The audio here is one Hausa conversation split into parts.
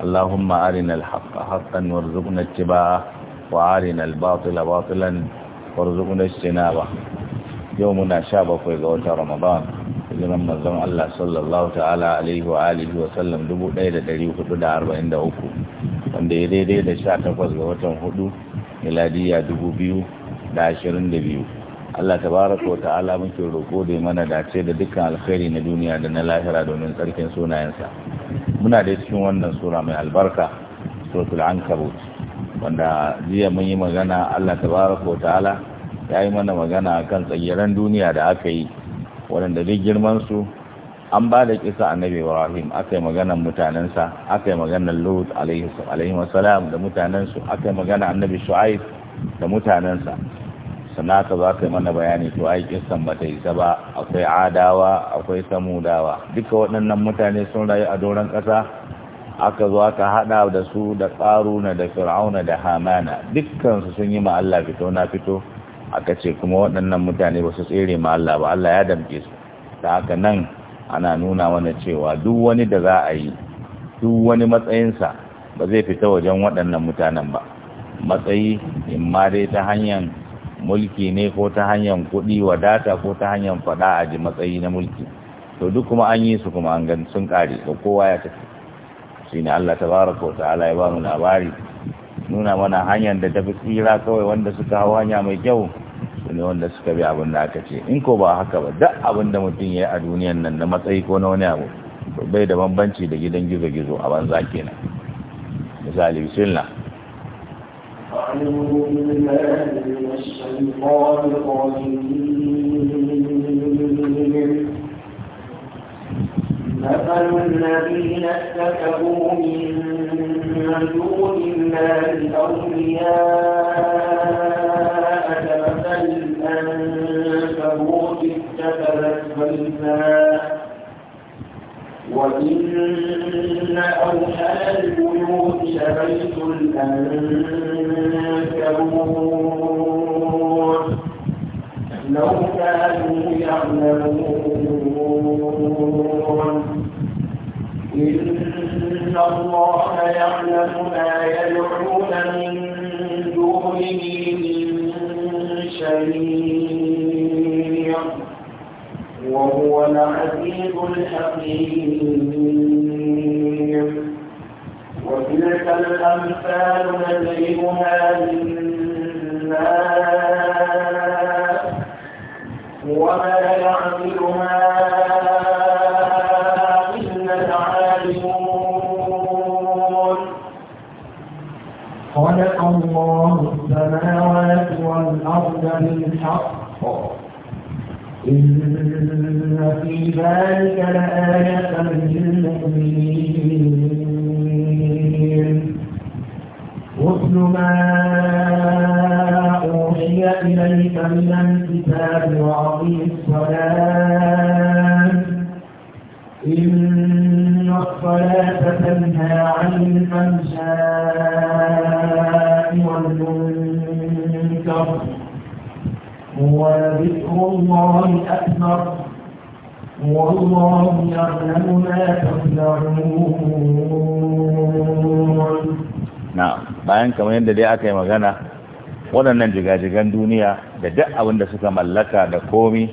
اللهم أرنا الحق حقا وارزقنا اتباعه وأرنا الباطل باطلا وارزقنا اجتنابه يومنا شابه في قوة رمضان hijiran manzon Allah sallallahu ta'ala alaihi wa alihi wa sallam 1443 wanda ya daidai da takwas ga watan 4 miladiya biyu. Allah tabaraka wa ta'ala muke roƙo da mana dace da dukkan alkhairi na duniya da na lahira domin tsarkin sunayensa muna da cikin wannan sura mai albarka suratul ankabut wanda jiya mun yi magana Allah tabaraka wa ta'ala ya yi mana magana kan tsagiran duniya da aka yi waɗanda duk girman su an ba da kisa annabi Ibrahim aka yi maganar mutanensa aka yi maganar Lut alaihi salam da mutanensu aka yi magana annabi Shu'aib da mutanensa sanaka ka za ka yi mana bayani to ai kisan ba ta isa ba akwai adawa akwai samudawa duka waɗannan mutane sun rayu a doron ƙasa aka zo aka haɗa da su da ƙaruna da fir'auna da hamana dukkansu sun yi ma Allah fito na fito aka ce kuma waɗannan mutane ba su tsere ma Allah ba Allah ya damke su ta haka nan ana nuna mana cewa duk wani da za a yi duk wani matsayinsa ba zai fita wajen waɗannan mutanen ba matsayi in ma dai ta hanyar mulki ne ko ta hanyar kuɗi wadata ko ta hanyar faɗa a ji matsayi na mulki to duk kuma an yi su kuma an gan sun ƙare da kowa ya tafi shi ne Allah ko ta ala ya ba mu labari nuna mana hanyar da tafi tsira kawai wanda suka hau hanya mai kyau su ne wanda suka bi abin da aka ce in ko ba haka ba duk abin da mutum ya yi a duniyan nan na matsayi ko na wani abu bai da bambanci da gidan gizo-gizo a banza kenan misali bismillah أعوذ بالله من الشيطان الرجيم مثل الذين اتخذوا من دون الله أولياء كمثل الأنكبوت اتخذت بيتا وإن أوحى البيوت لبيت الأنكبوت لو كانوا يعلمون إن الله يعلم ما يدعون من دونه من شيء وهو العزيز الحكيم وتلك الأمثال نضربها للناس وفي ذلك لآية للمؤمنين kamar yadda dai aka yi magana waɗannan jigajigan duniya da duk abin da suka mallaka da komi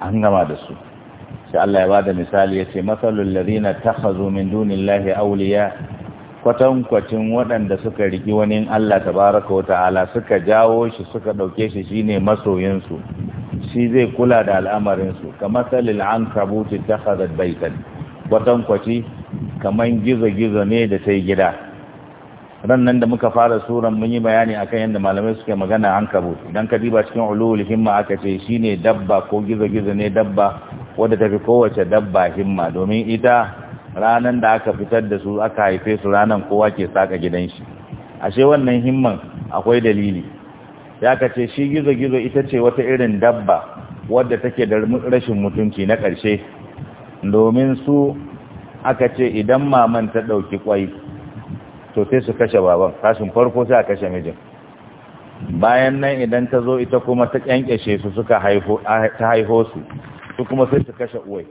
an gama da su sai Allah ya bada misali ya ce matsalul ladina takhazu min dunillahi awliya kwatankwacin waɗanda suka riki wani Allah tabaraka wa ta'ala suka jawo shi suka ɗauke shi shine masoyinsu shi zai kula da al'amarinsu kamar salil an kabuti ta hazard baitan kwaci kamar gizo-gizo ne da ta gida Ran nan da muka fara suran mun yi bayani akan yadda malamai suke magana ankabut idan ka diba cikin ulul himma aka ce shine dabba ko gizo-gizo ne dabba wadda tafi kowace dabba himma domin ita ranan da aka fitar da su aka haife su ranan kowa ke saka gidan shi ashe wannan himman akwai dalili ya ka ce shi gizo-gizo ita ce wata irin dabba wadda take da rashin mutunci na ƙarshe domin su aka ce idan maman ta ɗauki kwai to sai su kashe baban kashin farko sai a kashe mijin bayan nan idan ta zo ita kuma ta kyankyashe su suka haifo ta haifo su su kuma sai su kashe uwai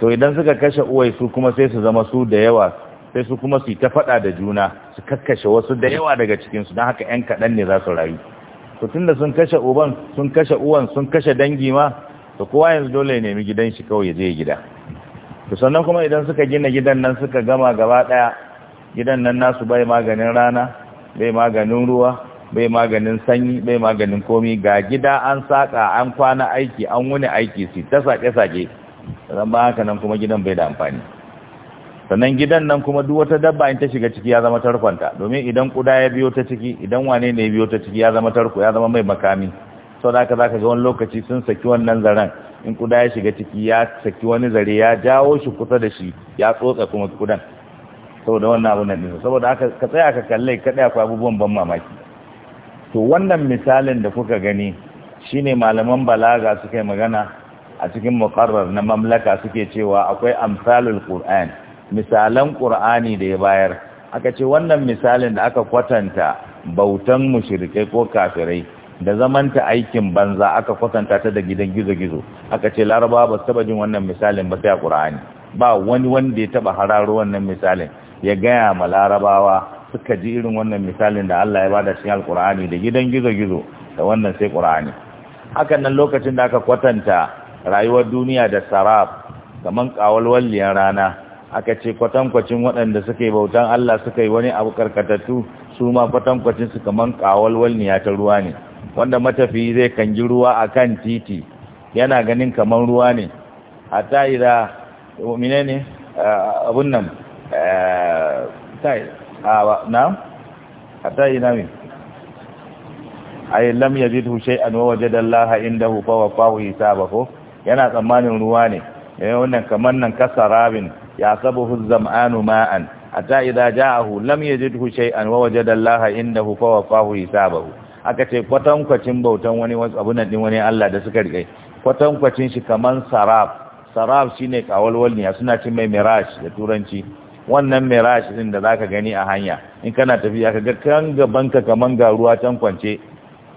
to idan suka kashe uwai su kuma sai su zama su da yawa sai su kuma su yi ta faɗa da juna su kakkashe wasu da yawa daga cikinsu don haka 'yan kaɗan ne za su rayu to tunda sun kashe uban sun kashe uwan sun kashe dangi ma to kowa yanzu dole ya nemi gidan shi kawai ya je gida to sannan kuma idan suka gina gidan nan suka gama gaba ɗaya gidan nan nasu bai maganin rana bai maganin ruwa bai maganin sanyi bai maganin komi ga gida an saka an kwana aiki an wuni aiki su ta sake-sake zan ba haka nan kuma gidan bai da amfani sannan gidan nan kuma duk wata dabba in ta shiga ciki ya zama tarkonta domin idan kuda ya biyo ta ciki idan wane ne ya biyo ta ciki ya zama tarko ya zama mai makami sau da haka zaka ga wani lokaci sun saki wannan zaren in kuda ya shiga ciki ya saki wani zare ya jawo shi kusa da shi ya tsotsa kuma kudan saboda wannan abu na dinsa saboda aka ka tsaya ka kalle ka daya akwai abubuwan ban mamaki to wannan misalin da kuka gani shine malaman balaga suka yi magana a cikin muqarrar na mamlaka suke cewa akwai amsalul qur'an misalan qur'ani da ya bayar aka ce wannan misalin da aka kwatanta bautan mushrikai ko kafirai da zamanta aikin banza aka kwatanta ta da gidan gizo-gizo aka ce larabawa ba su taba jin wannan misalin ba sai a kur'ani ba wani wanda ya taba hararo wannan misalin ya gaya ma larabawa suka ji irin wannan misalin da Allah ya bada shi alkur'ani da gidan gizo-gizo da wannan sai qur'ani hakan nan lokacin da aka kwatanta rayuwar duniya da sarab kaman kawalwalliyar rana aka ce kwatankwacin waɗanda suka yi bautan Allah suka yi wani abu karkatattu su ma kwatankwacin su kaman walliya ta ruwa ne wanda matafiyi zai kangi ruwa akan titi yana ganin kaman ruwa ne hatta ida menene ah, abun nan kai eh, awa ah, na hatta yi nami ai lam yajidhu shay'an wa wajada Allah indahu fa wafa'u hisabahu yana tsammanin ruwa ne eh wannan kaman nan kasarabin yasabuhu zam'anu ma'an hatta idza ja'ahu lam yajidhu shay'an wa wajada Allah indahu fa wafa'u hisabahu aka ce kwatankwacin bautan wani wasu nan din wani Allah da suka rike kwatankwacin shi kaman sarab sarab shine ne suna cin mai mirage da turanci wannan shi din da zaka gani a hanya in kana tafiya ka ga kan gaban ka kaman ga ruwa can kwance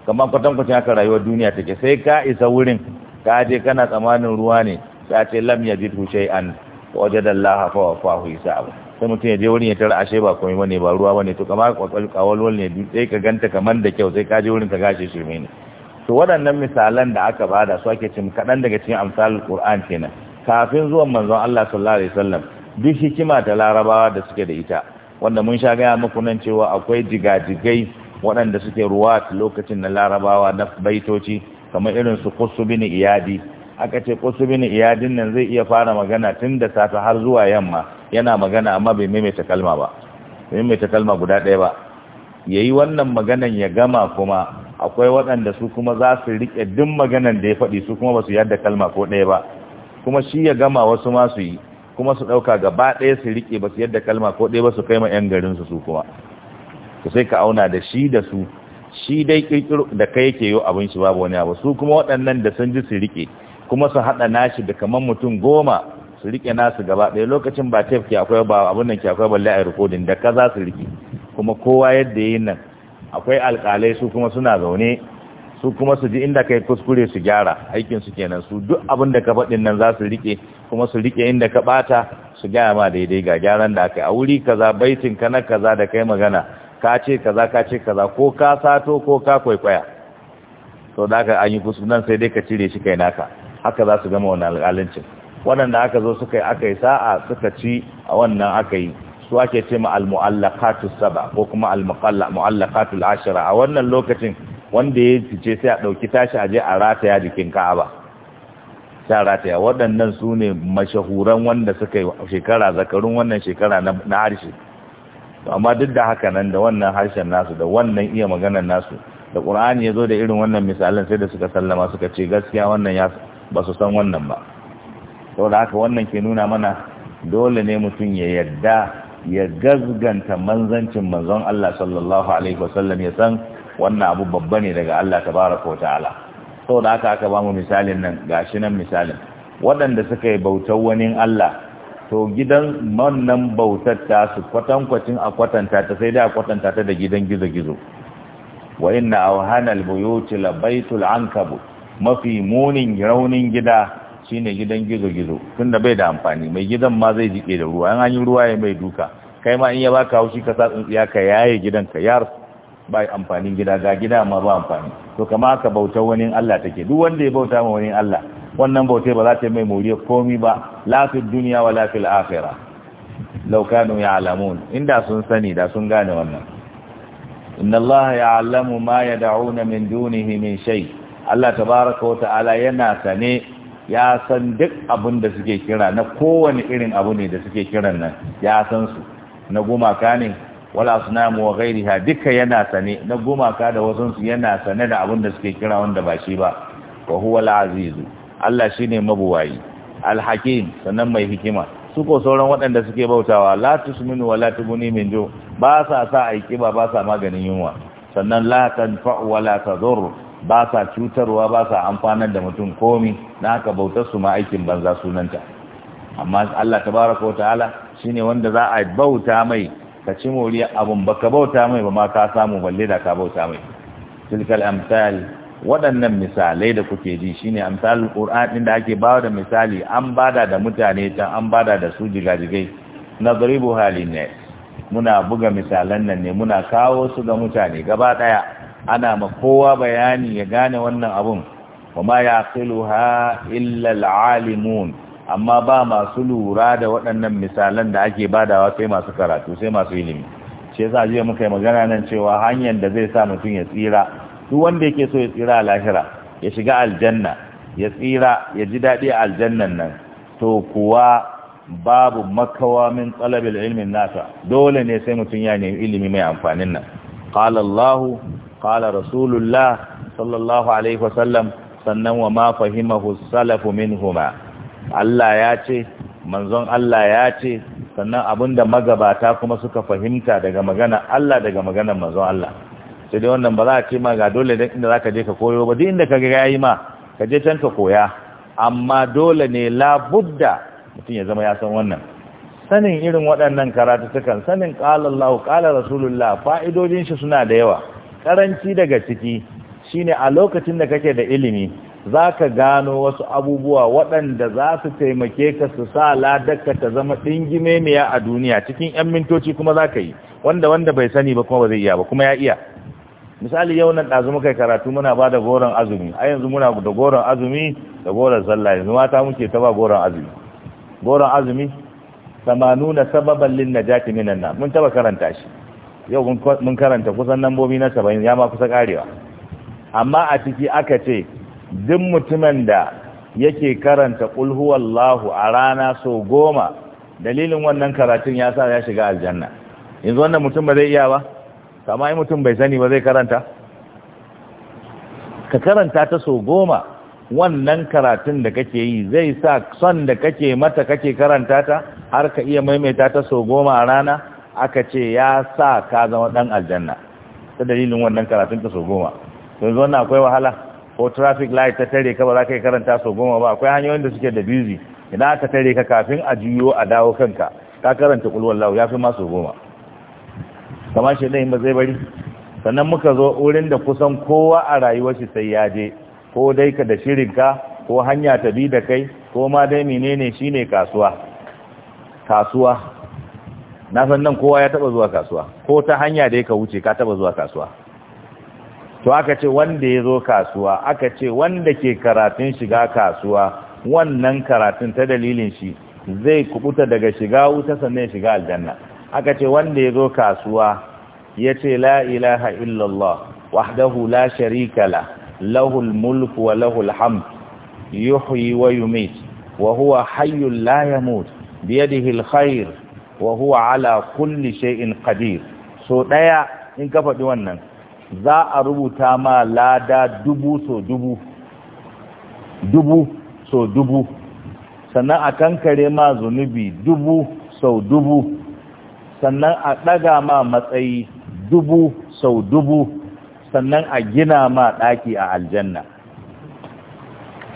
kaman kwatan kwatan aka rayuwar duniya take sai ka isa wurin ka je kana tsamanin ruwa ne sai ce lam yajidhu shay'an wajada Allah fa wafahu abu. sai mutum ya je wurin ya tara ashe ba komai bane ba ruwa bane to kamar kwakwal wal ne sai ka ganta kaman da kyau sai ka je wurin ka gashe shirme ne to waɗannan misalan da aka bada su ake cin kaɗan daga cikin amsalul qur'an kenan kafin zuwan manzon Allah sallallahu alaihi wasallam duk hikima ta larabawa da suke da ita wanda mun sha gaya muku nan cewa akwai jigajigai waɗanda suke ruwa lokacin na larabawa na baitoci kamar irin su kusu bin iyadi aka ce kusu bin iyadin nan zai iya fara magana tun da safe har zuwa yamma yana magana amma bai maimaita kalma ba bai maimaita kalma guda ɗaya ba yayi wannan maganan ya gama kuma akwai waɗanda su kuma za su riƙe duk maganan da ya faɗi su kuma ba su yadda kalma ko ɗaya ba kuma shi ya gama wasu ma su yi kuma su ɗauka gaba ɗaya su riƙe ba su yadda kalma ko ɗaya ba su kai ma 'yan garin su kuma to sai ka auna da shi da su shi dai kirkiro da kai yake yi abin shi babu wani abu su kuma waɗannan da sun ji su riƙe kuma su haɗa nashi da kamar mutum goma su riƙe nasu gaba ɗaya lokacin ba tef ke akwai ba abin nan ke akwai balle a rikodin da ka su riƙe kuma kowa yadda yi nan akwai alƙalai su kuma suna zaune su kuma su ji inda kai kuskure su gyara aikin su kenan su duk abin da ka faɗin nan za su riƙe kuma su rike inda ka bata su gaya ma daidai ga gyaran da aka yi a wuri kaza baitin ka na kaza da kai magana ka ce kaza ka ce kaza ko ka sato ko ka kwaikwaya to da aka an yi nan sai dai ka cire shi kai naka haka za su gama wannan alƙalancin waɗanda aka zo suka yi aka yi sa'a suka ci a wannan aka yi su ake ce ma al saba ko kuma almuqalla muallaqatu ashara a wannan lokacin wanda ya fice sai a ɗauki tashi aje a rataya jikin Ka'aba ta rataya waɗannan su ne mashahuran wanda suka yi shekara zakarun wannan shekara na harshe amma duk da haka nan da wannan harshen nasu da wannan iya maganar nasu da ƙur'ani ya zo da irin wannan misalin sai da suka sallama suka ce gaskiya wannan ya ba su san wannan ba saboda haka wannan ke nuna mana dole ne mutum ya yarda ya gazganta manzancin manzon Allah sallallahu alaihi wasallam ya san wannan abu babba ne daga Allah tabaraka wa ta'ala saboda haka aka ba mu misalin nan gashi nan misalin waɗanda suka yi bautar wani Allah to gidan wannan bautar ta su kwatankwacin a kwatanta ta sai dai a kwatanta ta da gidan gizo-gizo wa inna awhana albuyuti baitul ankabut mafi munin raunin gida shine gidan gizo-gizo tunda bai da amfani mai gidan ma zai jike da ruwa an yi ruwa ya mai duka kai ma in ya baka haushi ka sa tsuntsiya ka yaye gidan ka yar ba amfanin gida ga gida ma ba amfani to kama ka bauta wani Allah take duk wanda ya bauta ma wani Allah wannan bautai ba za ta mai moriya komi ba la duniya wa la fil akhirah law kanu ya'lamun inda sun sani da sun gane wannan inna Allah ya'lamu ma yad'una min dunihi min shay Allah tabaaraka wa ta'ala yana sane ya san duk abin da suke kira na kowane irin abu ne da suke kiran nan ya san su na gumaka ne wala asnamu wa ghairiha duka yana sane na gumaka da wasansu yana sane da abin da suke kira wanda ba shi ba wa huwa al aziz Allah shine mabuwayi al hakim sannan mai hikima su ko sauran waɗanda suke bautawa la tusminu wa la tubuni min jo ba sa sa aiki ba ba sa maganin yunwa sannan la tanfa wa la tadur ba sa cutarwa ba sa amfanar da mutum komi na aka bautar su ma aikin banza sunanta amma Allah tabaraka wa ta'ala shine wanda za a bauta mai ka ci moriya abun ba ka bauta mai ba ma ka samu balle da ka bauta mai tilkal amsal waɗannan misalai da kuke ji shine amsal qur'an din da ake bawa da misali an bada da mutane ta an bada da su jigajigai nadribu halin ne muna buga misalan nan ne muna kawo su ga mutane gaba daya ana ma kowa bayani ya gane wannan abun wa ma yaqiluha illa al-alimun amma ba masu lura da waɗannan misalan da ake badawa sai masu karatu sai masu ilimi shi yasa jiya muka yi magana nan cewa hanyar da zai sa mutum ya tsira duk wanda yake so ya tsira a lahira ya shiga aljanna ya tsira ya ji daɗi a aljannan nan to kuwa babu makawa min talabil ilmin nasa dole ne sai mutum ya nemi ilimi mai amfanin nan qala allah qala rasulullah sallallahu alaihi wasallam sannan wa ma fahimahu salafu minhuma Allah ya ce manzon Allah ya ce sannan da magabata kuma suka fahimta daga magana Allah daga magana manzon Allah sai dai wannan ba za a ce ma ga dole da inda ka je ka koyo ba duk inda ka ga yayi ma ka je can ka koya amma dole ne labudda mutum ya zama ya san wannan sanin irin waɗannan karatu karatutukan sanin qala Allah qala Rasulullah fa'idodin shi suna da yawa karanci daga ciki shine a lokacin da kake da ilimi za ka gano wasu abubuwa waɗanda za su taimake ka su sa ladaka ta zama ɗingimemiya a duniya cikin 'yan mintoci kuma za ka yi wanda wanda bai sani ba kuma ba zai iya ba kuma ya iya misali yau nan ɗazu muka karatu muna ba da goron azumi a yanzu muna da goron azumi da goron sallah yanzu mata muke ta ba goron azumi goron azumi na sababan lin jaki minan nan mun taba karanta shi yau mun karanta kusan lambobi na saba'in ya ma kusa karewa amma a ciki aka ce duk mutumin da yake karanta qul a rana so goma dalilin wannan karatun ya sa ya shiga aljanna yanzu wannan mutum ba zai iya ba kama yi mutum bai sani ba zai karanta ka karanta ta so goma wannan karatun da kake yi zai sa son da kake mata kake karanta ta har ka iya maimaita ta so goma a rana aka ce ya sa ka zama dan aljanna ta dalilin wannan karatun ta so goma yanzu wannan akwai wahala ko traffic light ta tare ka ba za ka yi karanta sau goma ba akwai hanyoyin da suke da busy idan aka tare ka kafin a juyo a dawo kanka ka karanta lau ya fi masu goma kamar shi ɗayin ba zai bari sannan muka zo wurin da kusan kowa a rayuwar shi sai ya je ko dai ka da shirin ka ko hanya ta bi da kai ko ma dai menene shine kasuwa kasuwa na san nan kowa ya taba zuwa kasuwa ko ta hanya da ka wuce ka taba zuwa kasuwa to aka ce wanda ya zo kasuwa aka ce wanda ke karatun shiga kasuwa wannan karatun ta dalilin shi zai kubuta daga shiga wuta sannan shiga aljanna aka ce wanda ya zo kasuwa ya ce la ilaha illallah wahdahu la sharika la lahul mulku wa lahul hamd yuhyi wa yumit wa huwa hayyul la yamut biyadihi alkhair wa huwa ala kulli shay'in qadir so daya in ka faɗi wannan za a rubuta ma lada dubu so dubu dubu so dubu sannan a kankare ma zunubi dubu sau dubu sannan a ɗaga ma matsayi dubu sau dubu sannan a gina ma ɗaki a aljanna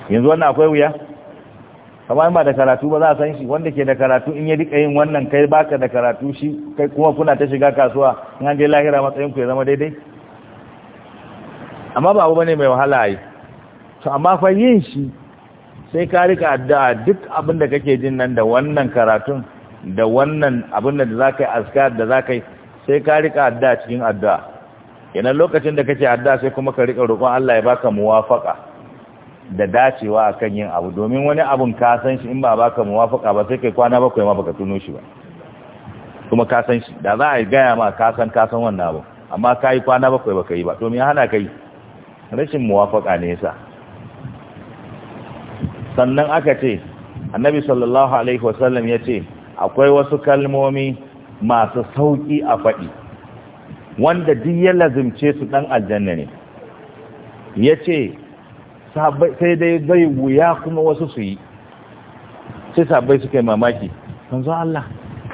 yanzu wannan akwai wuya kamar ma da karatu ba za a san shi wanda ke da karatu in ya rika yin wannan kai baka da karatu shi kuma kuna ta shiga kasuwa in an je lahira matsayin ku ya zama daidai amma ba abu bane mai wahala yi to amma fa yin shi sai ka rika addu'a duk abin da kake jin nan da wannan karatun da wannan abin da zakai azkar da zakai sai ka rika addu'a cikin addu'a yana lokacin da kake addu'a sai kuma ka rika roƙon Allah ya baka muwafaka da dacewa akan yin abu domin wani abun ka san shi in ba baka muwafaka ba sai kai kwana bakwai ma baka tuno shi ba kuma ka san shi da za a gaya ma ka san ka san wannan abu amma ka yi kwana bakwai baka yi ba Domin hana ka yi rashin muwafaka ne yasa sannan aka ce annabi sallallahu alaihi wasallam ya ce akwai wasu kalmomi masu sauƙi a faɗi wanda duk ya lazimce su ɗan aljanna ne ya ce sai dai zai wuya kuma wasu su yi sai sabai suka yi mamaki sanzu Allah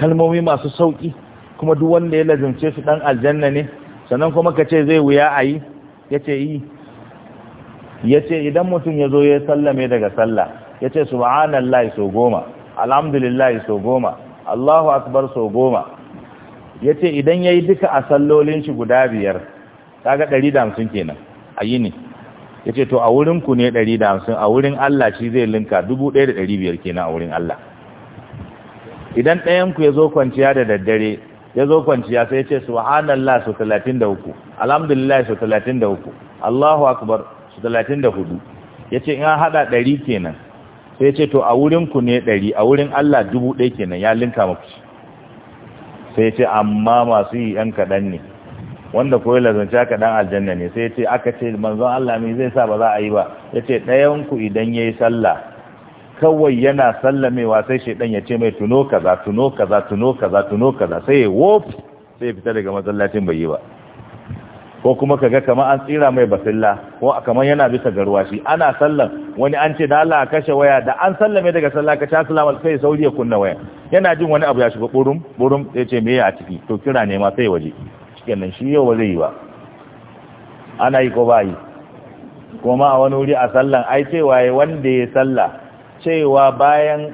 kalmomi masu sauƙi kuma duk wanda ya lazimce su ɗan aljanna ne sannan kuma ka ce zai wuya a yi ya ce yi Ya ce idan mutum ya zo ya sallame daga sallah ce subhanallahi so goma alhamdulillahi so goma Allahu akbar so goma Ya ce idan ya yi duka a sallolin shi guda biyar da hamsin kenan a yini ce to a ne ku da hamsin a wurin Allah shi zai linka biyar kenan a wurin Allah idan ɗayanku ya zo kwanciya da daddare ya zo kwanciya sai ya ce subhanallah so uku alhamdulillah so uku Allahu akbar talatin da hudu ya ce in an haɗa ɗari kenan sai ce to a wurin ku ne ɗari a wurin Allah dubu ɗaya kenan ya linka muku sai ce amma masu yi ‘yan kaɗan ne wanda koyi lazanci kadan aljanna ne sai ce aka ce manzon Allah ne zai sa ba za a yi ba yace ce ku idan yayi sallah kawai yana sallamewa sai shaidan ya ce mai tuno kaza tuno kaza tuno kaza tuno kaza sai ya wof sai ya fita daga masallacin bai yi ba ko kuma ka ga kamar an tsira mai basilla ko kamar yana bisa garwashi ana sallar wani an ce da Allah kashe waya da an sallame daga sallah ka ta sallama sai sauri ya kunna waya yana jin wani abu ya shiga burum burum sai ce me a ciki to kira ne ma sai waje cikin nan shi yau zai yi ba ana yi ko ba yi kuma a wani wuri a sallan ai cewa ya wanda ya salla cewa bayan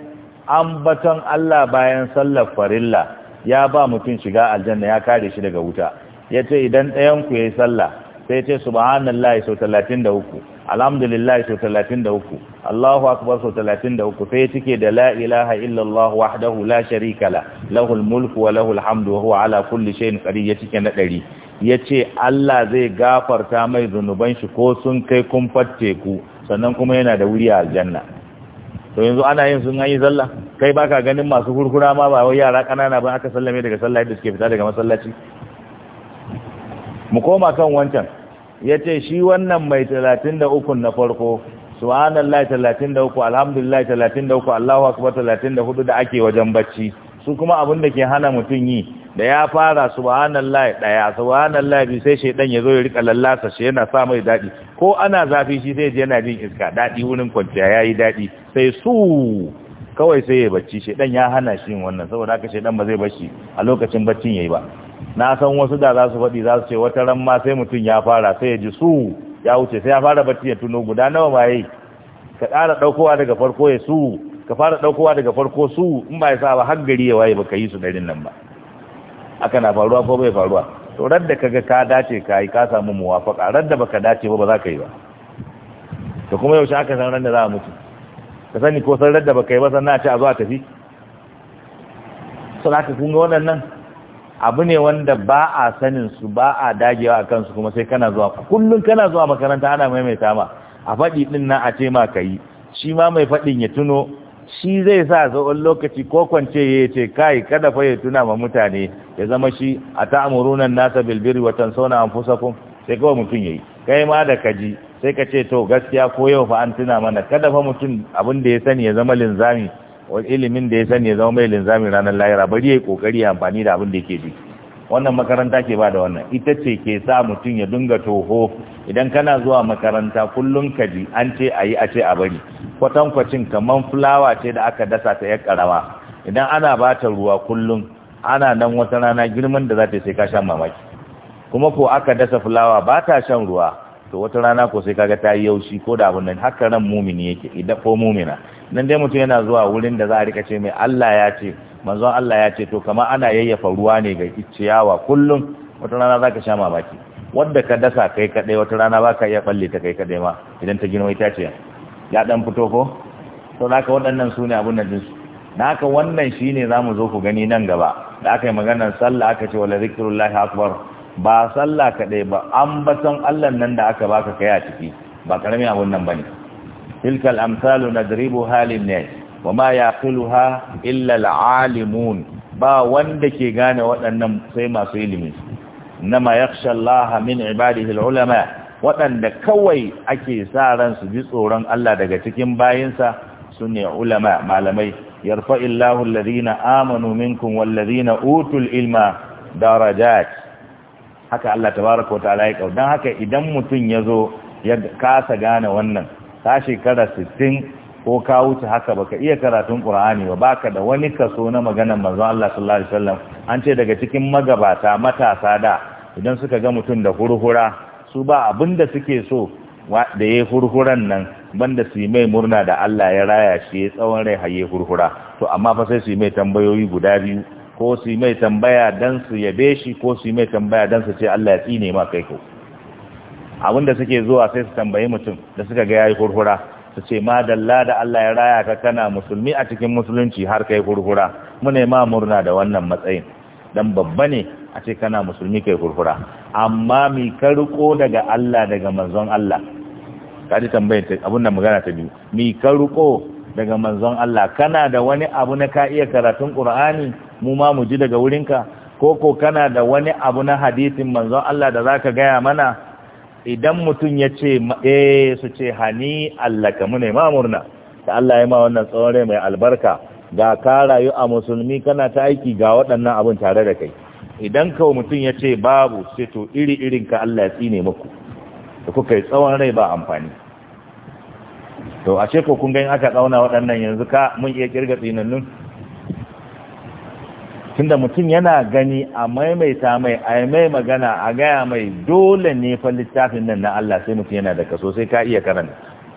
ambaton Allah bayan sallar farilla ya ba mutum shiga aljanna ya kare shi daga wuta ya ce idan ɗayanku ya yi sallah sai ce subhanallah sau talatin da uku alhamdulillah sau talatin da uku allahu akbar sau talatin da uku sai cike da la ilaha illallah wahdahu la sharika la lahul mulku wa lahul hamdu wa huwa ala kulli shay'in qadir ya cike na ɗari ya ce Allah zai gafarta mai zunuban shi ko sun kai kun fatte teku sannan kuma yana da wuri a aljanna to yanzu ana yin sun yi sallah kai baka ganin masu kurkura ma ba wai yara kanana ba aka sallame daga sallah da suke fita daga masallaci mu koma kan wancan ya ce shi wannan mai talatin na farko subhanallah talatin da alhamdulillah talatin da allahu akbar talatin da ake wajen bacci su kuma abin da ke hana mutum yi da ya fara subhanallah daya subhanallah bi sai shedan ya zo ya rika lallasa shi yana sa mai dadi ko ana zafi shi sai yana jin iska dadi wurin kwanciya yayi dadi sai su kawai sai ya bacci shedan ya hana shi wannan saboda haka shedan ba zai bashi a lokacin baccin yayi ba na san wasu da za su faɗi za su ce wata ran ma sai mutum ya fara sai ya ji su ya wuce sai ya fara bacci ya tuno guda nawa ba yi ka ƙara ɗaukowa daga farko ya su ka fara ɗaukowa daga farko su in ba ya sa ba har gari ya waye ba ka yi su ɗarin nan ba haka na faruwa ko bai faruwa to radda kaga ka dace ka yi ka samu muwafaka ba baka dace ba ba za ka yi ba to kuma yaushe aka san ran da za a mutu ka sani ko san radda baka yi ba sannan a ce a zo a tafi sun haka kun ga waɗannan abu ne wanda ba a sanin su ba a dagewa a kansu kuma sai kana zuwa kullum kana zuwa makaranta ana maimaita ma a faɗi ɗin na a ce ma ka yi shi ma mai faɗin ya tuno shi zai sa tsohon lokaci ko kwance ya ce kai kada fa ya tuna ma mutane ya zama shi a ta'amurunan nasa bilbiri watan sauna an kun sai kawai mutum ya yi kai ma da kaji sai ka ce to gaskiya ko yau fa an tuna mana kada fa mutum abin da ya sani ya zama linzami wani ilimin da ya sani ya zama mai linzamin ranar lahira bari ya yi kokari ya amfani da abin da yake bi wannan makaranta ke ba da wannan ita ce ke sa mutum ya dinga toho idan kana zuwa makaranta kullum ka ji an ce a yi a ce a bari kwatankwacin kamar fulawa ce da aka dasa ta yar karama idan ana ba ta ruwa kullum ana nan wata rana girman da za ta sai ka shan mamaki kuma ko aka dasa fulawa ba ta shan ruwa to wata rana ko sai kaga ta yi yaushi ko da abin nan haka ran mumini yake idan ko mumina nan dai mutum yana zuwa wurin da za a rika ce mai Allah ya ce manzon Allah ya ce to kamar ana yayyafa ruwa ne ga ciyawa kullum wata rana zaka sha mamaki wanda ka dasa kai kadai wata rana baka iya balle ta kai kadai ma idan ta girma ita ce ya dan fito ko to naka waɗannan su ne abun nan dinsu da wannan shine zamu zo ku gani nan gaba da aka yi maganar sallah aka ce wala zikrullahi akbar ba sallah kadai ba an batun Allah nan da aka baka kai a ciki ba karamin abun nan bane تلك الأمثال ندربها للناس وما يعقلها إلا العالمون با وندك غان ودن سيما سيلمي إنما يخشى الله min عباده العلماء waɗanda kawai ake sa ran su ji tsoron Allah daga cikin bayinsa su ulama malamai yarfa illahu alladhina amanu minkum walladhina utul ilma darajat haka Allah tabaaraka wa ta'ala ya kau dan haka idan mutun yazo ya kasa gane wannan ta shekara sittin ko ka wuce haka baka iya karatun Qur'ani ba baka da wani kaso na maganar manzon Allah sallallahu alaihi wasallam an ce daga cikin magabata matasa da idan suka ga mutum da hurhura su ba abinda da suke so da ya hurhuran nan banda su yi mai murna da Allah ya raya shi ya tsawon rai haye hurhura to amma fa sai su yi mai tambayoyi guda biyu ko su yi mai tambaya dan su yabe shi ko su yi mai tambaya dan su ce Allah ya tsine ma kai ko abinda suke zuwa sai su tambayi mutum da suka ga yayi kurkura su ce ma dalla da Allah ya raya ka kana musulmi a cikin musulunci har kai kurkura mu ne ma murna da wannan matsayin dan babba ne a ce kana musulmi kai kurkura amma mi ka riko daga Allah daga manzon Allah ka ji tambayar abun nan magana ta biyu mi ka riko daga manzon Allah kana da wani abu na ka iya karatun Qur'ani mu ma mu ji daga wurinka ko ko kana da wani abu na hadisin manzon Allah da zaka gaya mana idan mutum ya ce eh, su ce hani Allah ka ne ma murna da Allah ya ma wannan tsawon rai mai albarka ga ka rayu a musulmi kana ta aiki ga waɗannan abin tare da kai idan kawo mutum ya ce babu sai to iri irin ka Allah ya tsine muku da kuka yi tsawon rai ba amfani to ce ko kun ga aka tsauna waɗannan yanzu ka mun iya kirga tsinannun tunda mutum yana gani a maimaita mai a mai magana a gaya mai dole ne fa littafin nan na Allah sai mutum yana da kaso sai ka iya karanta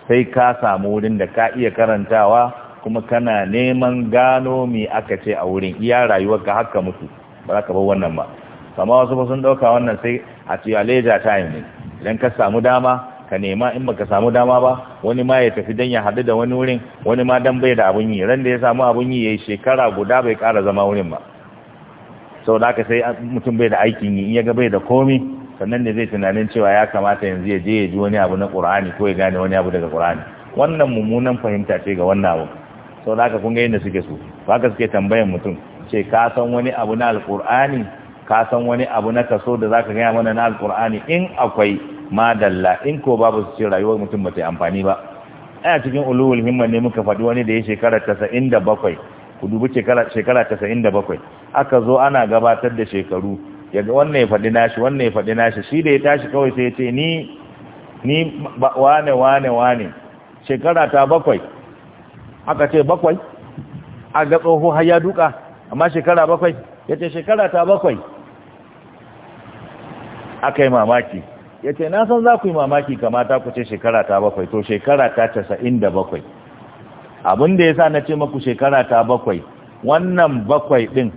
sai ka samu wurin da ka iya karantawa kuma kana neman gano me aka ce a wurin iya rayuwar ka haka mutu ba za ka bar wannan ba amma wasu ba sun dauka wannan sai a ci a ta time ne idan ka samu dama ka nema in baka samu dama ba wani ma ya tafi dan ya haɗu da wani wurin wani ma dan bai da abun yi ran da ya samu abun yi ya yi shekara guda bai ƙara zama wurin ba sau da aka sai mutum bai da aikin yi in ya ga bai da komi sannan ne zai tunanin cewa ya kamata yanzu ya je ya ji wani abu na ƙur'ani ko ya gane wani abu daga ƙur'ani wannan mummunan fahimta ce ga wannan abu sau da aka kun yadda suke so haka suke tambayan mutum ce ka san wani abu na alƙur'ani ka san wani abu na kaso da za ka gaya mana na alƙur'ani in akwai madalla in ko babu su ce rayuwar mutum ba ta yi amfani ba a cikin ulul himma ne muka faɗi wani da ya shekara tasa'in da bakwai ku dubi shekara casa'in da bakwai aka zo ana gabatar da shekaru yadda wannan ya faɗi nashi wannan ya faɗi nashi shi da ya tashi kawai sai ya ce ni ni wane wane wane shekara ta bakwai aka ce bakwai a ga tsoho har ya duka amma shekara bakwai ya ce shekara ta bakwai aka yi mamaki ya ce na san za ku yi mamaki kamata ku ce shekara ta bakwai to shekara ta casa'in da bakwai abin da ya sa na ce maku shekara ta bakwai wannan bakwai din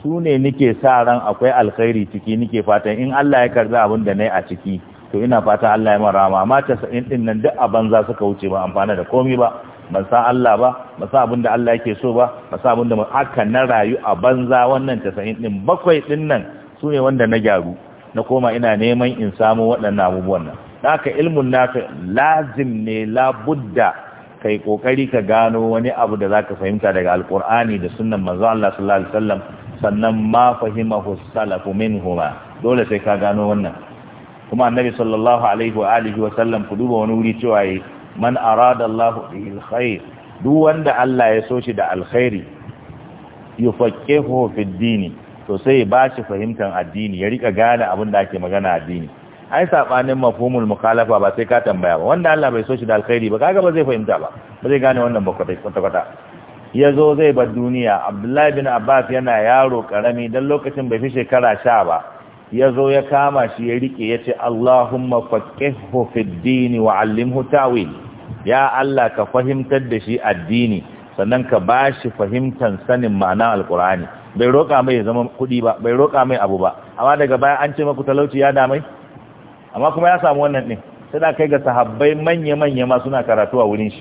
su ne nike sa ran akwai alkhairi ciki nike fatan in Allah ya karza abin da nayi a ciki to ina fata Allah ya mara ma amma casa'in din nan duk a banza suka wuce ba amfana da komi ba ban sa Allah ba Ba sa abin da Allah yake so ba Ba sa abin da haka na rayu a banza wannan casa'in din bakwai din nan su ne wanda na gyaru na koma ina neman in samu waɗannan abubuwan nan haka ilmun nafi lazim ne labudda kai kokari ka gano wani abu da zaka fahimta daga alkurani da sunnan manzo Allah sallallahu alaihi wasallam sannan ma fahimahu salafu minhuma dole sai ka gano wannan kuma annabi sallallahu alaihi wa alihi wa sallam ku duba wani wuri cewa yi man arada Allah bihi alkhair duk wanda Allah ya so shi da alkhairi yufaqihu fi dini to sai ba shi fahimtar addini ya rika gane abin da ake magana addini ai sabanin mafhumul mukhalafa ba sai ka tambaya ba wanda Allah bai so shi da alkhairi ba kaga ba zai fahimta ba ba zai gane wannan ba kwata kwata yazo zai bar duniya Abdullahi bin Abbas yana yaro karami dan lokacin bai fi shekara 10 ba yazo ya kama shi ya rike yace Allahumma faqihhu fid din wa 'allimhu ta'wil ya Allah ka fahimtar da shi addini sannan ka bashi fahimtar sanin ma'anar alqur'ani bai roka mai zama kudi ba bai roka mai abu ba amma daga baya an ce maku talauci ya damai amma kuma ya samu wannan din sai da kai ga sahabbai manya-manya ma suna karatu a wurin shi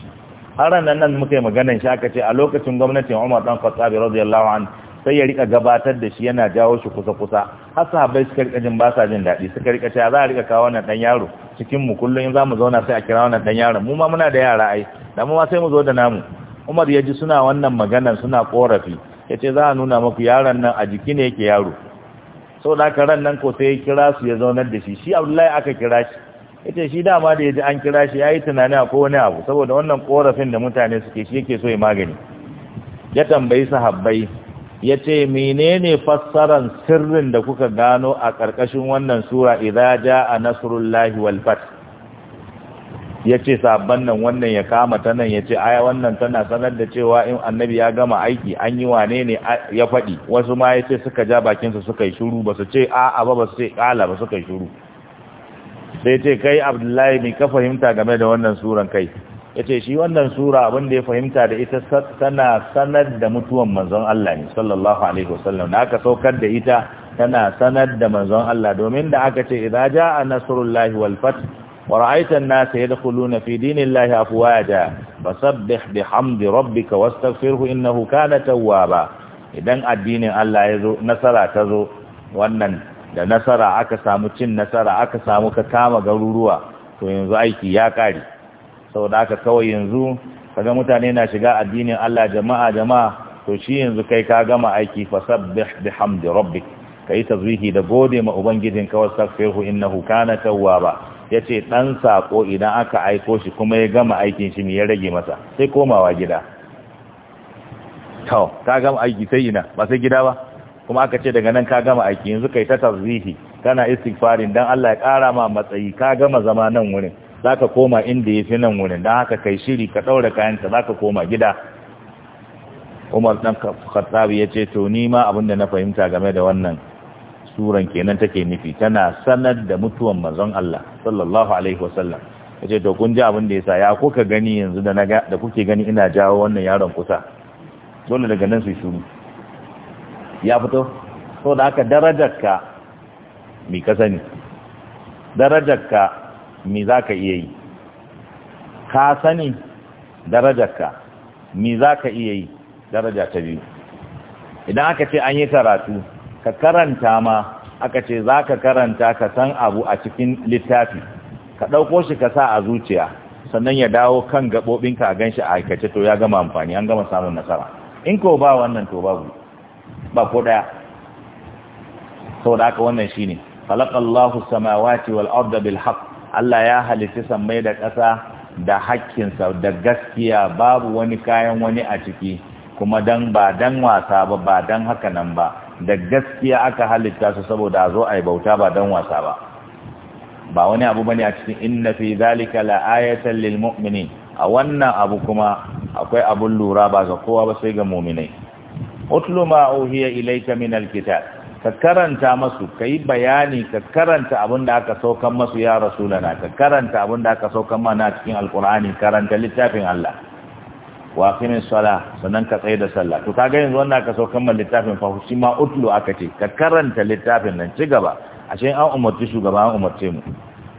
har nan nan muka yi maganan shi aka ce a lokacin gwamnatin Umar dan Khattab radiyallahu anhu sai ya rika gabatar da shi yana jawo shi kusa-kusa har sahabbai suka rika jin ba sa jin daɗi suka rika cewa za a rika kawo wannan dan yaro cikin mu kullum in mu zauna sai a kira wannan dan yaron mu ma muna da yara ai da mu ma sai mu zo da namu Umar ya ji suna wannan maganan suna korafi ya ce za a nuna maku yaron nan a jiki ne yake yaro sau da aka nan ko sai ya kira su ya zaunar da shi shi abdullahi aka kira shi ita shi dama da ya ji an kira shi ya yi tunani ko wani abu saboda wannan korafin da mutane suke shi yake so ya magani ya tambayi sahabbai ya ce menene fassaran sirrin da kuka gano a ƙarƙashin wannan sura idza a nasrullahi wal fath ya ce sabon nan wannan ya kama ta nan ya ce aya wannan tana sanar da cewa in annabi ya gama aiki an yi wane ne ya faɗi wasu ma ya ce suka ja bakinsa suka yi shuru ba su ce a'a ba ba su ce ƙala ba suka yi shuru sai ce kai abdullahi mai ka fahimta game da wannan suran kai ya ce shi wannan sura abin da ya fahimta da ita tana sanar da mutuwan manzon Allah ne sallallahu alaihi wasallam da aka saukar da ita tana sanar da manzon Allah domin da aka ce idan jaa nasrullahi wal fath ورأيت الناس يدخلون في دين الله أفواجا فسبح بحمد ربك واستغفره إنه كان توابا إذن الدين الله nasara ta zo wannan da nasara aka samu cin nasara aka samu ka kama garuruwa to yanzu aiki ya kare saboda haka kawai yanzu kaga mutane na shiga addinin Allah jama'a jama'a to shi yanzu kai ka gama aiki fasabbih bihamdi rabbik kai tazwihi da gode ma ubangijinka wastaghfirhu innahu kana tawwaba ya ce ɗan saƙo idan aka aiko shi kuma ya gama aikin shi ya rage masa sai komawa gida tau ka gama aiki sai ina ba sai gida ba kuma aka ce daga nan ka gama aiki yanzu kai ta tarzihi kana istighfarin dan Allah ya ƙara ma matsayi ka gama zama nan wurin za ka koma inda ya fi nan wurin don haka kai shiri ka ɗaura kayanta za ka koma gida Umar dan Khattab ya ce to ni ma abinda na fahimta game da wannan suran kenan take nufi tana sanar da mutuwan manzon Allah sallallahu alaihi wasallam yace to kun ji abin da yasa ya ko ka gani yanzu da naga da kuke gani ina jawo wannan yaron kusa dole daga nan su shuru ya fito so da haka darajarka mi ka sani darajarka mi zaka iya yi ka sani darajarka mi zaka iya yi daraja ta biyu idan aka ce an yi karatu ka karanta ma aka ce za ka karanta ka san abu a cikin littafi ka ɗauko shi ka sa a zuciya sannan ya dawo kan gaɓoɓinka a gan shi a aikace to ya gama amfani an gama samun nasara in ko ba wannan to babu ba ko ɗaya da haka wannan shi ne falakallahu samawati wal arda bil Allah ya halitta sammai da ƙasa da hakkinsa da gaskiya babu wani kayan wani a ciki kuma dan ba dan wasa ba ba dan haka nan ba da gaskiya aka halitta su saboda a zo a yi bauta ba don wasa ba ba wani abu bane a cikin inna fi zalika la'ayatan lil mu'minin a wannan abu kuma akwai abun lura ba ga kowa ba sai ga mu'minai utlu ma uhiya ilayka min alkitab ka karanta masu kai bayani ka karanta abin da aka saukan masu ya rasulana ka karanta abin da aka saukan mana cikin alqur'ani karanta littafin Allah wa min sala sannan ka tsaye da sallah to kaga yanzu wannan ka so kammala littafin fa shi ma utlu aka ce ka karanta littafin nan ci gaba ashe an umarci shugaba an umarce mu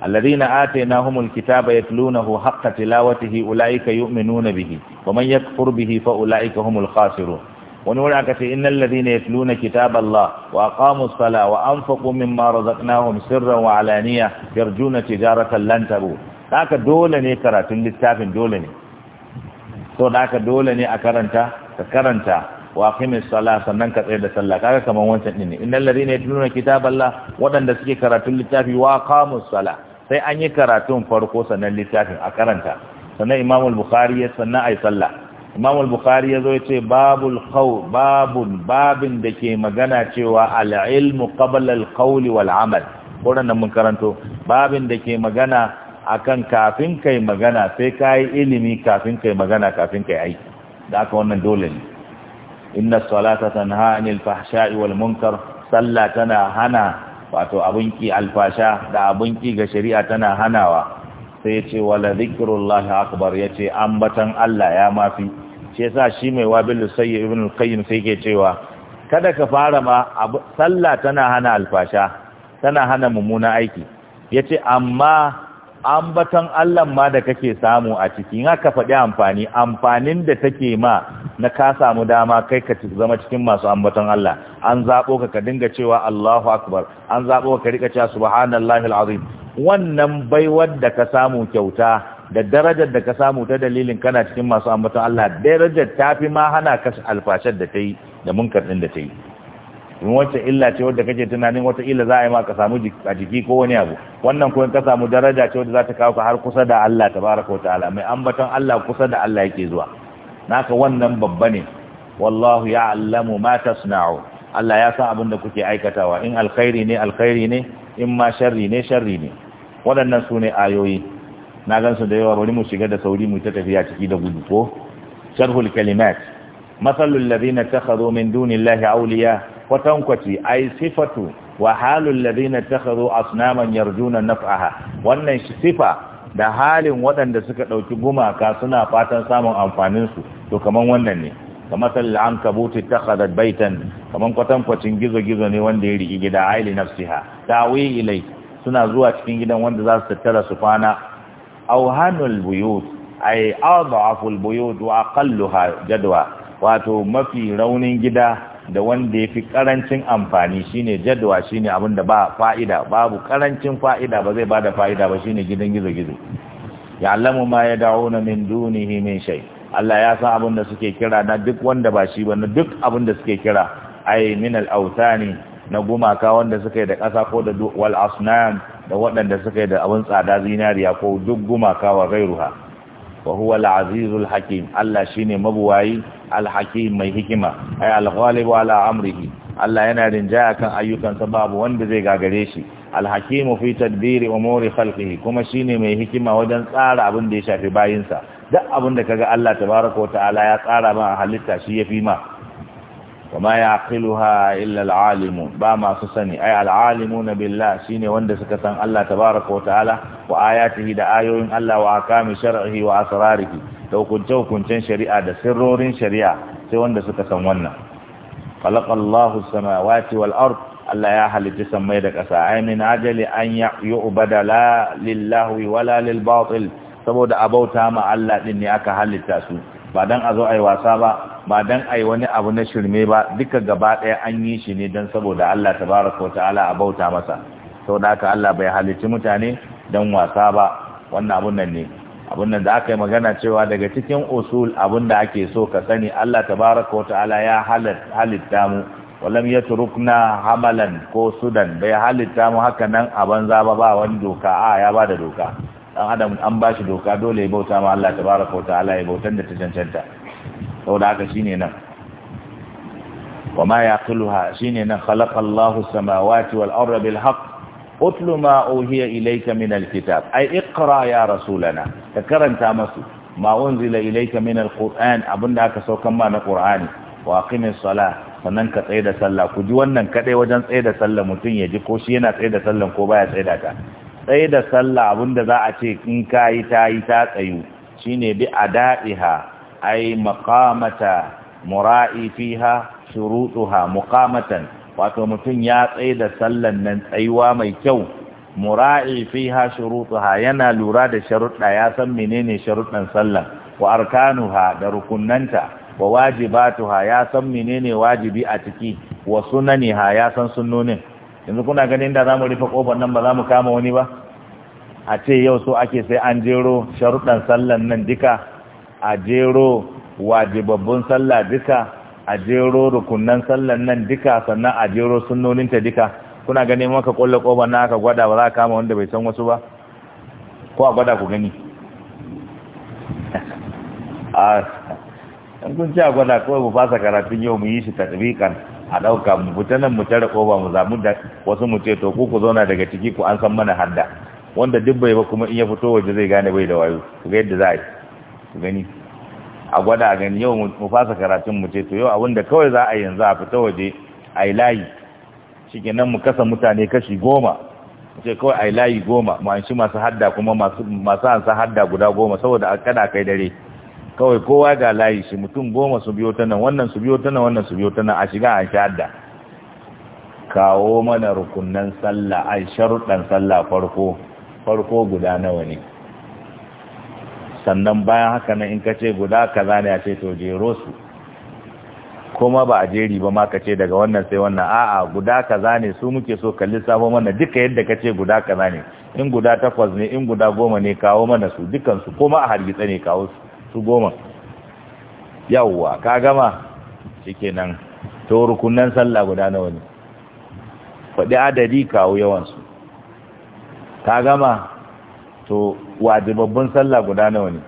alladhina atainahumul kitaba yatlunahu haqqa tilawatihi ulaika yu'minuna bihi wa man yakfur bihi fa ulaika humul khasirun wani wani aka ce innal ladhina yatluna kitaballah wa aqamus sala wa anfaqu mimma razaqnahum sirran wa alaniya yarjuna tijaratan lan tabu haka dole ne karatun littafin dole ne so da haka dole ne a karanta ka karanta wa aqimis sala sannan ka tsaye da sallah kaga kaman wancan din ne innal ladina yatluna kitaballah wadanda suke karatun littafi wa qamus sala sai an yi karatun farko sannan littafin a karanta sannan imam al-bukhari ya sannan ai sallah imam al-bukhari yazo yace babul babun babin da ke magana cewa al-ilmu qabla al qawli wal amal wadannan mun karanto babin da ke magana akan kafin kai magana sai ka ilimi kafin kai magana kafin kai aiki da aka wannan dole ne inna salata tanha anil fahsha'i wal munkar sallah tana hana wato abun ki alfasha da abun ki ga shari'a tana hanawa sai ya ce wala zikrullahi akbar ya ce ambatan Allah ya mafi shi yasa shi mai wabil sayyid ibn al-qayyim sai ke cewa kada ka fara ma sallah tana hana alfasha tana hana mummuna aiki yace amma ambaton Allah ma da kake samu a ciki in faɗi amfani amfanin da take ma na ka samu dama kai ka zama cikin masu ambaton Allah an zabo ka ka dinga cewa Allahu akbar an zabo ka rika cewa subhanallahi alazim wannan baiwar da ka samu kyauta da darajar da ka samu ta dalilin kana cikin masu ambaton Allah darajar tafi ma hana ka alfashar da tai da munkar din da tai in wacce illa ce wadda kake tunanin wata illa za a yi ma ka samu a jiki ko wani abu wannan ko in ka samu daraja ce wadda za ta kawo ka har kusa da Allah tabaraka wa ta'ala mai ambaton Allah kusa da Allah yake zuwa naka wannan babba ne wallahu ya'lamu ma tasna'u Allah ya san abin da kuke aikatawa in alkhairi ne alkhairi ne in ma sharri ne sharri ne waɗannan su ne ayoyi na gan su da yawa bari mu shiga da sauri mu ta tafiya ciki da gudu ko sharhul kalimat masalul ladina takhadhu min dunillahi awliya kwatankwaci ai sifatu wa halul ladina takhadhu asnaman yarjuna naf'aha wannan sifa da halin waɗanda suka ɗauki gumaka suna fatan samun amfaninsu to kaman wannan ne ka matsal an kabuti ta baitan kaman kwatankwacin gizo-gizo ne wanda ya riki gida aili nafsiha ta ilai suna zuwa cikin gidan wanda za su tattara su kwana auhanul buyut ay adhaful buyut wa aqalluha jadwa wato mafi raunin gida da wanda ya fi karancin amfani shine jadwa shine abin da ba fa'ida babu karancin fa'ida ba zai bada fa'ida ba shine gidan gizo-gizo ya ma ya dawo na min dunihi min shai Allah ya san abin da suke kira na duk wanda ba shi ba na duk abin da suke kira ai min al'autani na gumaka wanda suka yi da kasa ko da wal da waɗanda suka yi da abin tsada zinariya ko duk gumaka wa gairuha wa huwa al-azizul hakim Allah shine mabuwayi al-hakim mai hikima ay al-ghalibu ala amrihi Allah yana rinjaya kan ayyukansa babu wanda zai gagare shi al-hakimu fi tadbiri umuri khalqihi kuma shine mai hikima wajen tsara abin da ya shafi bayinsa duk abin da kaga Allah tabaraka wa ta'ala ya tsara a halitta shi yafi ma wa ma yaqiluha illa alalimu ba masu sani ay na billah shine wanda suka san Allah tabaraka wa ta'ala wa ayatihi da ayoyin Allah wa akami shar'ihi wa asrarihi da hukunce hukuncen shari'a da sirrorin shari'a sai wanda suka san wannan khalaqa Allahu samawati wal ard Allah ya halitta sammai da ƙasa ay min ajali an yu'bada la lillahi wala lil batil saboda a bauta ma Allah din ne aka halitta su ba don a zo a yi wasa ba ba don a yi wani abu na shirme ba duka gaba ɗaya an yi shi ne don saboda Allah ta wa ta'ala a bauta masa sau da haka Allah bai halicci mutane dan wasa ba wannan abun nan ne abun nan da aka yi magana cewa daga cikin usul abun da ake so ka sani Allah ta baraka wa ta'ala ya halitta mu walam ya turukna hamalan ko sudan bai halitta mu haka nan a banza ba ba wani doka a ya ba da doka dan adam an ba shi doka dole ya bauta ma Allah tabaraka wataala ya bautan da ta cancanta saboda haka shine nan kuma nan khalaqa Allahu samawati wal ardi bil haqq utlu ma uhiya ilayka min al kitab ay iqra ya rasulana takaranta masu ma unzila ilayka min al qur'an abinda aka sauka ma na Kur'ani. wa aqimis salah sannan ka da sallah ku ji wannan kadai wajen tsaye sallah mutum ya ji ko shi yana tsaye da sallah ko baya tsada ta tsaye da sallah abinda za a ce in ka yi ta yi ta tsayu shine bi a a ai makamata mura'i fiha ha mukamatan wato mutum ya tsaye da sallan nan tsayuwa mai kyau mura'i fiha ha yana lura da sharuɗa ya san menene sharuɗan sallan wa arkanuha da rukunanta wa wajibatuha ya san menene wajibi a ciki wa sunaniha ya san sunnonin yanzu kuna ganin da zamu rufe kofar nan ba za mu kama wani ba a ce yau so ake sai an jero sharuɗan sallan nan duka a jero wajibabbun sallah duka a jero rukunnan sallan nan duka sannan a jero sunnoninta duka kuna ganin maka ƙulla kofar na aka gwada ba za kama wanda bai san wasu ba ko a gwada ku gani a kun ci a gwada kawai ku fasa karatun yau mu yi shi tatbikan a ɗauka mu fita nan mu tara ƙofa mu zamu da wasu mu ce to ku ku zauna daga ciki ku an san mana hadda wanda duk bai ba kuma in ya fito waje zai gane bai da wayo ku ga yadda za a yi ku gani a gwada a gani yau mu fasa karatun mu ce to yau abinda kawai za a yi yanzu a fita waje a yi layi shike nan mu kasa mutane kashi goma mu ce kawai a yi layi goma mu an shi masu hadda kuma masu masu hadda guda goma saboda a kada kai dare kawai kowa ga layi shi mutum goma su biyo ta nan wannan su biyo ta nan wannan su biyo ta nan a shiga an shahada kawo mana rukunan sallah a sharuɗan sallah farko farko guda nawa ne sannan bayan haka nan in kace guda kaza ne a ce to jero su kuma ba a jeri ba ma ce daga wannan sai wannan a'a guda kaza ne su muke so ka lissafo mana duka yadda ka ce guda kaza ne in guda takwas ne in guda goma ne kawo mana su dukansu kuma a hargitsa ne kawo su su goma yawwa ka gama nan to rukunan sallah guda nawa ne faɗi adadi kawo yawansu ka gama to babban sallah guda nawa ne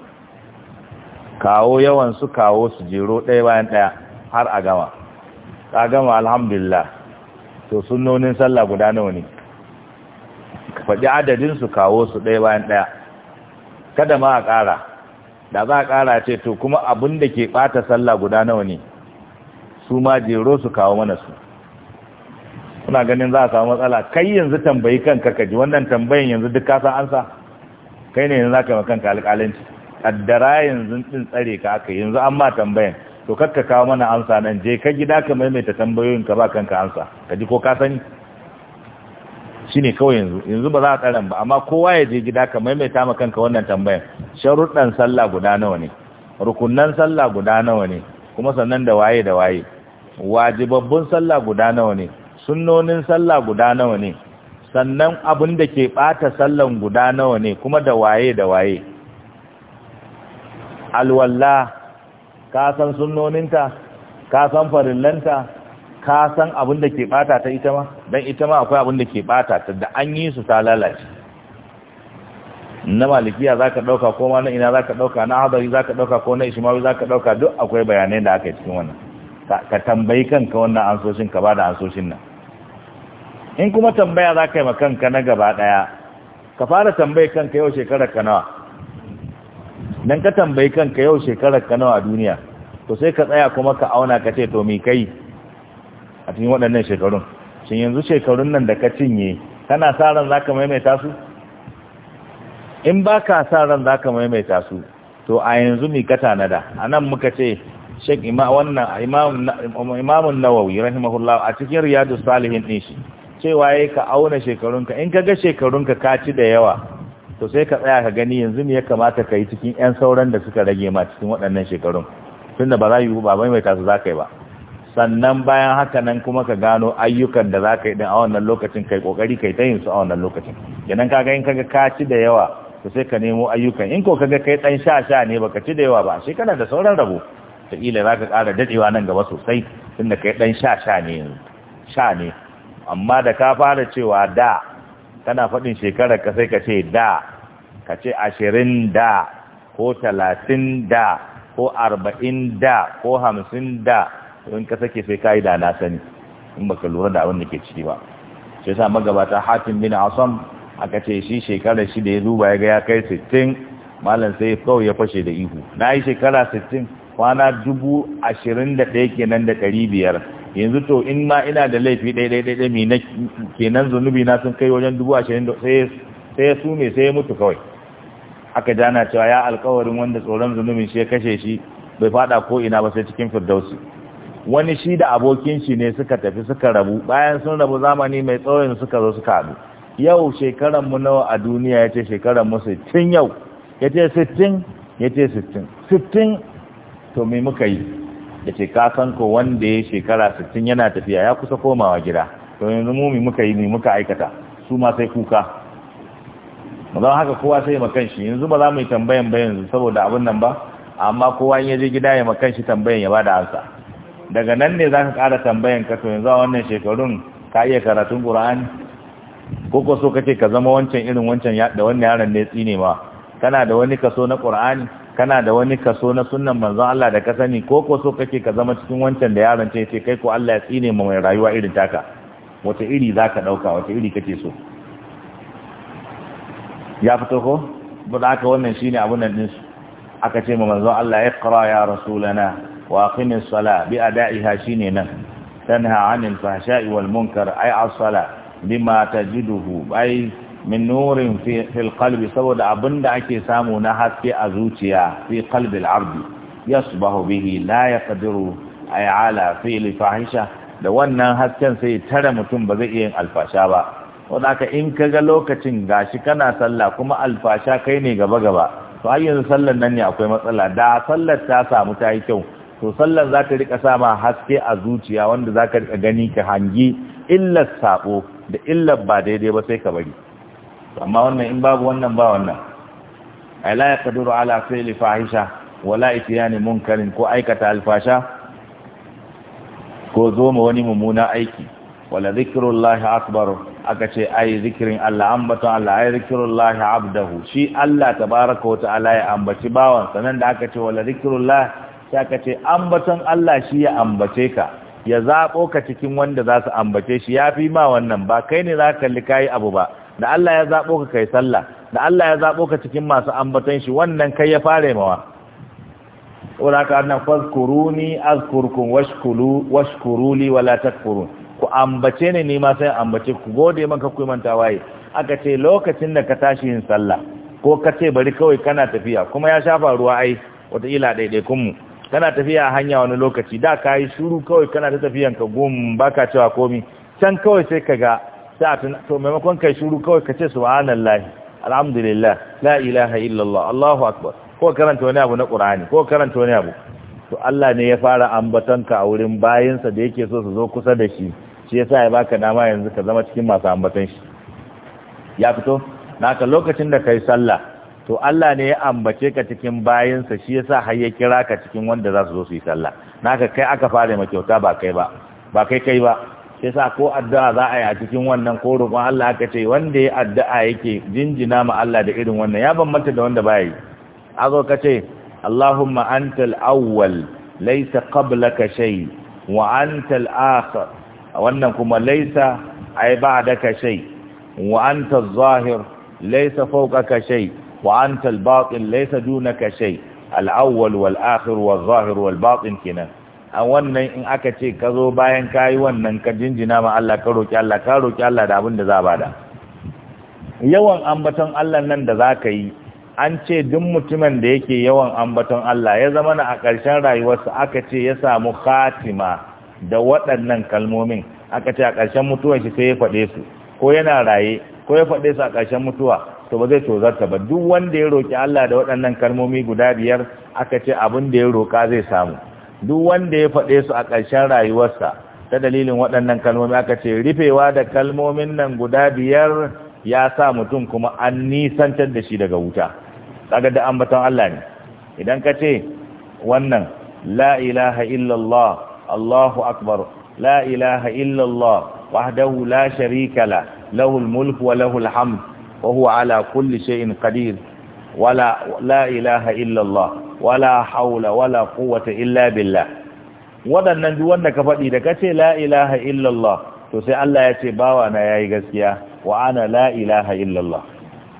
kawo yawansu kawo su jero ɗaya bayan ɗaya har a gama ka gama alhamdulillah to sunnonin sallah guda nawa ne faɗi adadinsu kawo su ɗaya bayan ɗaya kada ma a ƙara da za a ƙara ce to kuma abin da ke ɓata sallah guda nawa ne su ma jero su kawo mana su kuna ganin za a samu matsala kai yanzu tambayi kanka kaji wannan tambayin yanzu duk san ansa kai ne yanzu za ka yi kanka alƙalanci ƙaddara yanzu ɗin tsare ka aka yanzu an ma tambayin to kakka kawo mana ansa nan je ka gida ka maimaita tambayoyin ka ba kanka ansa ka ko ka sani shine kawai yanzu yanzu ba za a tsaran ba amma kowa ya je gida ka maimaita ma kanka wannan tambayan sharuɗan sallah guda nawa ne rukunnan sallah guda nawa ne kuma sannan da waye da waye wajibabbun sallah guda nawa ne sunnonin sallah guda nawa ne sannan abin da ke ɓata sallan guda nawa ne kuma da waye da waye alwalla ka san sunnoninta ka san farillanta ka san abin da ke bata ta ita ma don ita ma akwai abin da ke bata ta da an yi su ta lalace na malikiya za ka ɗauka ko ma na ina za ka ɗauka na hadari za ka ɗauka ko na ishimawi za ka ɗauka duk akwai bayanai da aka yi cikin wannan ka tambayi kanka wannan ansoshin ka ba da ansoshin nan in kuma tambaya za ka yi kanka na gaba ɗaya ka fara tambayi kanka yau shekarar ka nawa don ka tambayi kanka yau shekarar ka nawa a duniya to sai ka tsaya kuma ka auna ka ce to mi kai a cikin waɗannan shekarun shin yanzu shekarun nan da ka cinye kana sa ran za ka maimaita su in ba ka sa ran za ka maimaita su to a yanzu mi ka tanada a nan muka ce shek imamun nawawi rahimahullah a cikin riyadu salihin ɗin shi cewa ya ka auna shekarunka in ka ga shekarunka ka ci da yawa to sai ka tsaya ka gani yanzu ne ya kamata ka yi cikin 'yan sauran da suka rage ma cikin waɗannan shekarun Tun da ba za yi ba maimaita su za ka yi ba sannan bayan haka nan kuma ka gano ayyukan da za ka yi din a wannan lokacin kai kokari kai ta yin su a wannan lokacin idan kaga in ga ka ci da yawa to sai ka nemo ayyukan in ko ga kai ɗan sha sha ne baka ci da yawa ba sai kana da sauran rabo ta ila za ka ƙara dadewa nan gaba sosai tunda kai ɗan sha sha ne sha ne amma da ka fara cewa da kana faɗin shekarar ka sai ka ce da ka ce ashirin da ko talatin da ko arba'in da ko hamsin da in ka sake sai kai da na sani in baka lura da abin da ke ciki ba sai sa magabata hatim bin asam aka ce shi shekara shi da ya zuba ya ga ya kai 60 malam sai kawai ya fashe da ihu na yi shekara 60 kwana dubu ashirin da ɗaya kenan da ɗari biyar yanzu to in ma ina da laifi ɗaya ɗaya ɗaya mai kenan zunubi na sun kai wajen dubu ashirin da sai ya sume sai ya mutu kawai aka jana cewa ya alkawarin wanda tsoron zunubin shi ya kashe shi bai fada ko ina ba sai cikin firdausi wani shi da abokin shi ne suka tafi suka rabu bayan sun rabu zamani mai tsawon suka zo suka haɗu yau shekaran mu nawa a duniya yace shekaran mu 60 yau yace 60 yace 60 60 to me muka yi ce ka san ko wanda ya shekara 60 yana tafiya ya kusa komawa gida to yanzu mu me muka yi ne muka aikata su ma sai kuka mazan haka kowa sai makan shi yanzu ba za mu yi tambayan ba yanzu saboda abin nan ba amma kowa in ya je gida ya makan shi tambayan ya ba da ansa daga nan ne za ka ƙara tambayan ka to yanzu a wannan shekarun ka iya karatun ƙura'ani ko ko so kake ka zama wancan irin wancan da wani yaron ne tsine ma kana da wani kaso na ƙura'ani kana da wani kaso na sunnan manzon Allah da ka sani ko ko so kake ka zama cikin wancan da yaron ce ce kai ko Allah ya tsine ma mai rayuwa irin taka wace iri za ka ɗauka wace iri kake so ya fito ko ba da aka wannan shine abun nan ɗinsu aka ce ma manzon Allah ya ya rasulana wa aqimis sala bi ada'iha shine nan tanha 'anil fahsha'i wal munkar ay as-sala bima tajiduhu ay min nurin saboda abinda ake samu na haske a zuciya fi qalbil 'abdi yasbahu bihi la yaqdiru ay 'ala fi'li fahisha da wannan hasken sai tare mutum ba zai iya yin alfasha ba wadaka in ka ga lokacin gashi kana sallah kuma alfasha kai ne gaba gaba to har yanzu sallar nan ne akwai matsala da sallar ta samu ta yi kyau to sallan za ta rika sama haske a zuciya wanda za ka rika gani ka hangi illar sabo da illar ba daidai ba sai ka bari amma wannan in babu wannan ba wannan ai la yaqdiru ala fi'li fahisha wala itiyani munkarin ko aikata alfasha ko zo ma wani mumuna aiki wala zikrullahi akbar aka ce ai zikirin Allah ambaton Allah ai zikrullahi abdahu shi Allah tabaaraka wa ta'ala ya ambaci bawansa nan da aka ce wala zikrullahi sai ka ce ambaton Allah shi ya ambace ka ya zaɓo ka cikin wanda za su ambace shi ya fi ma wannan ba kai ne za ka kalli kayi abu ba da Allah ya zaɓo ka kai sallah da Allah ya zaɓo ka cikin masu ambaton shi wannan kai ya fare mawa wala ka annan fazkuruni azkurkum washkulu washkuruli wala takfurun ku ambace ne ni ma sai ambace ku gode maka ku manta waye aka ce lokacin da ka tashi yin sallah ko ka ce bari kawai kana tafiya kuma ya shafa ruwa ai wata ila daidai mu. kana tafiya hanya wani lokaci da ka yi shuru kawai kana ta tafiyan ka gum baka cewa komi can kawai sai ka ga sa'atun to maimakon kai shuru kawai ka ce subhanallah alhamdulillah la ilaha illallah allahu akbar ko karanta wani abu na qur'ani ko karanta wani abu to Allah ne ya fara ambatanka a wurin sa da yake so su zo kusa da shi shi yasa ya baka dama yanzu ka zama cikin masu ambatan shi ya fito naka lokacin da kai sallah to Allah ne ya ambace ka cikin bayinsa shi yasa har ya kira ka cikin wanda za su zo su yi sallah naka kai aka fara ma kyauta ba kai ba ba kai kai ba shi yasa ko addu'a za a yi a cikin wannan ko roƙon Allah aka ce wanda ya addu'a yake jinjina ma Allah da irin wannan ya bambanta da wanda baya yi a zo ka ce Allahumma antal awwal laysa qablaka shay wa antal akhir wannan kuma laysa ay ba'daka shay wa zahir laysa fawqaka shay wa anta al-batin laysa dunaka shay al-awwal wal-akhir wal-zahir wal-batin kenan a wannan in aka ce ka zo bayan kayi wannan ka jinjina ma Allah ka roki Allah ka roki Allah da abin da za bada yawan ambaton Allah nan da za ka yi an ce duk mutumin da yake yawan ambaton Allah ya zama na a ƙarshen rayuwarsa aka ce ya samu khatima da waɗannan kalmomin aka ce a ƙarshen mutuwar sai ya faɗe su ko yana raye ko ya faɗe su a ƙarshen mutuwa to ba zai tozarta ba duk wanda ya roki Allah da waɗannan kalmomi guda biyar aka ce abin da ya roka zai samu duk wanda ya faɗe su a ƙarshen rayuwarsa ta dalilin waɗannan kalmomi aka ce rufewa da kalmomin nan guda biyar ya sa mutum kuma an nisantar da shi daga wuta kaga da ambaton Allah ne idan ka ce wannan la ilaha illallah Allahu akbar la ilaha illallah wahdahu la sharika la lahul mulku wa lahul hamd وهو على كل شيء قدير ولا لا إله إلا الله ولا حول ولا قوة إلا بالله waɗannan duk wanda ka faɗi da kace la ilaha illallah to sai Allah ya ce bawa na yayi gaskiya wa ana la ilaha illallah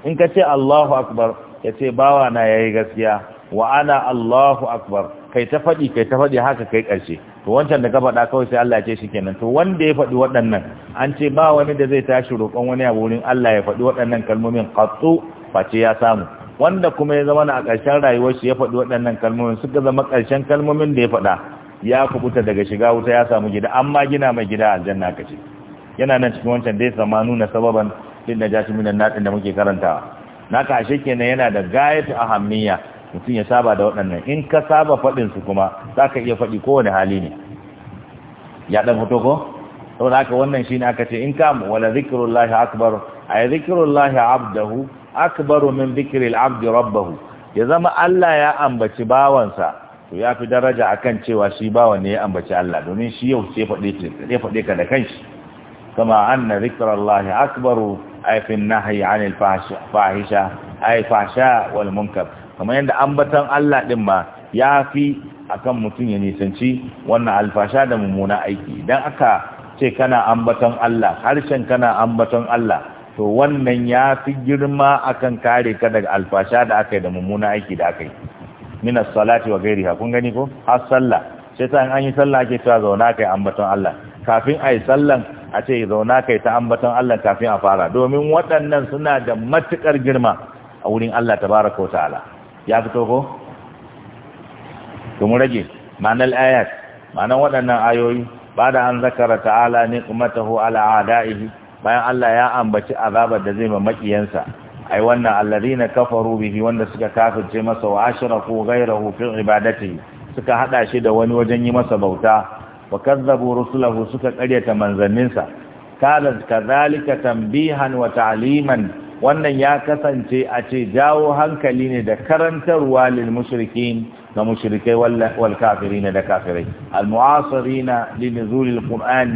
in kace Allahu akbar yace bawa na yayi gaskiya wa ana Allahu akbar kai ta faɗi kai ta faɗi haka kai ƙarshe to wancan da ka faɗa kawai sai Allah ya ce shikenan to wanda ya faɗi waɗannan an ce ba wani da zai tashi roƙon wani abu wurin Allah ya faɗi waɗannan kalmomin qattu face ya samu wanda kuma ya zama a ƙarshen rayuwar shi ya faɗi waɗannan kalmomin suka zama ƙarshen kalmomin da ya faɗa ya kubuta daga shiga wuta ya samu gida amma gina mai gida aljanna kace yana nan cikin wancan dai samanu na sababan din najati minan nadin da muke karantawa naka ashe kenan yana da gayatu ahammiya mutum ya saba da waɗannan in ka saba su kuma za ka iya faɗi kowane hali ne ya ɗan hoto ko? saboda haka wannan shi ne aka ce in kam wala lahi akbar a yi lahi abdahu akbaru min zikirin abdi rabbahu ya zama Allah ya ambaci bawansa to ya fi daraja akan cewa shi bawan ne ya ambaci Allah domin shi yau ce faɗe ka da kanshi kama anna lahi akbaru ay fi nahyi anil fahisha ay fasha wal munkar kamar yadda ambaton Allah din ma ya fi akan mutum ya nisanci wannan alfasha da mummuna aiki idan aka ce kana ambaton Allah harshen kana ambaton Allah to wannan ya fi girma akan kare ka daga alfasha da aka yi da mummuna aiki da aka yi minas salati wa gairiha kun gani ko har sallah sai ta an yi sallah ake cewa zauna kai ambaton Allah kafin a yi sallan a ce zauna kai ta ambaton Allah kafin a fara domin waɗannan suna da matuƙar girma a wurin Allah tabaraka wa ta'ala ya fito ko kuma rage ma'anar ayat ma'anar waɗannan ayoyi ba da an zakara ta'ala ne kumatahu ala adaihi bayan Allah ya ambaci azabar da zai ma makiyansa ai wannan na kafaru bihi wanda suka kafirce masa wa ashraku ghayrahu fi ibadatihi suka haɗa shi da wani wajen yi masa bauta wa kazzabu rusulahu suka karyata manzanninsa kala kadhalika tanbihan wa ta'liman wannan ya kasance a ce jawo hankali ne da karantarwa lil mushrikin ga mushrikai wal kafirin da kafirai al mu'asirina li nuzul al qur'an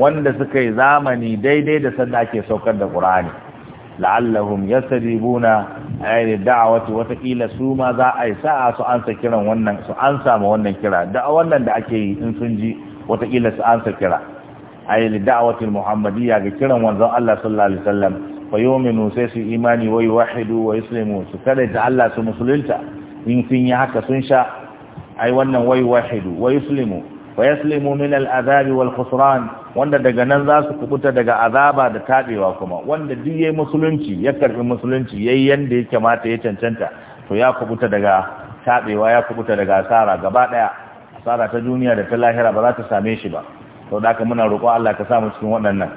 wanda suka yi zamani daidai da sanda ake saukar da qur'ani la'allahum yasribuna ay da'wati wa taqila su ma za a yi sa'a su ansa kiran wannan su ansa ma wannan kira da wannan da ake yi in sun ji wataƙila su ansa kira ay li da'wati al muhammadiyya ga kiran wanzan Allah sallallahu alaihi wasallam wa yu'minu sai su imani wai wahidu wa yuslimu su kada ta Allah su musulunta in sun yi haka sun sha ai wannan wai wahidu wa yuslimu wa yaslimu min al-azabi wal khusran wanda daga nan za su kubuta daga azaba da tabewa kuma wanda duk yayi musulunci ya karbi musulunci yayi yanda ya kamata ya cancanta to ya kubuta daga tabewa ya kubuta daga asara gaba daya asara ta duniya da ta lahira ba za ta same shi ba to da haka muna roƙo Allah ka sa mu cikin waɗannan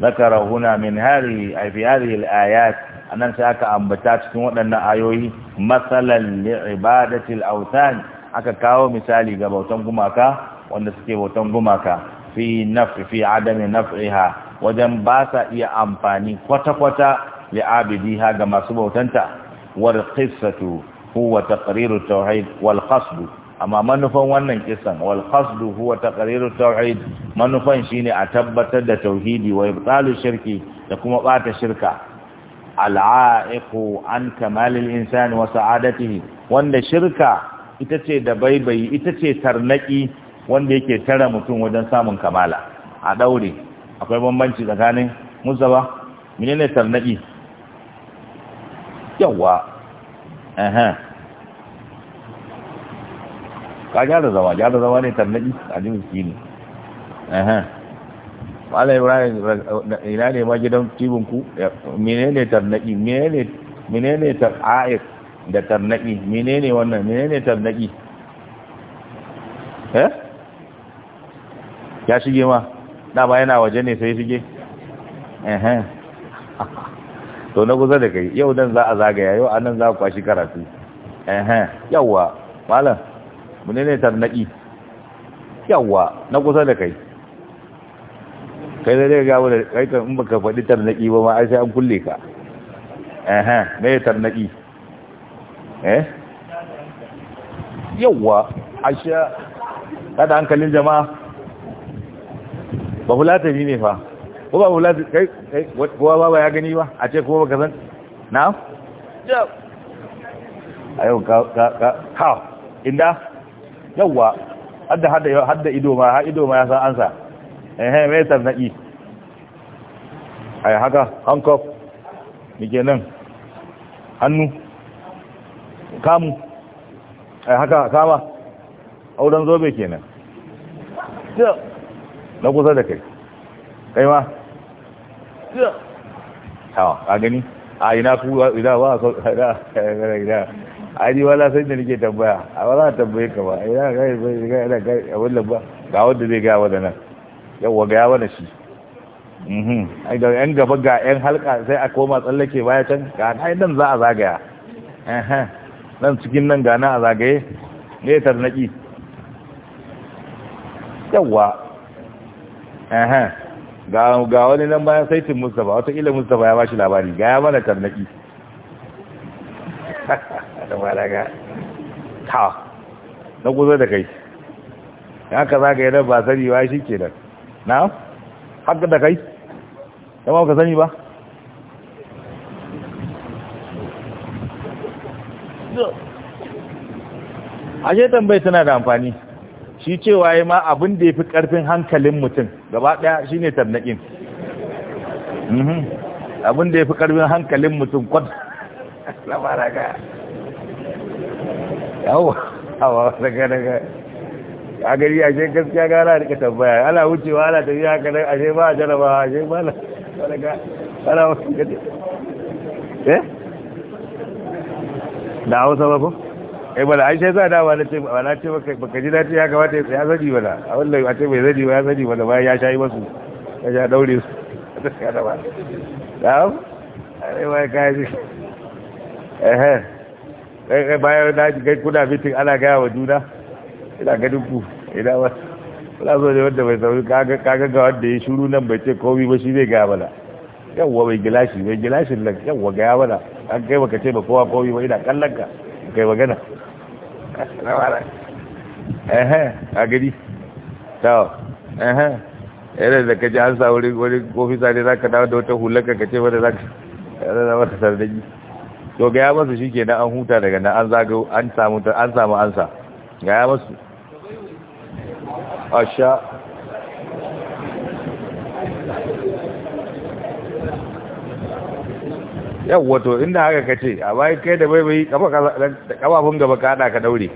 zakara huna min hari a fi hari a nan sai aka ambata cikin waɗannan ayoyi matsalar ibadatil autan aka kawo misali ga bautan gumaka wanda suke bautan gumaka fi nafi fi adami naf'iha wajen ba sa iya amfani kwatakwata kwata li abidiha ga masu bautanta wal qissatu huwa taqriru tauhid wal qasdu amma manufan wannan kisan wal qasdu huwa taqriru tauhid manufan shine a tabbatar da tauhidi wa ibtalu shirki da kuma bata shirka aiku an kamalil insani wa sa'adatihi wanda shirka ita ce da baibayi ita ce tarnaki wanda yake tara mutum wajen samun kamala a daure akwai bambanci tsakanin musaba menene tarnaki yawa eh ka gyara zama gyara zama ne tarnaɗi a ji miskini Mala Ibrahim ina ne ma gidan tibin ku menene tarnaɗi menene menene aif da tarnaɗi menene wannan menene tarnaɗi eh ya shige ma da ba yana waje ne sai shige eh to na guza da kai yau dan za a zagaya yau anan za ku kwashi karatu eh yawwa malam mune ne tarnaki yawa na kusa da kai kai zai ga wani kai kan in baka faɗi tarnaki ba ma ai sai an kulle ka eh me tarnaki eh yawa ashe kada hankalin jama'a ba hulata ne fa ko ba hulata kai kai ko ba ya gani ba a ce kuma baka san na yau ayo ka ka ka inda yawwa hadda hadda hadda ido ma ha ido ma ya san ansa eh mai tarnaki ai haka hankof ni nan hannu kamu ai haka kama auren zobe kenan na kusa da kai kai ma ha a gani a ina ku wa ba ida ida a wala sai da nake tambaya a wala tambaye ka ba ina ga ga ina ga abin da ba ga wanda zai ga wannan nan yawa ga wannan shi mhm ai ga yan gaba ga yan halka sai a koma tsallake baya can ga ai nan za a zagaya eh nan cikin nan ga a zagaye ne tarnaki yawa eh ga ga wani nan bayan saitin Mustafa wata kila Mustafa ya bashi labari ga ya mana tarnaki da malaga ta na guzo da kai ya ka za ka yi ba sani ba shi ke nan na haka da kai ya ma ka sani ba ce tambayi tana da amfani shi cewa ya ma abin da ya fi ƙarfin hankalin mutum gaba ɗaya shi ne tabnaƙin mhm. abin da ya fi ƙarfin hankalin mutum kwan labara ga yawo awa daga daga a gari a gaskiya gara rika tambaya ana wucewa ana ta yi haka nan ashe ba a jaraba ashe ba na daga ana wasu gadi eh da hausa ba ko eh bada ai sai za da wani ce ba na ce baka ji dace ya kamata ya zaji bada a wanda a ce mai zaji ba ya zaji bada bayan ya shayi masu ya sha daure su da ba da ai wai kai eh eh Eh, eh, bayan na gai kuna mitin ana gaya wa juna ina ganin ku ina ba kuna so ne wanda bai sauri kaga ga wanda ya shuru nan bai ce komi ba shi zai gaya mana yawwa mai gilashi mai gilashin nan yawwa gaya mana an kai baka ce ba kowa komi ba ina kallon ka kai magana ehe a gari tawa ehe yana da kaji an sa wani ofisa ne za ka dawo da wata hulaka ka ce mana za ka yana da wata sardagi to ga ya masu shi ke an huta daga nan an zago, an samu an samu ansa ga ya masu asha yawwa wato inda haka ka ce a bai kai da baibayi kafafun gaba ka hada ka daure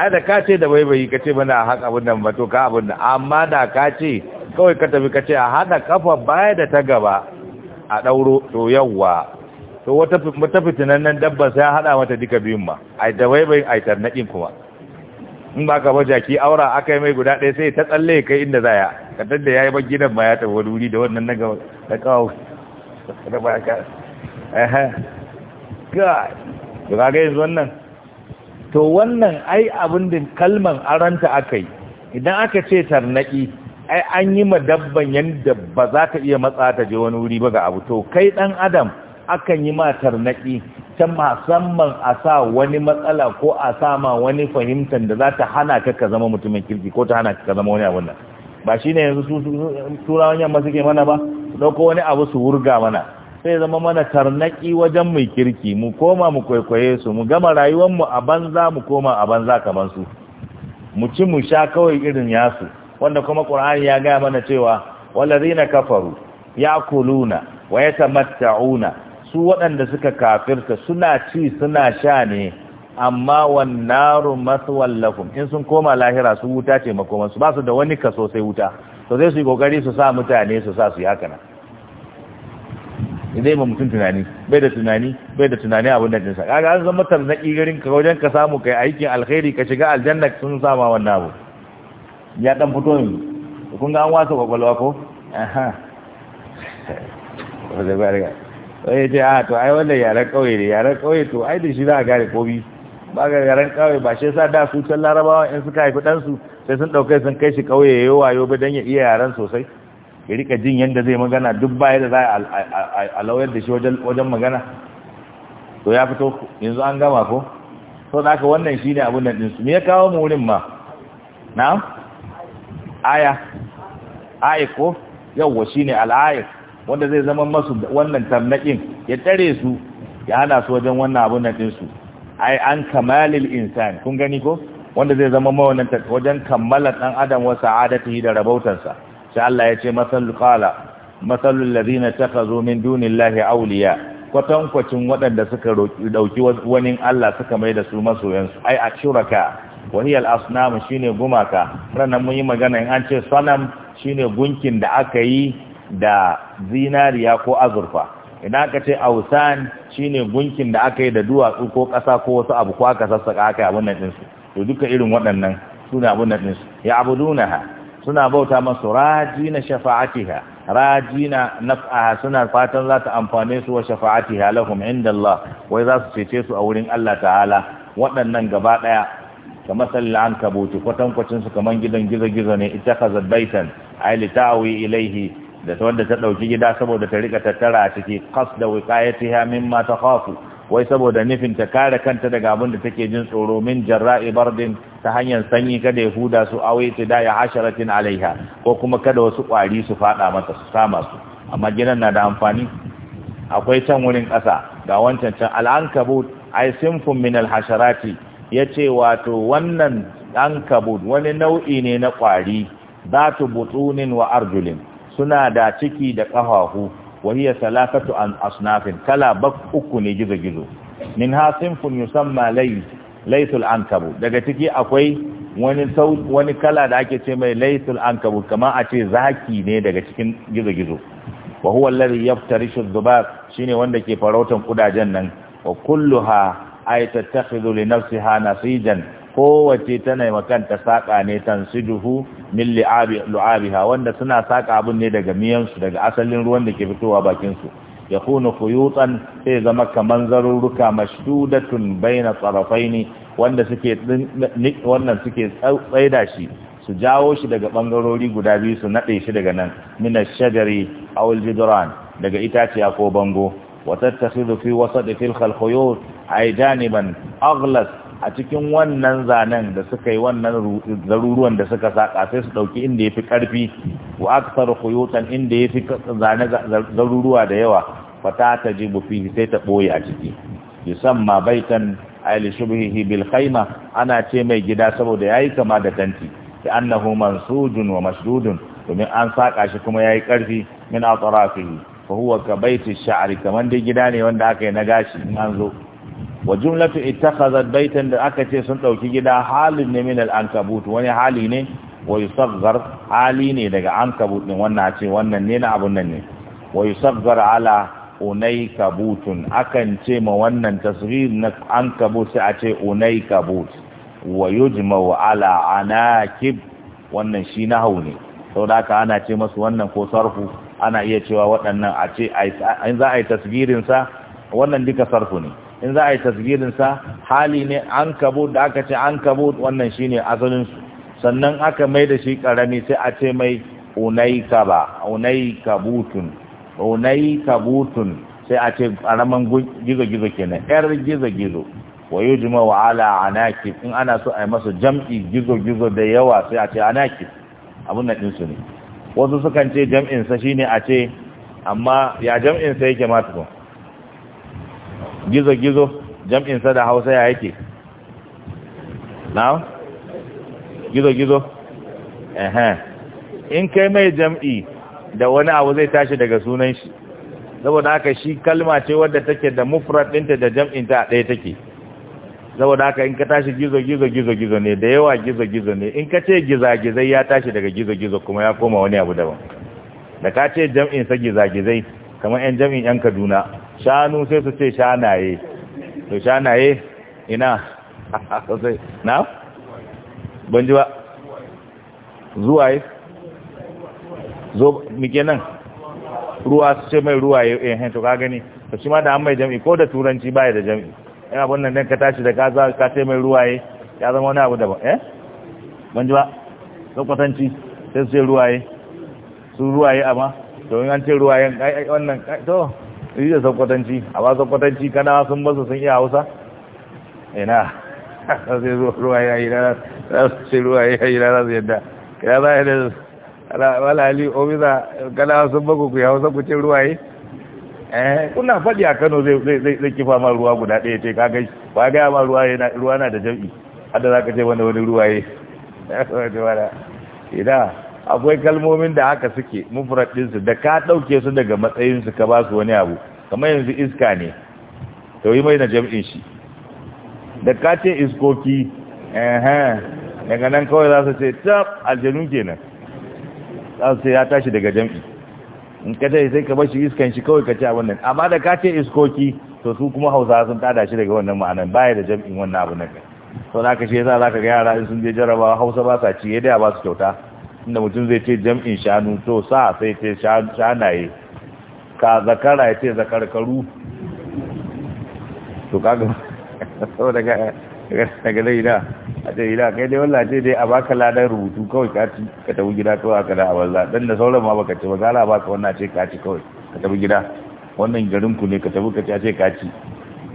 ai da ka ce da baibayi ka ce bana haka abin nan ba to ka abin nan amma da ka ce kawai ka tafi ka ce a hada kafa baya da ta gaba a dauro to yawwa to wata fitinannen dabba sai haɗa mata duka biyun ma a da waibayin a tarnaƙin kuma in ba ka jaki aura aka yi mai guda ɗaya sai ta tsalle kai inda za ya katar da ya yi ban gidan ma ya tafi wuri da wannan na da kawo da ba ka to kaga yanzu wannan to wannan ai abin da kalman aranta aka yi idan aka ce tarnaƙi ai an yi ma dabban yadda ba za ta iya matsa ta je wani wuri ba ga abu to kai ɗan adam akan yi ma tarnaki ta musamman a sa wani matsala ko a sa ma wani fahimtar da za ta hana ka ka zama mutumin kirki ko ta hana ka zama wani abun nan ba shi ne yanzu turawan yamma suke mana ba su ɗauko wani abu su wurga mana sai zama mana tarnaki wajen mai kirki mu koma mu kwaikwaye su mu gama rayuwanmu a banza mu koma a banza kamar su mu ci mu sha kawai irin yasu wanda kuma ƙur'ani ya gaya mana cewa walazina kafaru yakuluna wa yatamatta'una su waɗanda suka kafirta suna ci suna sha ne amma wannaru maswal lakum in sun koma lahira su wuta ce makoman su ba su da wani kaso sai wuta to zai su yi kokari su sa mutane su sa su yi haka nan idai ma mutum tunani bai da tunani bai da tunani abin da jinsa kaga an zama tarnaki garin ka wajen ka samu kai aikin alkhairi ka shiga aljanna sun sama wannan abu ya dan fito ne kun ga an wasa kwakwalwa ko aha sai ya ce a ah, to ai wannan yaren kauye ne yaren kauye to ai da shi za a gane bi ba ga yaren kauye ba shi sa da su can larabawa in suka haifi ɗansu sai sun ɗauke sun kai shi kauye ya yi wayo ba don ya iya yaren sosai ya rika jin yadda zai magana duk baya da za a lauyar da shi wajen magana to ya fito yanzu an gama ko sau da aka wannan shi ne abin nan ɗinsu me ya kawo mu wurin ma na aya aiko yawwa shi ne al'ayik wanda zai zama masu wannan tarnaƙin ya tare su ya hana su wajen wannan abun nan ɗinsu ai an kamalil insan kun gani ko wanda zai zama mawannan wajen kammala ɗan adam wa sa'adatihi da rabautarsa sai Allah ya ce masal qala masalul ladina takhazu min dunillahi awliya kwatankwacin waɗanda suka roki dauki wani Allah suka mai da su masoyansu ai a shuraka wa hiya al shine gumaka ranan mun yi magana in an ce sanam shine gunkin da aka yi da zinariya ko azurfa idan aka ce ausan shine gunkin da aka yi da duwatsu ko ƙasa ko wasu abu ko aka sassaka aka yi abin nan to duka irin waɗannan suna abin nan ɗinsu ya abudunaha suna bauta masu rajina shafa'atiha rajina naf'aha suna fatan za ta amfane su wa shafa'atiha lahum inda Allah wai za su cece su a wurin Allah ta'ala waɗannan gaba ɗaya kamar sallan kabuti kwatankwacin su kamar gidan gizo-gizo ne ita ka zabaitan ai litawi ilaihi da ta wadda ta ɗauki gida saboda ta rika tattara a ciki kas da mimma takhafu wai saboda nufin ta kare kanta daga abin da take jin tsoro min jarra'i bardin ta hanyar sanyi kada ya huda su awai ta da ya asharatin alaiha ko kuma kada wasu kwari su fada mata su sama su amma gidan na da amfani akwai can wurin kasa ga wancan can al'ankabut ai sinfun min alhasharati yace wato wannan ankabut wani nau'i ne na kwari zatu بطون wa arjulin suna da ciki da ƙafafu wahiya salafatu an asnafin kala bak uku ne gizo-gizo min ha yusamma laisul ankabu daga ciki akwai wani kala da ake ce mai laisul ankabu kamar a ce zaki ne daga cikin gizo-gizo wa huwa alladhi yaftarishu dhubab shine wanda ke farautan kudajen nan wa kulluha ay tattakhidhu li nafsiha nasijan kowace tana makanta saƙa ne tan sujuhu min lu'abiha wanda suna saƙa abun ne daga miyansu daga asalin ruwan da ke fitowa bakinsu ya kunu kuyutsan sai zama kaman zarurruka mashdudatun baina tsarafaini wanda suke wannan suke tsaida shi su jawo shi daga bangarori guda biyu su nade shi daga nan min ash-shajari aw al-jidran daga itaciya ko bango wa tattakhidhu fi wasati fil khuyut ay janiban aghlas a cikin wannan zanen da suka yi wannan zaruruwan da suka saka sai su dauki inda yafi karfi wa aktar khuyutan inda ya fi zane zaruruwa da yawa fata tajibu fihi sai ta boye a ciki yusamma baitan ayli shubhihi bil khayma ana ce mai gida saboda yayi kama da tanti ya annahu mansujun wa masdudun domin an saka shi kuma yayi karfi min atrafihi fa huwa ka baiti sha'ri kaman dai gida ne wanda aka yi na gashi in an zo wa jumlatu ittakhazat baytan da aka ce sun dauki gida halin ne min al-ankabut wani hali ne wa yusaghar hali ne daga ankabut din wannan ce wannan ne na abun nan ne wa yusaghar ala unai kabutun akan ce ma wannan tasghir na ankabut sai a ce unai kabut wa yujma'u ala anakib wannan shi na ne saboda haka ana ce masu wannan ko sarfu ana iya cewa waɗannan a ce in za a yi tasgirin sa wannan duka sarfu ne in za a yi tasgirinsa hali ne an kabut da aka ce an kabut wannan shi ne asalinsu sannan aka mai da shi ƙarami sai a ce mai unai kaba unai kabutun unai kabutun sai a ce ƙaramin gizo-gizo na yar gizo-gizo wa yi jima wa ala in ana so a yi masa jam'i gizo-gizo da yawa sai a ce anaki abin da ɗinsu ne wasu sukan ce jam'insa shine a ce amma ya jam'insa yake masu gizo-gizo jam'insa da hausa ya yake na'am gizo-gizo in kai mai jam'i da wani abu zai tashi daga sunan shi saboda haka shi kalma ce wadda take da mufrad dinta da jam'inta a ɗaya take saboda haka in ka tashi gizo gizo gizo gizo ne da yawa gizo gizo ne in ka ce gizagizai ya tashi daga gizo gizo kuma ya koma wani abu daban da ka ce jam'in sa gizagizai kamar yan jam'in yan kaduna shanu sai su ce shanaye to shanaye ina sosai na ban ji ba zuwaye zo mike nan ruwa su ce mai ruwaye ehen to ka gani to shi ma da an mai jami'i ko da turanci baya da jami'i yan abin nan nan ka tashi da ka za ka ce mai ruwaye ya zama wani abu daban eh ban ji ba kwatanci sai su ce ruwaye su ruwaye amma to in an ce yi wannan to yi da sakwatanci a ba sakwatanci kana sun basu sun iya hausa ina sai ruwa ya yi rana sai ruwa ya yi rana su yadda kira za a yi da walali omisa kana sun baku ku yi hausa ku ce ruwa yi eh, kuna faɗi a kano zai kifa ma ruwa guda ɗaya ce ka gai ba gaya ma ruwa na da jam'i hada za ka ce wanda wani ruwa yi ina akwai kalmomin da haka suke mufrad da ka ɗauke su daga matsayinsu ka ba su wani abu kamar yanzu iska ne to yi mai na jam'in shi da ka ce iskoki daga nan kawai za su ce tab aljanu kenan za su ce ya tashi daga jam'i in ka ce sai ka bashi iskan shi kawai ka ce abin nan amma da ka ce iskoki to su kuma hausa sun tada shi daga wannan ma'anan baya da jam'in wannan abu nan to za ka shi yasa za ka ga yara in sun je jarabawa hausa ba sa ci ya da ba su kyauta inda mutum zai ce jam'in shanu to sa sai ce shanaye ka zakara ya ce zakarkaru to kaga sau daga daga gida da a ce gida kai dai wallah ce dai a baka ladar rubutu kawai ka ci ka tabi gida kawai aka da a banza dan da sauran ma baka ci ba ka baka wannan ce ka ci kawai ka tabi gida wannan garin ku ne ka tabi ka a ce ka ci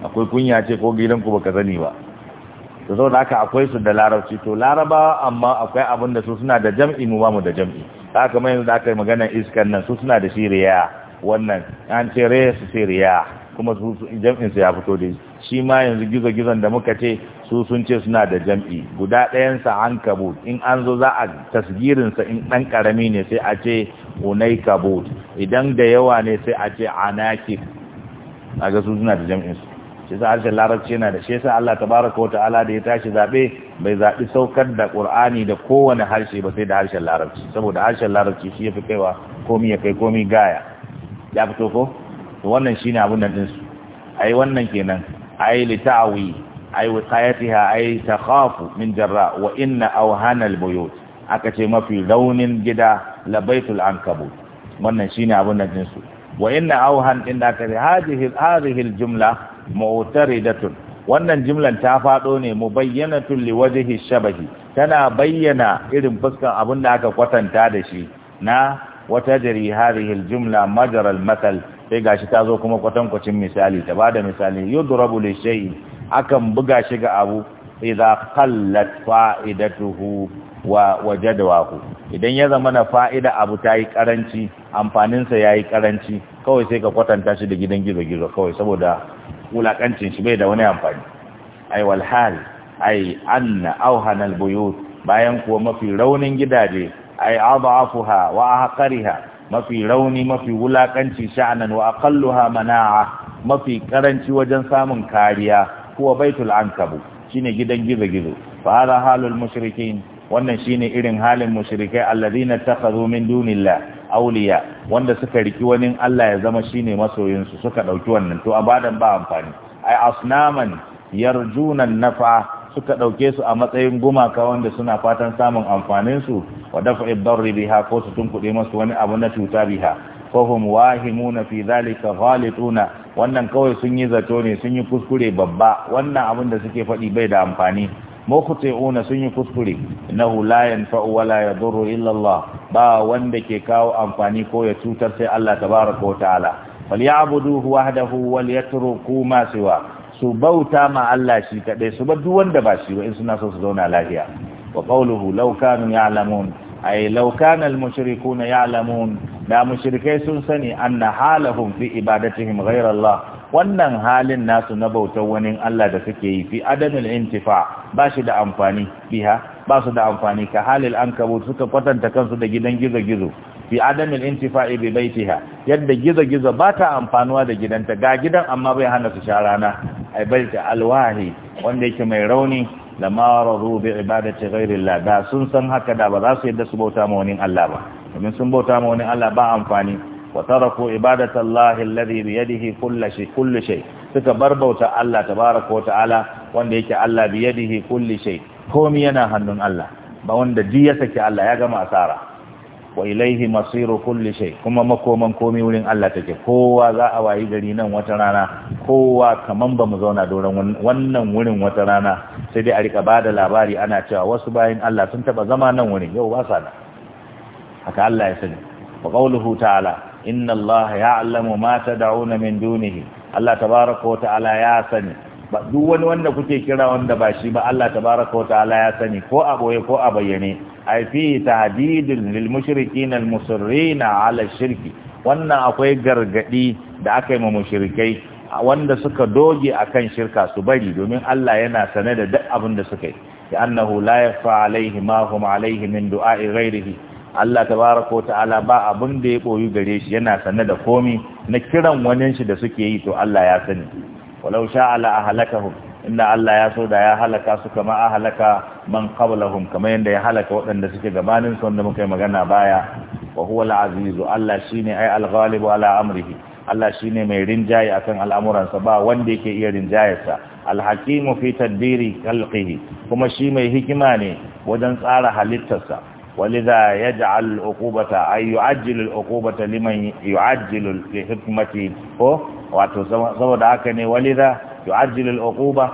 akwai kunya ce ko gidan ku baka sani ba to zo da haka akwai su da larabci to larabawa amma akwai abin da su suna da jam'i mu mu da jam'i ta haka yanzu da aka yi magana iskan nan su suna da shiriya wannan an ce su kuma su jam'in su ya fito da shi ma yanzu gizo-gizon da muka ce su sun ce suna da jam'i guda ɗayansa an kabu in an zo za a tasgirinsa in ɗan karami ne sai a ce unai Kabu idan da yawa ne sai a ce anaki a ga su suna da jam'insu shi sa harshen larabci yana da shi yasa Allah tabaraka wata'ala da ya tashi zabe bai zabi saukar da Qur'ani da kowane harshe ba sai da harshen larabci saboda harshen larabci shi yafi kaiwa komi ya kai komi gaya ya fito ko to wannan shine abun nan dinsu ai wannan kenan ai litawi ai wasayatiha ai takhafu min jarra wa inna awhana albuyut aka ce mafi raunin gida labaitul ankabut wannan shine abin nan dinsu wa inna awhan inda ka hadhihi hadhihi jumla. mu'taridatun wannan jimlan ta fado ne mu tulli waje shabahi tana bayyana irin fuskan abin da aka kwatanta da shi na wata jari hadhihi aljumla majra almathal sai gashi ta zo kuma kwatankwacin misali ta bada misali yudrabu lishay akan buga shi ga abu idza qallat fa'idatuhu wa wajadahu idan ya zama na fa'ida abu tayi karanci amfanin sa yayi karanci kawai sai ka kwatanta shi da gidan gizo gizo kawai saboda Wulaƙancin shi bai da wani amfani ai wal ai anna awhana al bayan kuwa mafi raunin gidaje ai adhafuha wa ahqariha mafi rauni mafi wulakanci sha'anan wa aqalluha mana'a mafi karanci wajen samun kariya kuwa baitul ankabu shine gidan gizo-gizo fa hada halul mushrikin wannan shine irin halin mushrikai alladhina takhadhu min dunillah auliya wanda suka riki wani Allah ya zama shine masoyinsu suka dauki wannan to abadan ba amfani ai asnaman yarjuna nafa suka dauke su a matsayin gumaka wanda suna fatan samun amfanin su wa daf'i darri biha ko su tunkuɗe masu wani abu na cuta biha ko hum wahimuna fi zalika ghalituna wannan kawai sun yi zato ne sun yi kuskure babba wannan abin da suke faɗi bai da amfani mukhti'una sun yi kuskure innahu la yanfa'u wa la yadurru illa Allah ba wanda ke kawo amfani ko ya cutar sai Allah tabaraka wa ta'ala falyabuduhu wahdahu walyatruku ma siwa su bauta ma Allah shi kaɗai su ba duk wanda ba shi ba in suna so su zauna lafiya wa qawluhu law kanu ya'lamun ay law kana al-mushrikuuna ya'lamun da mushrikai sun sani anna halahum fi ibadatihim ghayra Allah wannan halin nasu na bautar wani Allah da suke yi fi adamul intifa ba shi da amfani biha ba su da amfani ka halil an kabo suka kwatanta kansu da gidan gizo-gizo fi adamul intifa bi ha. yadda gizo-gizo ba ta amfanuwa da gidanta ga gidan amma bai hana su sha rana ai baita alwahi wanda yake mai rauni da radu bi ibadati ghairillah da sun san haka da ba za su yadda su bauta ma wani Allah ba domin sun bauta ma wani Allah ba amfani wa taraku ibadatallahi alladhi bi yadihi kullu shay kullu suka barbauta Allah tabaaraka wa ta'ala wanda yake Allah bi yadihi kullu shay Komi yana hannun Allah ba wanda ji ya saki Allah ya gama asara wa ilaihi masiru kulli shay kuma makoman komi wurin Allah take kowa za a wayi gari nan wata rana kowa kaman bamu zauna doron wannan wurin wata rana sai dai a rika bada labari ana cewa wasu bayin Allah sun taba zama nan wurin yau ba sa haka Allah ya sani wa qawluhu ta'ala inna Allah ya'lamu ma tad'una min dunihi Allah tabaaraka wa ta'ala ya sani ba duk wani wanda kuke kira wanda ba shi ba Allah tabaaraka wa ta'ala ya sani ko a boye ko a bayyane ai fi tahdidun lil mushrikeen al musirrina ala shirki wannan akwai gargadi da aka yi ma mushrikai wanda suka doge akan shirka su bari domin Allah yana sane da duk abin da suka yi ya annahu la yafa alaihi ma hum alaihi min du'a'i ghairihi Allah tabaraka wa ta'ala ba abin da ya koyi gare shi yana sanne da komi na kiran wanin shi da suke yi to Allah ya sani walau sha ala ahlakahum inda Allah ya so da ya halaka su kama a halaka man qablahum kamar yadda ya halaka waɗanda suke gabanin su wanda muka yi magana baya wa huwa al-aziz Allah shine ay al-ghalib ala amrihi Allah shine mai rinjaye akan al'amuransa ba wanda yake iya rinjayarsa al-hakimu fi tadbiri khalqihi kuma shi mai hikima ne wajen tsara halittarsa ولذا يجعل العقوبة أي يعجل العقوبة لمن يعجل لحكمته هو وتسود هكني ولذا يعجل العقوبة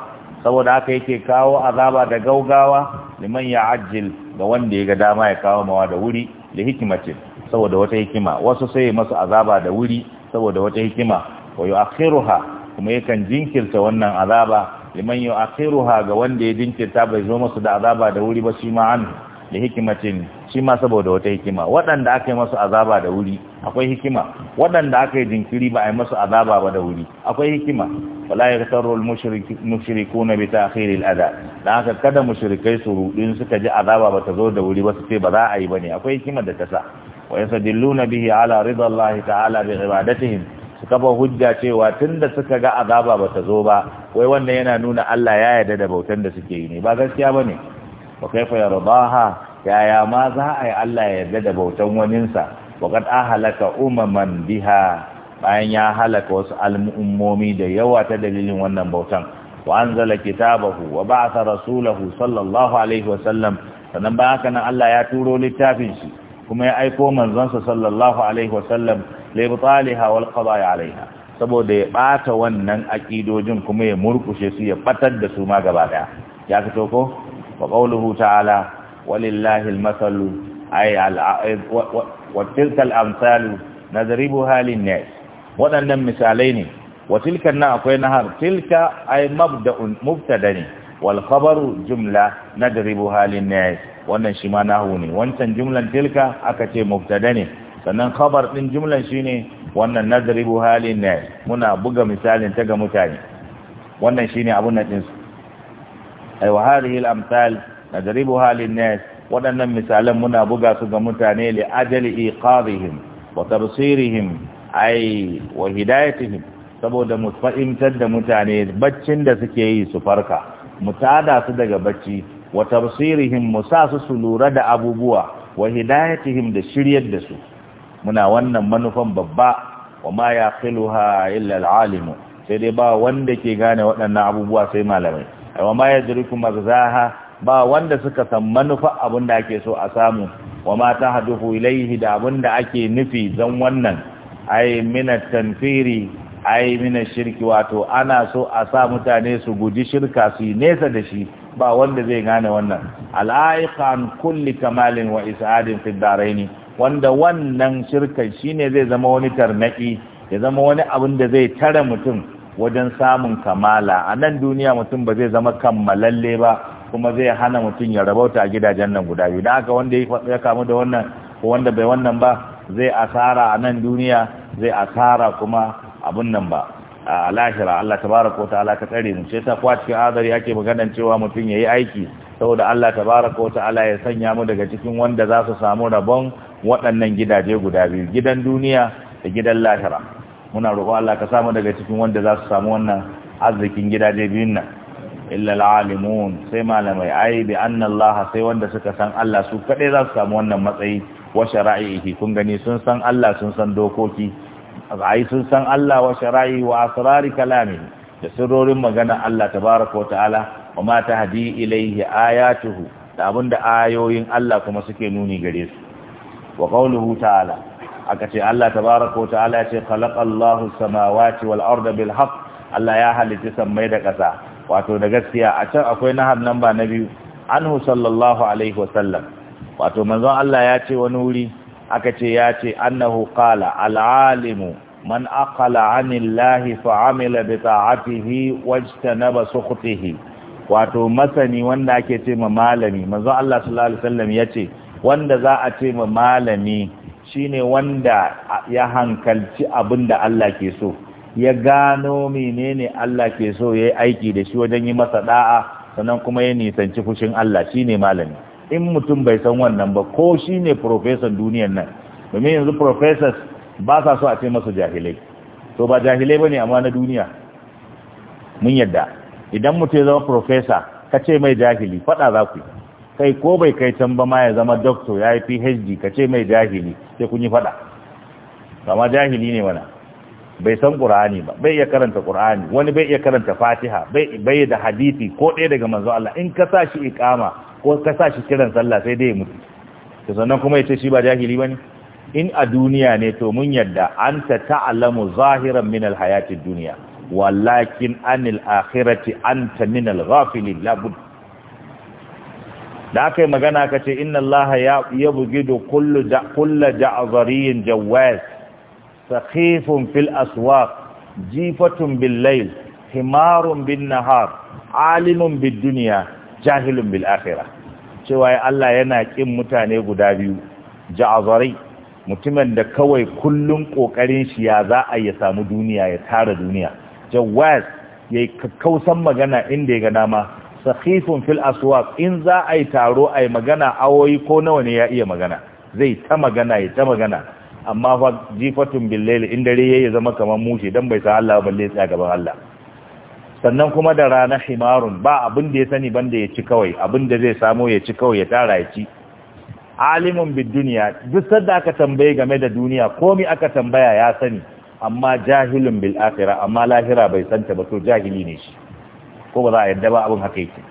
saboda haka yake kawo azaba da gaugawa liman ya ajil ga wanda ya ga dama ya kawo mawa da wuri da hikimace saboda wata hikima wasu sai masu azaba da wuri saboda wata hikima wa yu'akhiruha kuma yakan jinkirta wannan azaba liman yu'akhiruha ga wanda ya jinkirta bai zo masu da azaba da wuri ba shi ma an da hikimacin shi ma saboda wata hikima waɗanda aka yi masu azaba da wuri akwai hikima waɗanda aka yi jinkiri ba a yi masu azaba ba da wuri akwai hikima wala ya tarro mushriku na bi ta'khiril adha dan haka kada mushrikai su rudin suka ji azaba ba ta zo da wuri ba su ce ba za a yi bane akwai hikima da ta sa wa yasdilluna bihi ala ridallahi ta'ala bi ibadatihim su kafa hujja cewa tunda suka ga azaba ba ta zo ba wai wannan yana nuna Allah ya yarda da bautan da suke yi ne ba gaskiya bane wa kaifa yardaha yaya ma za a yi Allah ya yarda da bautan waninsa wa qad ahlaka umaman biha bayan ya halaka wasu al'ummomi da yawa ta dalilin wannan bautan wa anzala kitabahu wa ba'atha rasulahu sallallahu alaihi wa sallam sannan bayan haka nan Allah ya turo littafin shi kuma ya aiko manzonsa sallallahu alaihi wa sallam libtaliha wal qada'i alaiha saboda ya bata wannan aƙidojin, kuma ya murkushe su ya batar da su ma gaba daya ya fito ko wa qawluhu ta'ala walillahi al-mathalu ay wa tilka al-amsalu nadribuha lin misalai ne wa tilka na akwai nahar tilka ay mabda'un mubtada ne wal khabaru wannan wancan jumlan tilka aka ce mubtada sannan khabar din jumlan shine wannan nadribu halin ne muna buga misalin ta ga mutane wannan shine abun nan din Aiwa, wa hadhihi al-amsal nadribuha lin-nas misalan muna buga su ga mutane li ajali iqadihim wa tabsirihim ai wa hidayatihim saboda mu fahimtar da mutane baccin da suke yi su farka mu tada su daga bacci wa tabsirihim mu sa su su lura da abubuwa wa hidayatihim da shiryar da su muna wannan manufan babba wa ma yaqiluha illa al-alim sai dai ba wanda ke gane waɗannan abubuwa sai malamai wa ma yadriku magzaha ba wanda suka san manufa abin ake so a samu wa ma tahduhu ilaihi da abin ake nufi zan wannan ai minat tanfiri ai mina shirki wato ana so a sa mutane su guji shirka su nesa da shi ba wanda zai gane wannan al'aikan kulli kamalin wa isa'adin fi daraini wanda wannan shirkan shine zai zama wani tarnaki ya zama wani abin da zai tare mutum wajen samun kamala a nan duniya mutum ba zai zama kammalalle ba kuma zai hana mutum ya rabauta a gidajen nan guda biyu da haka wanda ya kamu da wannan ko wanda bai wannan ba zai asara a nan duniya zai asara kuma abun nan ba a lahira Allah tabaraka wa ta'ala ka tsare mu sai ta kwa cikin azari ake magana cewa mutum yayi aiki saboda Allah tabaraka wa ta'ala ya sanya mu daga cikin wanda za su samu rabon waɗannan gidaje guda biyu gidan duniya da gidan lahira muna roƙo Allah ka samu daga cikin wanda za su samu wannan arzikin gidaje biyun nan illa alalimun sai malamai ai bi sai wanda suka san Allah su kadai za su samu wannan matsayi wa shara'ihi kun gani sun san Allah sun san dokoki ai sun san Allah wa shara'i wa asrari kalami da sirrorin magana Allah ta wa ta'ala wa ma tahdi ilayhi ayatuhu da abinda ayoyin Allah kuma suke nuni gare su wa qawluhu ta'ala aka ce Allah tabaraka wa yace ya ce khalaqallahu samawati wal arda bil haqq Allah ya halitta sammai da ƙasa wato da gaskiya a can akwai nahar ba na biyu anhu sallallahu alaihi wa sallam wato manzon Allah ya ce wani wuri aka ce ya ce annahu qala al alimu man aqala anillahi fa amila bi ta'atihi wajtanaba sukhtihi wato masani wanda ake ce ma malami manzon Allah sallallahu alaihi wasallam yace wanda za a ce ma malami shine wanda ya hankalci abin da Allah ke so ya gano menene Allah ke so ya yi aiki da shi wajen yi masa da'a sannan kuma ya nisanci fushin Allah shi ne malami in mutum bai san wannan ba ko shi ne professor duniyar nan domin yanzu professors ba sa so a ce masu jahilai to ba jahilai ne amma na duniya mun yadda idan mutum ya zama professor ka ce mai jahili faɗa za ku yi kai ko bai kai can ba ma ya zama doctor ya yi phd ka ce mai jahili sai kun yi fada kama jahili ne mana bai san qur'ani ba bai iya karanta qur'ani wani bai iya karanta fatiha bai bai da hadisi ko ɗaya daga manzo Allah in ka sa shi iqama ko ka sa shi kiran sallah sai dai mutu to sannan kuma yace shi ba jahili bane in a duniya ne to mun yadda anta ta'lamu zahiran min al hayatid dunya walakin anil akhirati anta min al-ghafilin labud da aka yi magana ka ce inna Allah ya da kulla ja'azariyin jawaz sakhifun fil aswaq jifatun bil lail himarun bin nahar alimun bin duniya jahilun bil akhirah cewa Allah yana kin mutane guda biyu ja'azari mutumin da kawai kullun kokarin shi ya za a ya samu duniya ya tara duniya jawaz yi kakkausan magana inda ya ga dama Sakifin fil aswaq in za a yi taro a yi magana awoyi ko nawa ne ya iya magana zai ta magana ya ta magana amma fa jifatun billahi in dare yayi zama kamar mushi dan bai sa Allah balle tsaya gaban Allah sannan kuma da rana himarun ba abin da ya sani banda ya ci kawai abin da zai samu ya ci kawai ya tara ya ci alimun bid dunya duk sanda aka tambaye game da duniya komai aka tambaya ya sani amma jahilun bil akhirah amma lahira bai santa ba to jahili ne shi ko ba za a yadda ba abin haka yake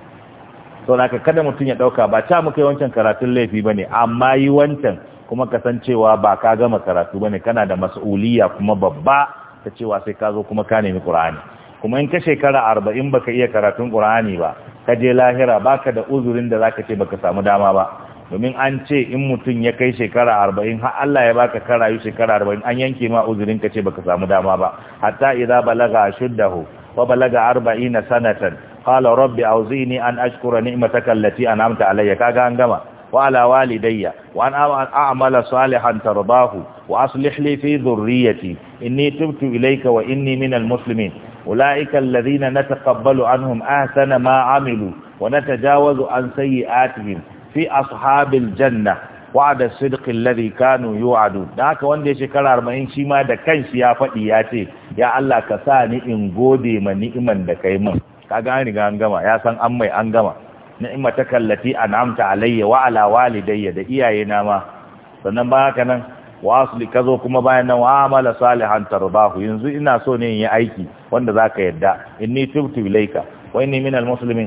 sau ka kada mutum ya ɗauka ba ta muka yi wancan karatun laifi ba ne amma yi wancan kuma kasancewa ba ka gama karatu ba ne kana da mas'uliya kuma babba ta cewa sai ka zo kuma ka nemi ƙura'ani kuma in ka shekara arba'in baka iya karatun ƙura'ani ba ka je lahira ba ka da uzurin da za ka ce baka samu dama ba domin an ce in mutum ya kai shekara arba'in har Allah ya baka karayu shekara arba'in an yanke ma uzurin ka ce baka samu dama ba hatta idza balaga shuddahu وبلغ أربعين سنة قال رب أوزيني أن أشكر نعمتك التي أنعمت علي كاغا أنغما وعلى والدي وأن أعمل صالحا ترضاه وأصلح لي في ذريتي إني تبت إليك وإني من المسلمين أولئك الذين نتقبل عنهم أحسن ما عملوا ونتجاوز عن سيئاتهم في أصحاب الجنة wa'ada sidqi alladhi kanu yu'adu da haka wanda ya shekara 40 shi ma da kansa ya fadi ya ce ya Allah ka sa ni in gode ma ni'iman da kai min kaga an riga an gama ya san an mai an gama ni'ima ta kallati an'amta alayya wa ala walidayya da iyaye na ma sannan ba haka nan wa asli kazo kuma bayan nan wa amala salihan tarbahu yanzu ina so ne in yi aiki wanda zaka yadda inni tubtu ilayka wa inni minal muslimin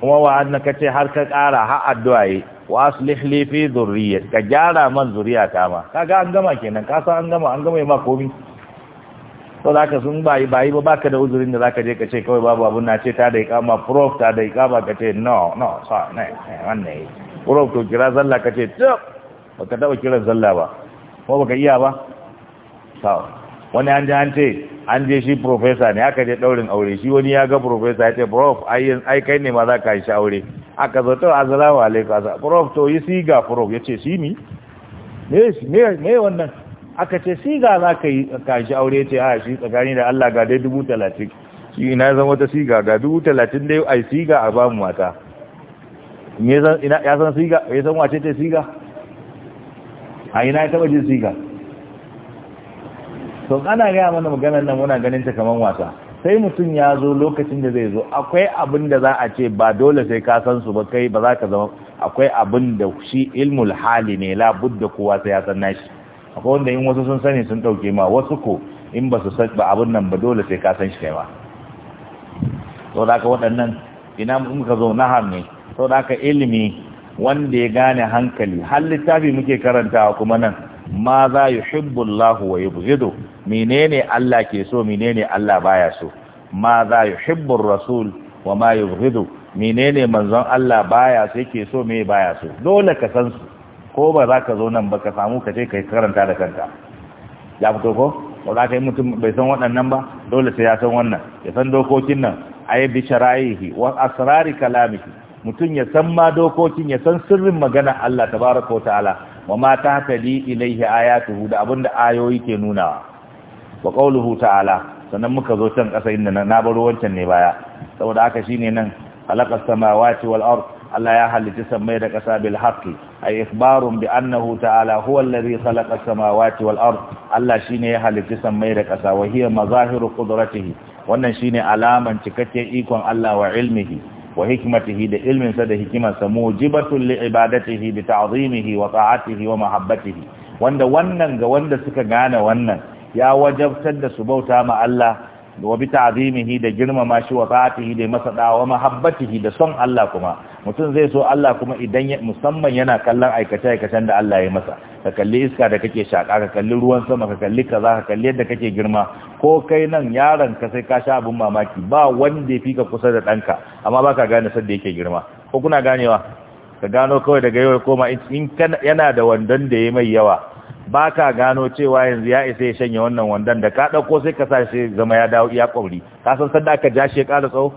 kuma wa annaka har ka kara har addu'a yi wa aslih li fi dhurriyyati ka gyara man zuriyata ma kaga an gama kenan ka san an gama an gama ma komi to zaka sun bai bai ba baka da uzurin da zaka je ka ce kawai babu abun na ce ta da ikama prof ta da ikama ka ce no no sa ne wannan prof to kira zalla ka ce to baka da kiran zalla ba ko baka iya ba sawa wani an ji an ce an je shi profesa ne aka je daurin aure shi wani ya ga profesa ya ce prof ai kai ne ma za ka yi shi aure aka zo to assalamu alaikum prof to yi siga prof ya ce shi ne me wannan aka ce siga za ka yi ka shi aure ya ce a ah, shi tsakani da Allah ga dai dubu talatin shi ina zan wata siga ga dubu talatin dai ai siga a bamu mata ya san siga ya san wace ce siga a ina ya taba jin siga to ana gaya mana maganar nan muna ganin ta kamar wasa sai mutum ya zo lokacin da zai zo akwai abin da za a ce ba dole sai ka san su ba kai ba za ka zama akwai abin da shi ilmul hali ne budda kowa sai ya san nashi akwai wanda in wasu sun sani sun dauke ma wasu ko in ba su san ba abin nan ba dole sai ka san shi kai ba to da ka waɗannan ina ka zo nahar ne to da ka ilimi wanda ya gane hankali har littafi muke karantawa kuma nan ma za yuhibbu Allah wa yubghidu menene Allah ke so menene Allah baya so ma za yuhibbu rasul wa ma yubghidu menene manzon Allah baya so yake so me baya so dole ka san su ko ba za ka zo nan ba ka samu ka ce kai karanta da kanta. ya fito ko ba za ka yi mutum bai san waɗannan ba dole sai ya san wannan ya san dokokin nan ayi bi shara'ihi wa asrari kalamihi mutum ya san ma dokokin ya san sirrin magana Allah tabaraka wa ta'ala wa ma tahtadi ilayhi ayatuhu da abinda ayoyi ke nunawa wa qawluhu ta'ala sannan muka zo can kasa inda na baro wancan ne baya saboda haka shine nan halaqas samawati wal ard Allah ya halitta samai da kasa bil haqqi ay ikhbarun bi annahu ta'ala huwa alladhi khalaqa samawati wal ard Allah shine ya halitta samai da kasa wa hiya mazahiru qudratihi wannan shine alaman cikakken ikon Allah wa ilmihi wa hikmatihi da ilmin sa da hikimarsa mujibatul li ibadatihi bi ta'zimihi wa ta'atihi wa mahabbatihi wanda wannan ga wanda suka gane wannan ya wajabtar da su bauta ma Allah wa bi ta'zimihi da girmama shi wa fatihi da masa dawa mahabbatihi da son Allah kuma mutum zai so Allah kuma idan musamman yana kallon aikace aikacen da Allah ya masa ka kalli iska da kake shaka ka kalli ruwan sama ka kalli kaza ka kalli yadda kake girma ko kai nan yaron ka sai ka sha abun mamaki ba wanda ya fika kusa da danka amma baka gane sadda yake girma ko kuna ganewa ka gano kawai daga yau koma in yana da wandon da yayi mai yawa ba ka gano cewa yanzu ya isa ya shanye wannan wandan da ka ɗauko sai ka sa shi zama ya dawo iya ƙwauri ka san sanda aka ja shi ya ƙara tsawo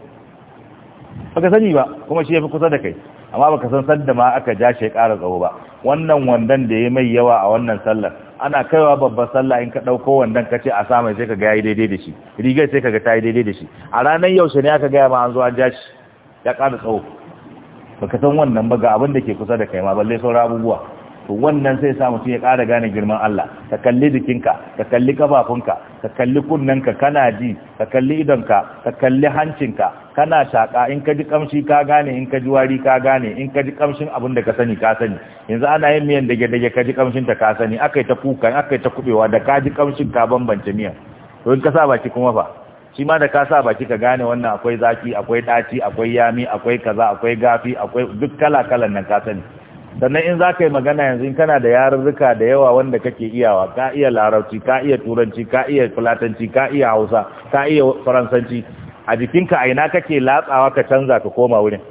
ba ka sani ba kuma shi ya fi kusa da kai amma ba ka san sanda ma aka ja shi ya ƙara tsawo ba wannan wandan da ya mai yawa a wannan sallar ana kaiwa babban sallah in ka ɗauko wandan ka ce a samun sai ka ga yi daidai da shi rigar sai ka ga ta yi daidai da shi a ranar yaushe ne aka gaya ma an zo an ja shi ya ƙara tsawo ba ka san wannan ba ga abin da ke kusa da kai ma balle sauran abubuwa to wannan sai sa mutum ya ƙara gane girman Allah ka kalli jikinka ka kalli kafafunka ka kalli kunnenka kana ji ka kalli idonka ka kalli hancinka kana shaka in ka ji kamshi ka gane in ka ji wari ka gane in ka ji kamshin abin da ka sani ka sani yanzu ana yin miyan dage dage ka ji kamshin ta ka sani akai ta kuka, akai ta kubewa da ka ji kamshin ka bambance miyan to in ka sa baki kuma fa shi ma da ka sa baki ka gane wannan akwai zaki akwai daci akwai yami akwai kaza akwai gafi akwai duk kala kalan nan ka sani sannan in za ka yi magana yanzu in kana da yarurruka da yawa wanda kake iyawa ka iya larabci ka iya turanci ka iya fulatanci ka iya hausa ka iya faransanci a jikinka aina kake latsawa ka canza ka koma wurin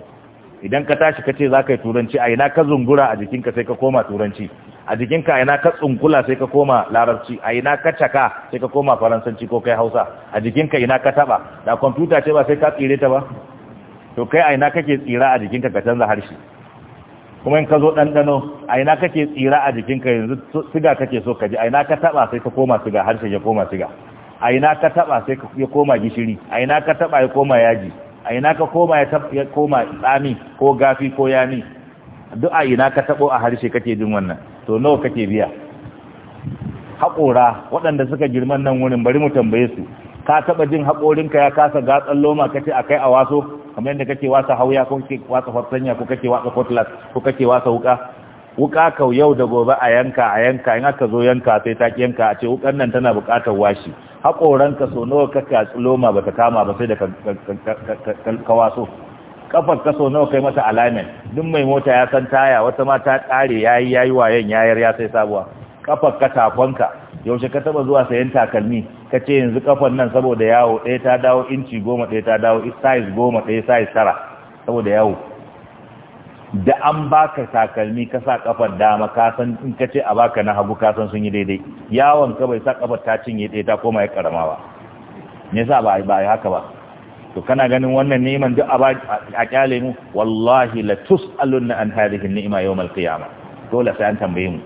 idan ka tashi ka ce za ka yi turanci aina ka zungura a jikinka sai ka koma turanci a jikinka aina ka tsunkula sai ka koma larabci aina ka caka sai ka koma faransanci ko kai hausa a jikinka ina ka taba da kwamfuta ce ba sai ka tsire ta ba to kai aina kake tsira a jikinka ka canza harshe kuma in ka zo ɗanɗano a ina kake tsira a jikinka yanzu siga kake so ka ji a ina ka taɓa sai ka koma siga harshen ya koma siga a ina ka taɓa sai ya koma gishiri a ina ka taɓa ya koma yaji a ina ka koma ya koma tsami ko gafi ko yami duk a ina ka taɓo a harshe kake jin wannan to nawa kake biya haƙora waɗanda suka girman nan wurin bari mu tambaye su ka taba jin haƙorinka ya kasa gatsan loma kace akai a waso kamar yadda kake wasa hauya ko kake wasa fatanya ko kake wasa kotlas ko kake wasa wuka wuka ka yau da gobe a yanka a yanka in aka zo yanka sai ta yanka a ce wukan nan tana buƙatar washi haƙoranka so nawa ka katsi loma bata kama ba sai da ka waso kafar ka so nawa kai mata alignment duk mai mota ya san taya wata ma ta ƙare yayi yayi wayan yayar ya sai sabuwa kafar ka takonka yaushe ka taba zuwa sayan takalmi ka ce yanzu kafan nan saboda yawo ɗaya ta dawo inci goma ɗaya ta dawo size goma ɗaya size tara saboda yawo da an baka takalmi ka sa kafar dama ka san in ka ce a baka na hagu ka san sun yi daidai yawon ka bai sa kafar ta cinye ɗaya ta koma ya karama ba me yasa ba ba haka ba to kana ganin wannan neman duk a ba a kyale mu wallahi la tus'alunna an hadhihi ni'ma yawm al-qiyamah dole sai an tambaye mu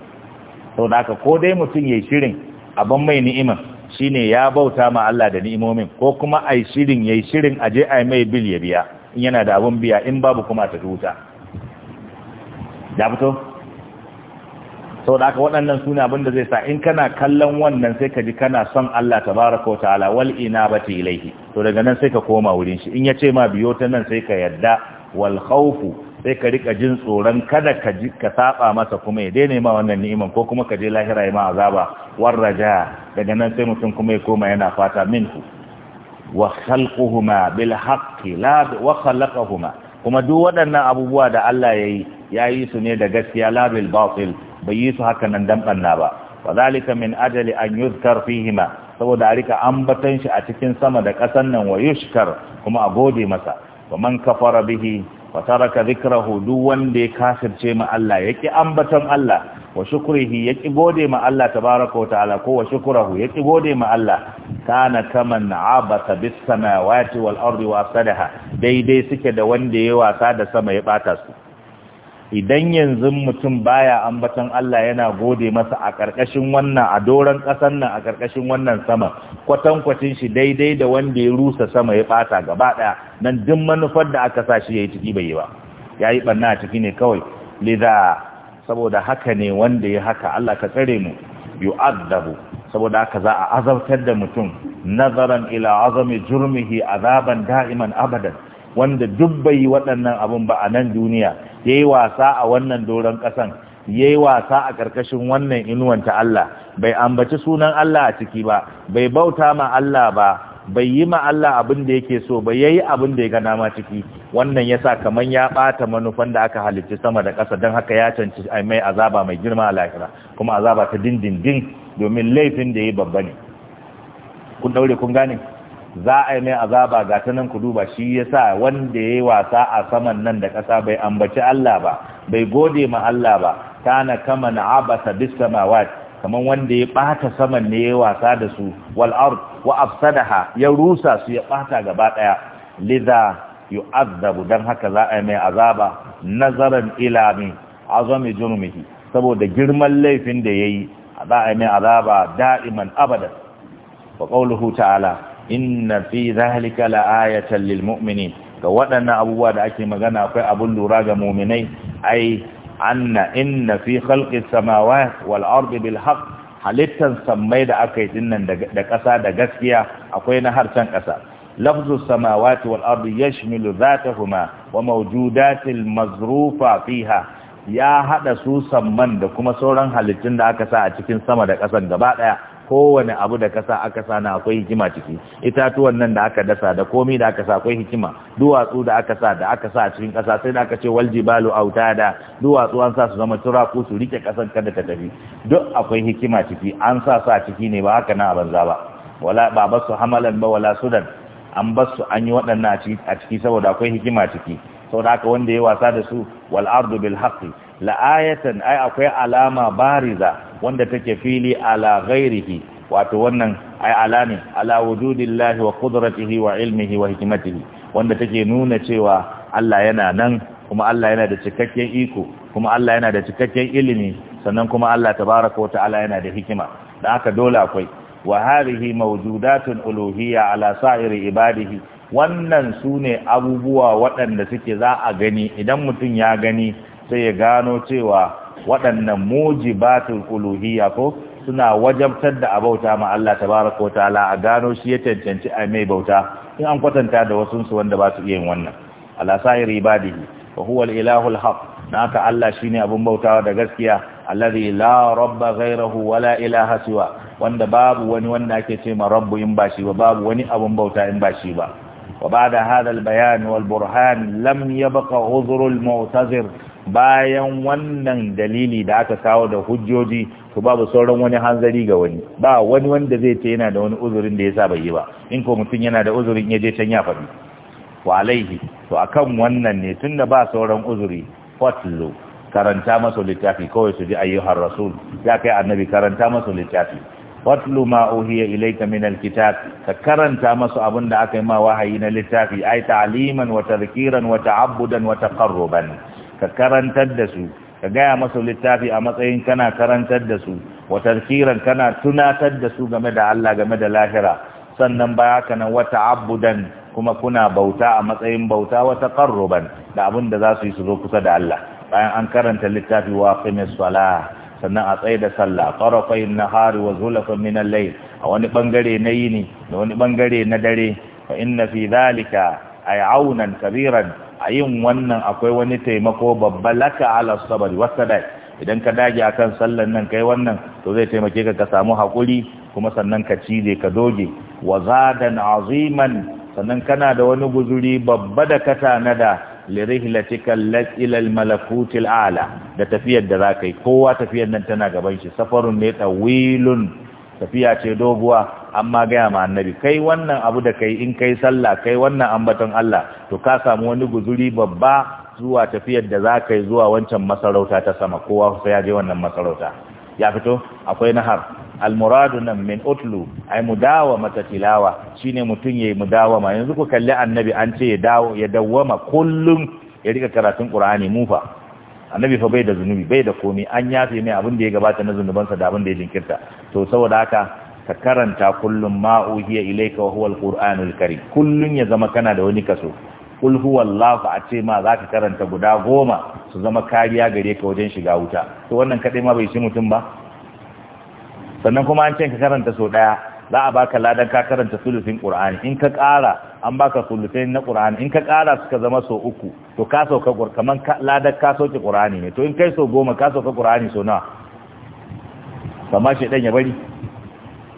saboda haka ko dai mutum yayi shirin abin mai ni'imar shine ya bauta ma Allah da ni'imomin ko kuma ai shirin yayi shirin aje ai mai bil ya biya in yana da abun biya in babu kuma ta tuta da fito sau da aka waɗannan suna abinda zai sa in kana kallon wannan sai ka ji kana son Allah tabaraka ta'ala wal inabati ilayhi to daga nan sai ka koma wurin shi in ya ce ma biyo ta nan sai ka yadda wal khawfu sai ka rika jin tsoron kada ka ji ka saba masa kuma ya daina ma wannan ni'iman ko kuma ka je lahira ya ma azaba war raja daga nan sai mutum kuma ya koma yana fata min wa khalquhuma bil haqqi la wa khalaqahuma kuma duk waɗannan abubuwa da Allah yayi yayi su ne da gaskiya la bil batil bai yi su haka nan dan banna ba wa zalika min ajali an yuzkar fihima saboda a rika ambatan shi a cikin sama da ƙasan nan wa yushkar kuma a gode masa wa man kafara bihi wa taraka dhikrahu duk wanda ya kafirce ma Allah yaki ambaton Allah wa shukrihi yaki gode ma Allah tabaaraka wa ta'ala ko wa shukruhu yaki gode ma Allah kana kaman abata bis samawati wal ardi wa asadaha daidai suke da wanda ya wasa da sama ya bata su idan yanzu mutum baya ambaton Allah yana gode masa a ƙarƙashin wannan a doron ƙasar nan a ƙarƙashin wannan sama kwatankwacin shi daidai da wanda ya rusa sama ya ɓata gaba daya nan duk manufar da aka sa shi ya yi ciki bai yi ba ya yi ɓanna a ciki ne kawai liza saboda haka ne wanda ya haka Allah ka tsare mu yu'adabu saboda haka za a azabtar da mutum nazaran ila azami jurmihi azaban da'iman abadan wanda duk bai yi waɗannan abin ba a nan duniya ya yi wasa a wannan doron ƙasan ya yi wasa a ƙarƙashin wannan inuwan ta Allah bai ambaci sunan Allah a ciki ba bai bauta ma Allah ba bai yi ma Allah abin da yake so ba yayi abin da ya gana ma ciki wannan yasa sa kamar ya ɓata manufan da aka halicci sama da ƙasa don haka ya canci mai azaba mai girma a lahira kuma azaba ta dindindin domin laifin da ya yi babba ne kun ɗaure kun gane za a yi mai azaba ga ta nan ku duba shi ya sa wanda ya yi wasa a saman nan da ƙasa bai ambaci Allah ba bai gode ma Allah ba Ta na kama na abasa bis samawat kamar wanda ya ɓata saman ne ya wasa da su wal wa afsadaha ya rusa su ya ɓata gaba liza yi azabu dan haka za a yi mai azaba nazaran ilami min azami jurmihi saboda girman laifin da ya yayi za a yi mai azaba da'iman abada wa qawluhu ta'ala inna fi zalika la'ayatan lil mu'minin ga waɗannan abubuwa da ake magana akwai abun lura ga mu'minai ai anna inna fi khalqis samawati wal ardi bil haqq halittan sammai da aka yi dinnan da ƙasa da gaskiya akwai na harshen ƙasa lafzu samawati wal ardi yashmilu zatahuma wa mawjudatil mazrufa fiha ya hada su samman da kuma sauran halittun da aka sa a cikin sama da ƙasan gaba ɗaya kowane abu da kasa aka na akwai hikima ciki itatuwan nan da aka dasa da komi da aka sa akwai hikima duwatsu da aka sa da aka sa a cikin kasa sai da aka ce wal jibalu da duwatsu an sa su zama turaku su rike kasan kada ta tafi duk akwai hikima ciki an sa sa ciki ne ba haka na a banza ba wala ba su hamalan ba wala sudan an basu an yi waɗannan a ciki saboda akwai hikima ciki saboda haka wanda ya wasa da su wal ardu bil haqqi la'ayatan ai akwai alama bariza wanda take fili ala ghairihi wato wannan ai alani ala wujudillahi wa qudratihi wa ilmihi wa hikmatihi wanda take nuna cewa Allah yana nan kuma Allah yana da cikakken iko kuma Allah yana da cikakken ilimi sannan kuma Allah tabaraka wata'ala yana da hikima da haka dole akwai wa hadhihi mawjudatun uluhiyya ala sa'iri ibadihi wannan sune abubuwa waɗanda suke za a gani idan mutum ya gani sai ya gano cewa waɗannan mujibatul uluhiyya ko suna wajabtar da abauta ma Allah tabaraka wataala a gano shi ya cancanci a mai bauta in an kwatanta da wasu su wanda ba su iya yin wannan ala sa'iri ibadihi wa huwa al-ilahul haq naka Allah shine abun bautawa da gaskiya alladhi la rabba ghayrahu wa ilaha siwa wanda babu wani wanda ake ce ma rabbu in ba shi ba babu wani abun bauta in ba shi ba wa ba'da hadha al-bayan wal burhan lam yabqa udhru mutazir bayan wannan dalili da aka kawo da hujjoji to babu sauran wani hanzari ga wani ba wani wanda zai ce yana da wani uzurin da ya sa bai yi ba in ko mutum yana da uzurin ya je can ya faɗi wa alaihi to akan wannan ne tun da ba sauran uzuri fatlu karanta masa littafi kawai su ji ayyuhar rasul ya kai annabi karanta masa littafi fatlu ma uhiya ilayka min alkitab ka karanta masu abin da aka yi ma wahayi na littafi ay ta'liman wa tadhkiran wa ta'abbudan wa taqarruban ka karantar da su ka gaya masu littafi a matsayin kana karantar da su wa tarkiran kana tunatar da su game da Allah game da lahira sannan baya ka nan wata abudan kuma kuna bauta a matsayin bauta wata qarruban da abin da za su yi su zo kusa da Allah bayan an karanta littafi wa qimis salah sannan a tsaye da sallah na Hari wa zulafan min Lai a wani bangare na yini da wani bangare na dare fa inna fi dhalika ay aunan kabiran a yin wannan akwai wani taimako babba laka ala sabari wasadai idan ka dage akan sallan nan kai wannan to zai taimake ka ka samu hakuri kuma sannan ka cije ka doge wa zadan aziman sannan kana da wani guzuri babba da katana da li rihlatika ila al ala da tafiyar da zakai kowa tafiyar nan tana gaban shi safarun ne tawilun tafiya ce doguwa amma gaya ma annabi kai wannan abu da kai in kai sallah kai wannan ambaton Allah to ka samu wani guzuri babba zuwa tafiyar da za ka yi zuwa wancan masarauta ta sama kowa sai ya je wannan masarauta ya fito akwai nahar almuradu nan min utlu ay mudawa mata tilawa shine mutun yayi ma yanzu ku kalli annabi an ce ya dawo ya dawwama kullum ya rika karatun qur'ani fa annabi fa bai da zunubi bai da komai an yafe mai abin da ya gabata na zunubansa da abin da ya jinkirta to saboda haka ka karanta kullum ma'u hiya ilayka wa huwa alqur'anul karim kullun ya zama kana da wani kaso kul allah a ce ma zaka karanta guda goma su zama kariya gare ka wajen shiga wuta to wannan kadai ma bai shi mutum ba sannan kuma an ce ka karanta so daya za a baka ladan ka karanta sulufin qur'ani in ka ƙara an baka sulufin na qur'ani in ka ƙara suka zama so uku to ka sauka kaman ladan ka sauke qur'ani ne to in kai so goma ka sauka qur'ani so nawa kamar shi dan ya bari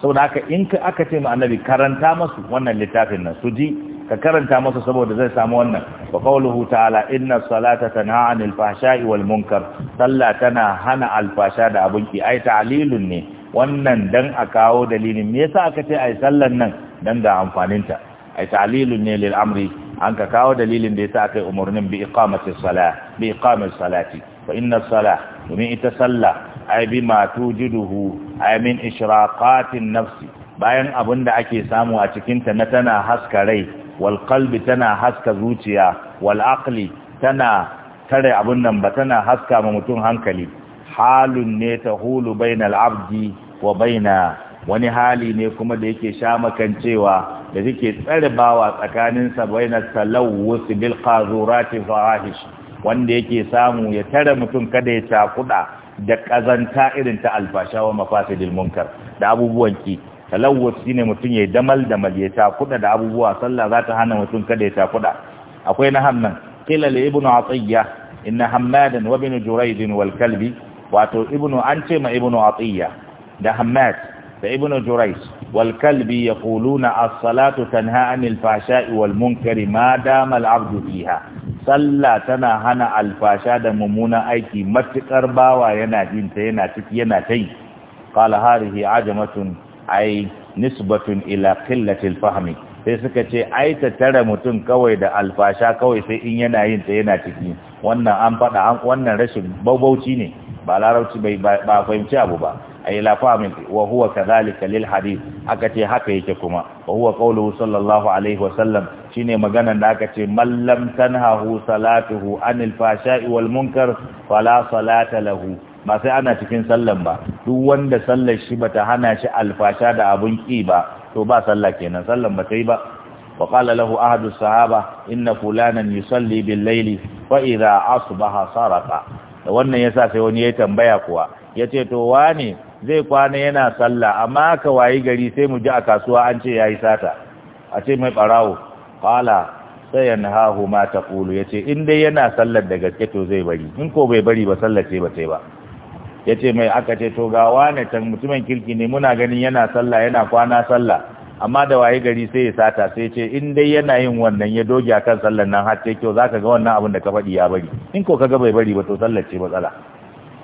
saboda haka in ka aka ce ma annabi karanta masu wannan littafin nan su ji ka karanta masu saboda zai samu wannan wa qawluhu ta'ala inna salata tanha 'anil fahsha'i wal munkar sallah tana hana alfasha da abun ki ai ta'lilun ne wannan dan a kawo dalilin me yasa aka ce ai sallan nan dan ga amfaninta ai ta'lilun ne lil amri an ka kawo dalilin da yasa aka yi umurnin bi iqamati salah bi iqamati salati fa inna salah domin ita sallah ai bi ma tujiduhu ai min ishraqatin nafsi bayan abin da ake samu a cikinta na tana haska rai wal qalbi tana haska zuciya wal aqli tana tare abin nan ba tana haska ma mutum hankali halun ne tahulu bainal abdi wa baina wani hali ne kuma da yake shamakancewa da yake tsare bawa tsakanin sa baina talawwus bil qazurati fahish wanda yake samu ya tare mutum kada ya cakuda da ƙazanta irin ta alfasha wa munkar da abubuwan ki talawwus shine mutum ya damal damal ya ta kuɗa da abubuwa sallah za ta hana mutum kada ya ta kuɗa akwai na hamnan qila li ibnu atiyya inna hammadan wa ibn jurayd wal kalbi wato ibnu an ce ma ibnu atiyya da hammad da ibnu jurais wal kalbi yaquluna as-salatu tanha 'anil fahsha'i wal munkari ma dama al-'abdu fiha sallah tana hana alfasha da mummunan aiki matukar bawa yana jin ta yana ciki yana tai qala hadhihi ajamatun ay nisbatun ila qillati al-fahmi sai suka ce ai ta tare mutum kawai da alfasha kawai sai in yana yin ta yana ciki wannan an faɗa wannan rashin baubauci ne ba larabci bai ba fahimci abu ba ila fahmin wa huwa kadhalika lil hadith aka ce haka yake kuma wa huwa qawluhu sallallahu alaihi wa sallam shine maganar da aka ce man salatuhu anil fashai wal munkar fala salata lahu ba sai ana cikin sallan ba duk wanda sallar shi bata hana shi alfasha da abun ki ba to ba salla kenan sallan ba yi ba wa qala lahu ahadu sahaba inna fulanan yusalli bil layli fa idha asbaha sarqa da wannan yasa sai wani ya tambaya kuwa yace to wane zai kwana yana sallah amma aka wayi gari sai mu ji a kasuwa an ce yayi sata a ce mai barawo qala sai hahu nahahu ma taqulu yace in dai yana sallar da gaske to zai bari in ko bai bari ba sallar ce ba sai ba yace mai aka ce to ga wane tan mutumin kirki ne muna ganin yana sallah yana kwana sallah amma da wayi gari sai ya sata sai ce in dai yana yin wannan ya doge akan sallar nan har sai kyau zaka ga wannan abin da ka faɗi ya bari in ko kaga bai bari ba to sallar ce matsala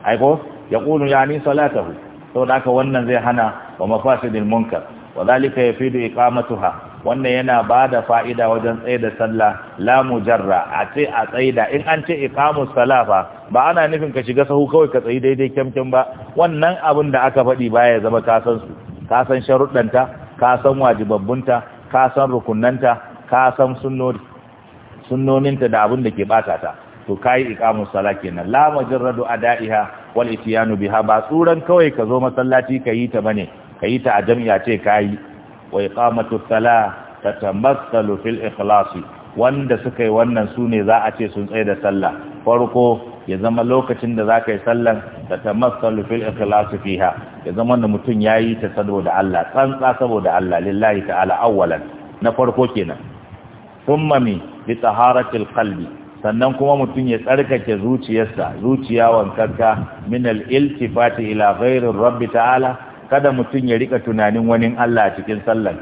ai ko yaqulu yani salatahu saboda haka wannan zai hana wa mafasidil munkar wa zalika yafidu iqamatuha wannan yana bada fa'ida wajen tsaida sallah la mujarra a ce a tsaida in an ce iqamus salafa ba ana nufin ka shiga sahu kawai ka tsayi daidai kyamkyam ba wannan abin da aka faɗi baya zama ka san su ka san sharuɗanta ka san wajibabbunta ka san rukunnanta ka san sunnoninta da abin da ke bata ta to kai iqamus sala kenan la mujarradu adaiha wal ityanu biha ba tsuran kawai ka zo masallaci ka yi ta bane ka yi ta a jami'a ce ka yi wa iqamatu salah tatamassalu fil ikhlas wanda suka yi wannan su ne za a ce sun tsaye da sallah farko ya zama lokacin da za ka yi sallan da ta masalu fil ikhlasu fiha ya zama da mutum ya yi ta saboda Allah tsantsa saboda Allah lillahi ta'ala awwalan na farko kenan thumma mi bi taharatil qalbi sannan kuma mutum ya tsarkake zuciyarsa zuciya wankarka min al-iltifati ila ghairir rabbi ta'ala kada mutum ya rika tunanin wani Allah cikin sallar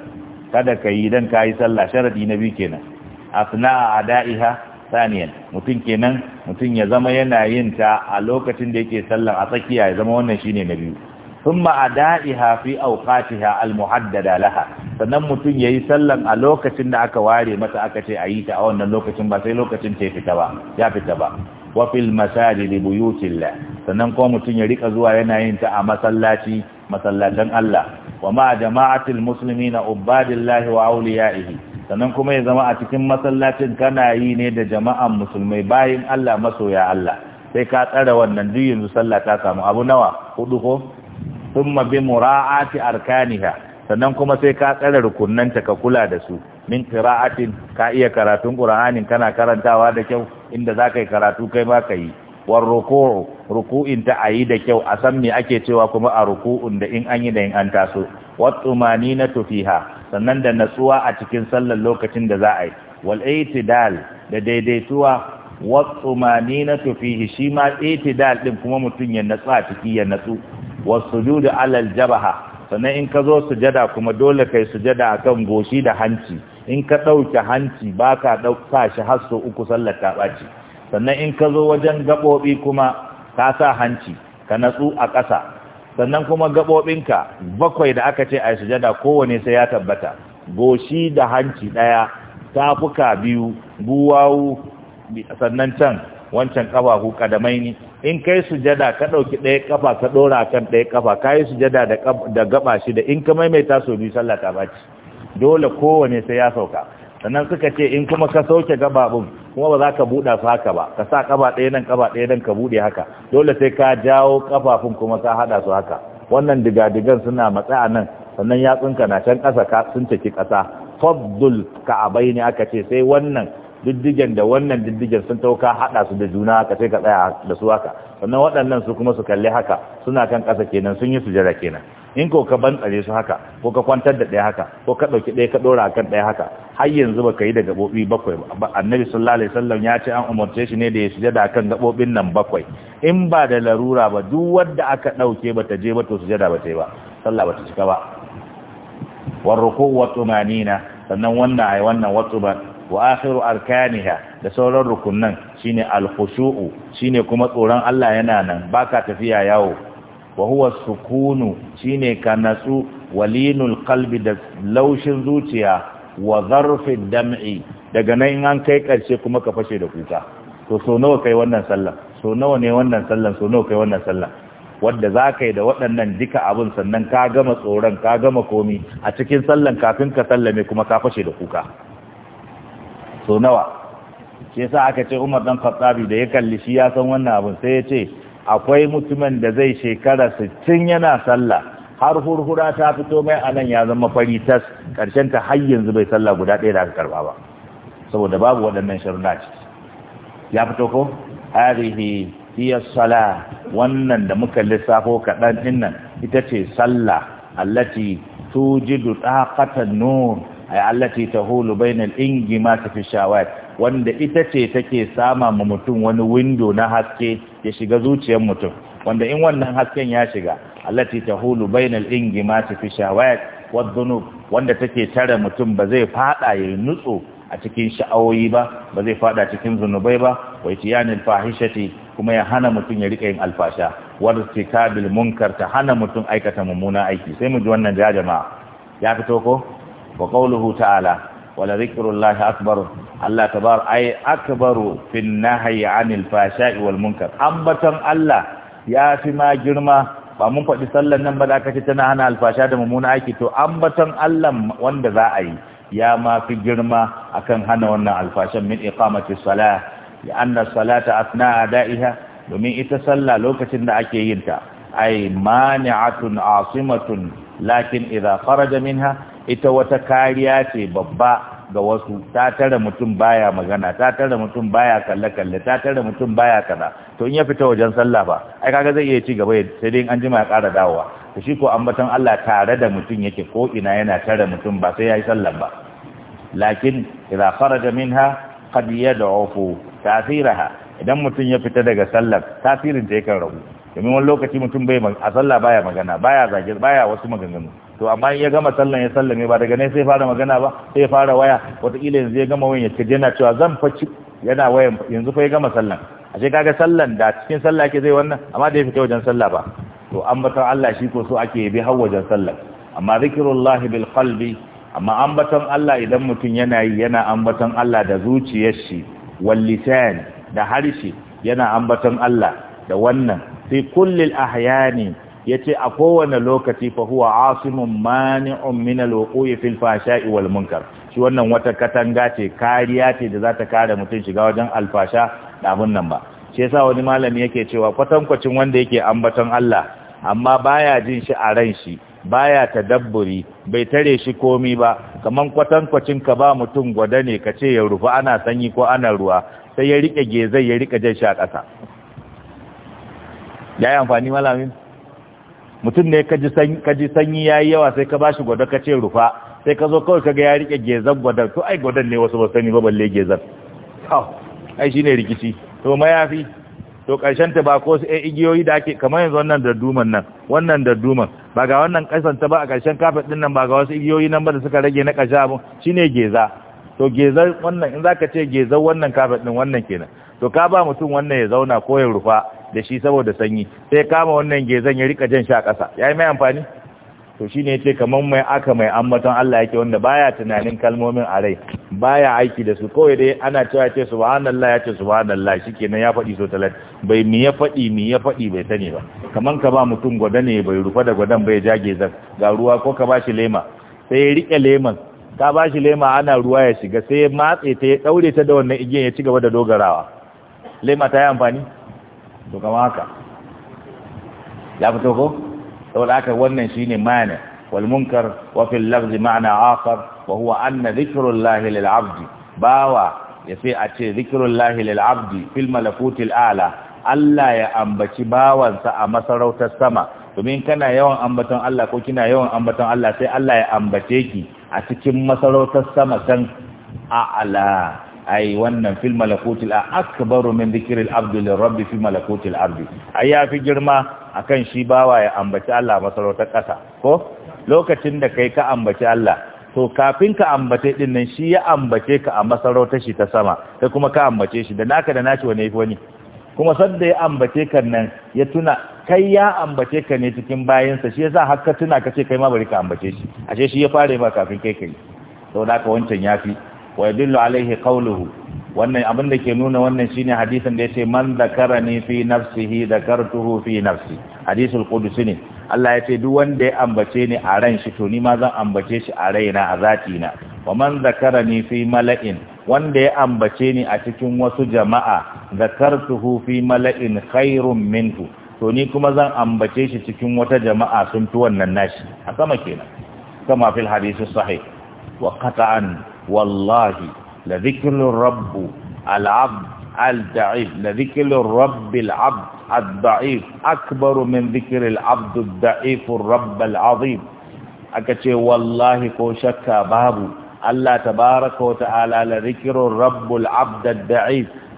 kada ka dan kayi sallah sharadi na biyu kenan afna adaiha saniyan mutum kenan mutum ya zama yana yin ta a lokacin da yake sallah a tsakiya ya zama wannan shine na biyu thumma ada'iha fi awqatiha almuhaddada laha sannan mutum yayi sallan a lokacin da aka ware mata aka ce ayi ta a wannan lokacin ba sai lokacin ta ba ya fita ba wa fil masajid sannan kuma mutum ya rika zuwa yana yin ta a masallaci masallatan Allah wa ma jama'atil muslimina ubadillahi wa awliyaihi sannan kuma ya zama a cikin masallacin kana yi ne da jama'an musulmai bayan Allah masoya Allah sai ka tsara wannan duk yanzu sallah ta samu abu nawa hudu ko thumma bi mura'ati arkaniha sannan kuma sai ka tsare rukunnanta ka kula da su min qira'atin ka iya karatun qur'anin kana karantawa da kyau inda zaka yi karatu kai ma ka yi war ruku'u ruku'in ta ayi da kyau a san me ake cewa kuma a ruku'un da in an yi da in an taso wat tumaninatu fiha sannan da natsuwa a cikin sallar lokacin da za a yi wal itidal da daidaituwa na shi ma daɗin kuma mutum ya دين a ciki ya تكي Wasu والسجود على الجبهة sannan in ka zo sujada kuma dole kai sujada akan goshi da hanci in ka ɗauke hanci ba ka ɗauka shi har sau uku sallar ta ɓaci sannan in ka zo wajen gaɓoɓi kuma ka sa hanci ka natsu a ƙasa sannan kuma gaɓoɓinka bakwai da aka ce a sujada kowane sai ya tabbata goshi da hanci ɗaya tafuka biyu buwawu. sannan can wancan kafafu kadamai ne in kai sujada ka dauki ɗaya kafa ka dora kan ɗaya kafa kai sujada da gaba shi da in ka maimaita so biyu sallah ta baci dole kowane sai ya sauka sannan suka ce in kuma ka sauke bin kuma ba za ka buɗa su haka ba ka sa kafa ɗaya nan kafa ɗaya nan ka buɗe haka dole sai ka jawo kafafun kuma ka haɗa su haka wannan digadigan suna matsa nan sannan yatsunka na can ƙasa sun ciki ƙasa ka ka'abai ne aka ce sai wannan diddigen da wannan diddigen sun tauka hada su da juna haka sai ka tsaya da su haka sannan waɗannan su kuma su kalli haka suna kan ƙasa kenan sun yi sujada kenan in ko ka bantsare su haka ko ka kwantar da ɗaya haka ko ka ɗauki ɗaya ka ɗora kan ɗaya haka har yanzu ba ka yi da gaɓoɓi bakwai ba annabi sallallahu alaihi wasallam ya ce an umarce shi ne da ya sujada kan gaɓoɓin nan bakwai in ba da larura ba duk wanda aka ɗauke ba ta je ba to sujada ba ta yi ba sallah ba ta cika ba warruku wa tumanina sannan wannan ai wannan wa wa akhiru arkaniha da sauran rukunnan shine al-khushu'u shine kuma tsoron Allah yana nan baka tafiya yawo wa huwa sukunu shine ka natsu walinul qalbi da laushin zuciya wa zarfid dam'i daga nan in an kai karshe kuma ka fashe da kuka to so nawa kai wannan sallah so nawa ne wannan sallah so nawa kai wannan sallah wadda za da waɗannan duka abun sannan ka gama tsoron ka gama komi a cikin sallan kafin ka sallame kuma ka fashe da kuka so nawa shi yasa aka ce Umar dan Khattabi da ya kalli shi ya san wannan abin sai ya ce akwai mutumin da zai shekara 60 yana sallah har hurhura ta fito mai anan ya zama fari tas karshen ta har yanzu bai sallah guda ɗaya da aka karba ba saboda babu waɗannan sharuɗa ciki ya fito ko hadihi hiya sala wannan da muka lissafo kaɗan ɗin nan ita ce sallah allati tujidu taqatan nur ay allati tahulu bainal ingimati fi shawat wanda ita ce take sama ma mutum wani window na haske ya shiga zuciyar mutum wanda in wannan hasken ya shiga allati tahulu bainal ingimati fi shawat wadhunub wanda take tare mutum ba zai fada ya nutso a cikin sha'awoyi ba ba zai fada cikin zunubai ba wa itiyanil fahishati kuma ya hana mutum ya rika yin alfasha wartikabil munkar ta hana mutum aikata mummuna aiki sai mu ji wannan ja jama'a ya fito ko wa qawluhu ta'ala wala zikrullahi akbar Allah tabar ay akbaru fin nahyi anil fashai wal munkar ambatan Allah ya fi ma girma ba faɗi sallan nan ba da aka ce tana hana alfasha da mummuna aiki to ambaton Allah wanda za a yi ya ma fi girma akan hana wannan alfashan min iqamati salah ya anna salata asna adaiha domin ita sallah lokacin da ake yin ta ay mani'atun asimatun lakin idza kharaja minha ita wata kariya ce babba ga wasu ta tare mutum baya magana ta tare mutum baya kalle kalle ta tare mutum baya kaza to in ya fita wajen sallah ba ai kaga zai iya ci gaba sai dai an jima ya ƙara dawowa to shi ko ambaton Allah tare da mutum yake ko ina yana tare mutum ba sai yayi sallah ba lakin idza kharaja minha qad yad'ufu tasiraha idan mutum ya fita daga sallar tasirin ta yakan rabu domin wani lokaci mutum bai a sallah baya magana baya zage baya wasu maganganu to amma in ya gama sallan ya sallame ba daga ne sai fara magana ba sai ya fara waya wataƙila yanzu ya gama wayan ya ce yana cewa zan faci yana wayan yanzu fa ya gama sallan a ce kaga sallan da cikin sallah ke zai wannan amma da ya fita wajen sallah ba to ambaton Allah shi ko so ake bi har wajen sallah amma zikrullah bil qalbi amma ambatan Allah idan mutum yana yi yana ambatan Allah da zuciyar shi wal lisan da harshe yana ambaton Allah da wannan fi kullil ahyani yace a kowane lokaci fa huwa asimun mani'un min al-wuqu'i fil fashai wal munkar shi wannan wata katanga ce kariya ce da za ta kare mutum shiga wajen alfasha da abun nan ba shi yasa wani malami yake cewa kwatankwacin wanda yake ambaton Allah amma baya jin shi a ran shi baya tadabburi bai tare shi komi ba kaman kwatankwacin ka ba mutum gwada ne ka ce ya rufa ana sanyi ko ana ruwa sai ya rike gezai ya rike jan shi a ƙasa ya yi amfani malamin mutum ne ka ji sanyi ya yi yawa sai ka ba shi gwada ka ce rufa sai ka zo kawai ka ga ya rike gezan gwada to ai gwadan ne wasu ba sani ba balle gezan ai shi ne rikici to mayafi to karshen ta ba ko su ɗan igiyoyi da ake kamar yanzu wannan da duman nan wannan da duman ba ga wannan kasan ta ba a karshen kafet din nan ba ga wasu igiyoyi nan ba da suka rage na ƙarshen abin shi ne geza to geza wannan in za ka ce geza wannan kafet ɗin wannan kenan to ka ba mutum wannan ya zauna ko ya rufa da shi saboda sanyi sai kama wannan gezan ya rika jan sha ƙasa yayi mai amfani to shine yace kaman mai aka mai ammaton Allah yake wanda baya tunanin kalmomin a rai baya aiki da su kawai dai ana cewa yace subhanallahi yace subhanallahi shikenan ya faɗi so talat bai mi ya faɗi mi ya faɗi bai sani ba kaman ka ba mutum gwada ne bai rufa da gwadan bai ja gezan ga ruwa ko ka bashi lema sai ya rike leman ka ba lema ana ruwa ya shiga sai ya matse ta ya daure ta da wannan igiyan ya ci gaba da dogarawa lema ta yi amfani to kama haka ya fito ko saboda haka wannan shine ma'ana wal munkar wa fil lafz ma'na akhar wa huwa anna dhikrullahi lil 'abdi bawa yace a ce dhikrullahi lil 'abdi fil malakutil a'la Allah ya ambaci bawansa a masarautar sama domin kana yawan ambaton Allah ko kina yawan ambaton Allah sai Allah ya ambace ki a cikin masarautar sama san a'la Ayi, wannan fil malakutil akbaru min dhikril abdi lir rabbi fi malakutil ardi ai ya fi girma akan shi bawa ya ambaci Allah masarautar kasa ko lokacin da kai ka ambaci Allah to kafin ka ambace din nan shi ya ambace ka a masarautar shi ta sama sai kuma ka ambace shi da naka da naci wani yafi wani kuma sadda ya ambace ka nan ya tuna kai ya ambace ka ne cikin bayansa shi yasa har ka tuna kace kai ma bari ka ambace shi ashe shi ya fare ma kafin kai kai saboda ka wancan yafi ويدل عليه alaihi qawluhu wannan abin da ke nuna wannan shine hadisin da yace man zakarani fi nafsihi zakartuhu fi nafsi hadisul qudusi ne Allah ya ce duk wanda ya ambace ni a ran shi to ni ma zan ambace shi a raina a zati na wa man zakarani fi mala'in wanda ya ambace ni a cikin wasu jama'a zakartuhu fi mala'in khairun minhu to ni kuma zan ambace shi cikin wata jama'a sun fi wannan nashi a sama kenan kama fil hadisi sahih wa qata'an wallahi la zikrul al-abd al-da'if la min zikril al-azim aka ce wallahi ko shakka babu Allah tabaraka la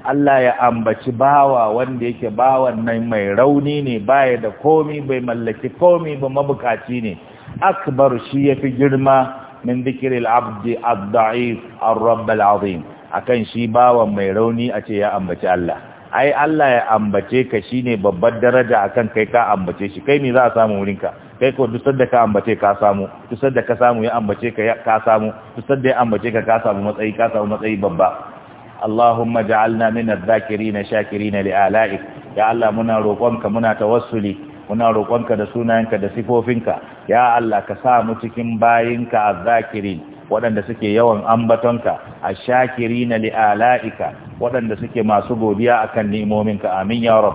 Allah ya ambaci bawa wanda yake bawan nan mai rauni ne baya da komi bai mallaki komi ba mabukaci ne akbar shi yafi girma min dhikril abdi ad-da'if ar-rabb al-azim akan shi bawan mai rauni a ce ya ambaci Allah ai Allah ya ambace ka shi ne babbar daraja akan kai ka ambace shi kai ne za a samu wurinka kai ko duk da ka ambace ka samu duk da ka samu ya ambace ka ka samu duk da ya ambace ka ka samu matsayi ka samu matsayi babba Allahumma ja'alna min adh-dhakirin shakirin li'ala'ik ya Allah muna roƙonka muna tawassuli muna roƙonka da sunayenka da sifofinka ya Allah ka sa mu cikin bayinka azzakirin waɗanda suke yawan ambatonka ashakirina li'alaika waɗanda suke masu godiya akan ni'imominka amin ya rab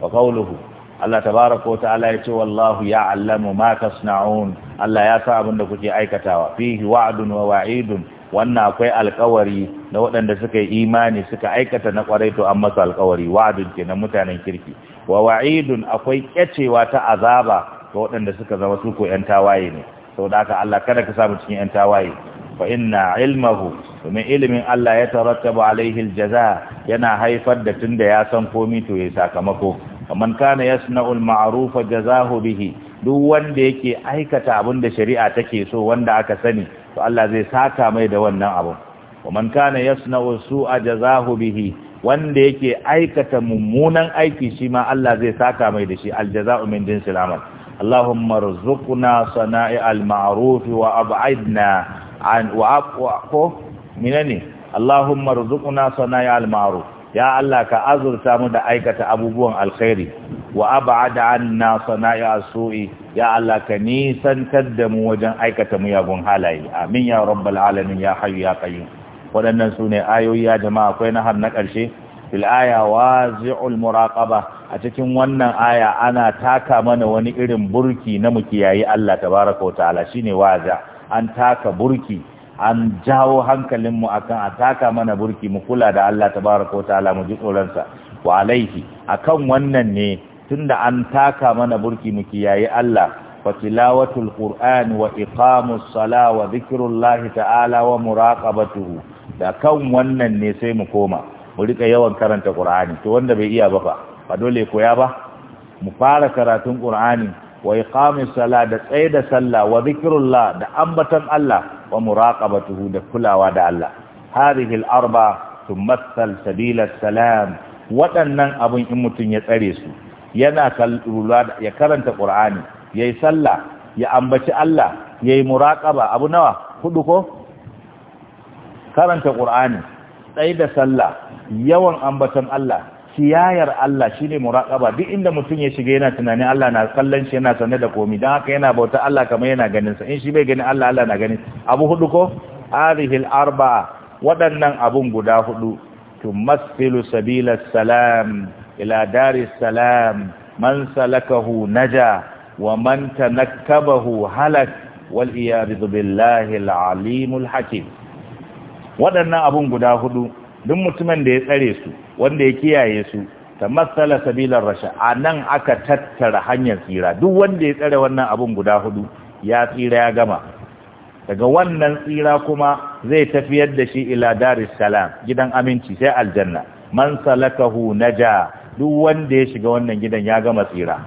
wa qawluhu Allah tabaraka wa ta'ala yace wallahu ya'lamu ma tasna'un Allah ya sa abin da kuke aikatawa fihi wa'dun wa wa'idun wannan akwai alkawari na waɗanda suka yi imani suka aikata na ƙwarai to an masa alkawari wa'adun kenan mutanen kirki wa wa'idun akwai kyacewa ta azaba ga waɗanda suka zama su ko 'yan tawaye ne saboda haka Allah kada ka samu cikin ƴan tawaye fa inna ilmahu domin ilimin Allah ya tarattabu alaihi aljaza yana haifar da tunda ya san komi to ya sakamako kaman kana yasna'u alma'rufa jazahu bihi duk wanda yake aikata abin da shari'a take so wanda aka sani to Allah zai saka mai da wannan abu kaman kana yasna'u su'a jazahu bihi wanda yake aikata mummunan aiki shi ma Allah zai saka mai da shi aljaza'u min jinsil amal Allahumma rzuqna sana'i'al ma'ruf wa ab'idna an wa aqwa minani Allahumma rzuqna ma'ruf ya Allah ka azurta mu da aikata abubuwan alkhairi wa ab'ada anna su'i ya Allah ka nisantar da mu wajen aikata muyagun halaye amin ya rabbal alamin ya hayyu ya qayyum waɗannan su ne ayoyi ya jama'a akwai na har na ƙarshe fil aya zi'ul muraqaba a cikin wannan aya ana taka mana wani irin burki na mu kiyayi Allah tabaraka wa ta'ala shine waza an taka burki an jawo hankalinmu akan a taka mana burki mu kula da Allah tabaraka wa ta'ala mu ji sa wa alaihi akan wannan ne tunda an taka mana burki mu kiyayi Allah wa wa iqamus sala wa Ta'ala wa wa muraqabatuhu da kan wannan ne sai mu koma mu rika yawan karanta qur'ani to wanda bai iya ba fa ba dole koya ba mu fara karatun qur'ani wa iqamis sala da tsaida sallah wa zikrullah da ambatan Allah wa muraqabatuhu da kulawa da Allah harihil al-arba tumassal sabila salam waɗannan abun in mutun ya tsare su yana kallula ya karanta qur'ani yayi sallah ya ambaci Allah yayi muraqaba abu nawa hudu ko karanta Kur'ani, tsaye da sallah yawan ambatan Allah siyayar Allah shi ne muraƙaba, duk inda mutum ya shiga yana tunani Allah na kallon shi yana sanar da komi, don haka yana bauta Allah kamar yana ganinsa, in shi bai gani Allah Allah na gani abu hudu ko arihil arba'a waɗannan abun guda hudu tumathilu sabila salam ila dari salam man salakahu naja wa man tanakkabahu halak wal iyad billahi al alimul hakim waɗannan abun guda hudu duk mutumin da ya tsare su wanda ya kiyaye su ta matsala sabilar rasha a nan aka tattara hanyar tsira duk wanda ya tsare wannan abun guda hudu ya tsira ya gama daga wannan tsira kuma zai tafiyar da shi ila daris salam gidan aminci sai aljanna man salakahu naja duk wanda ya shiga wannan gidan ya gama tsira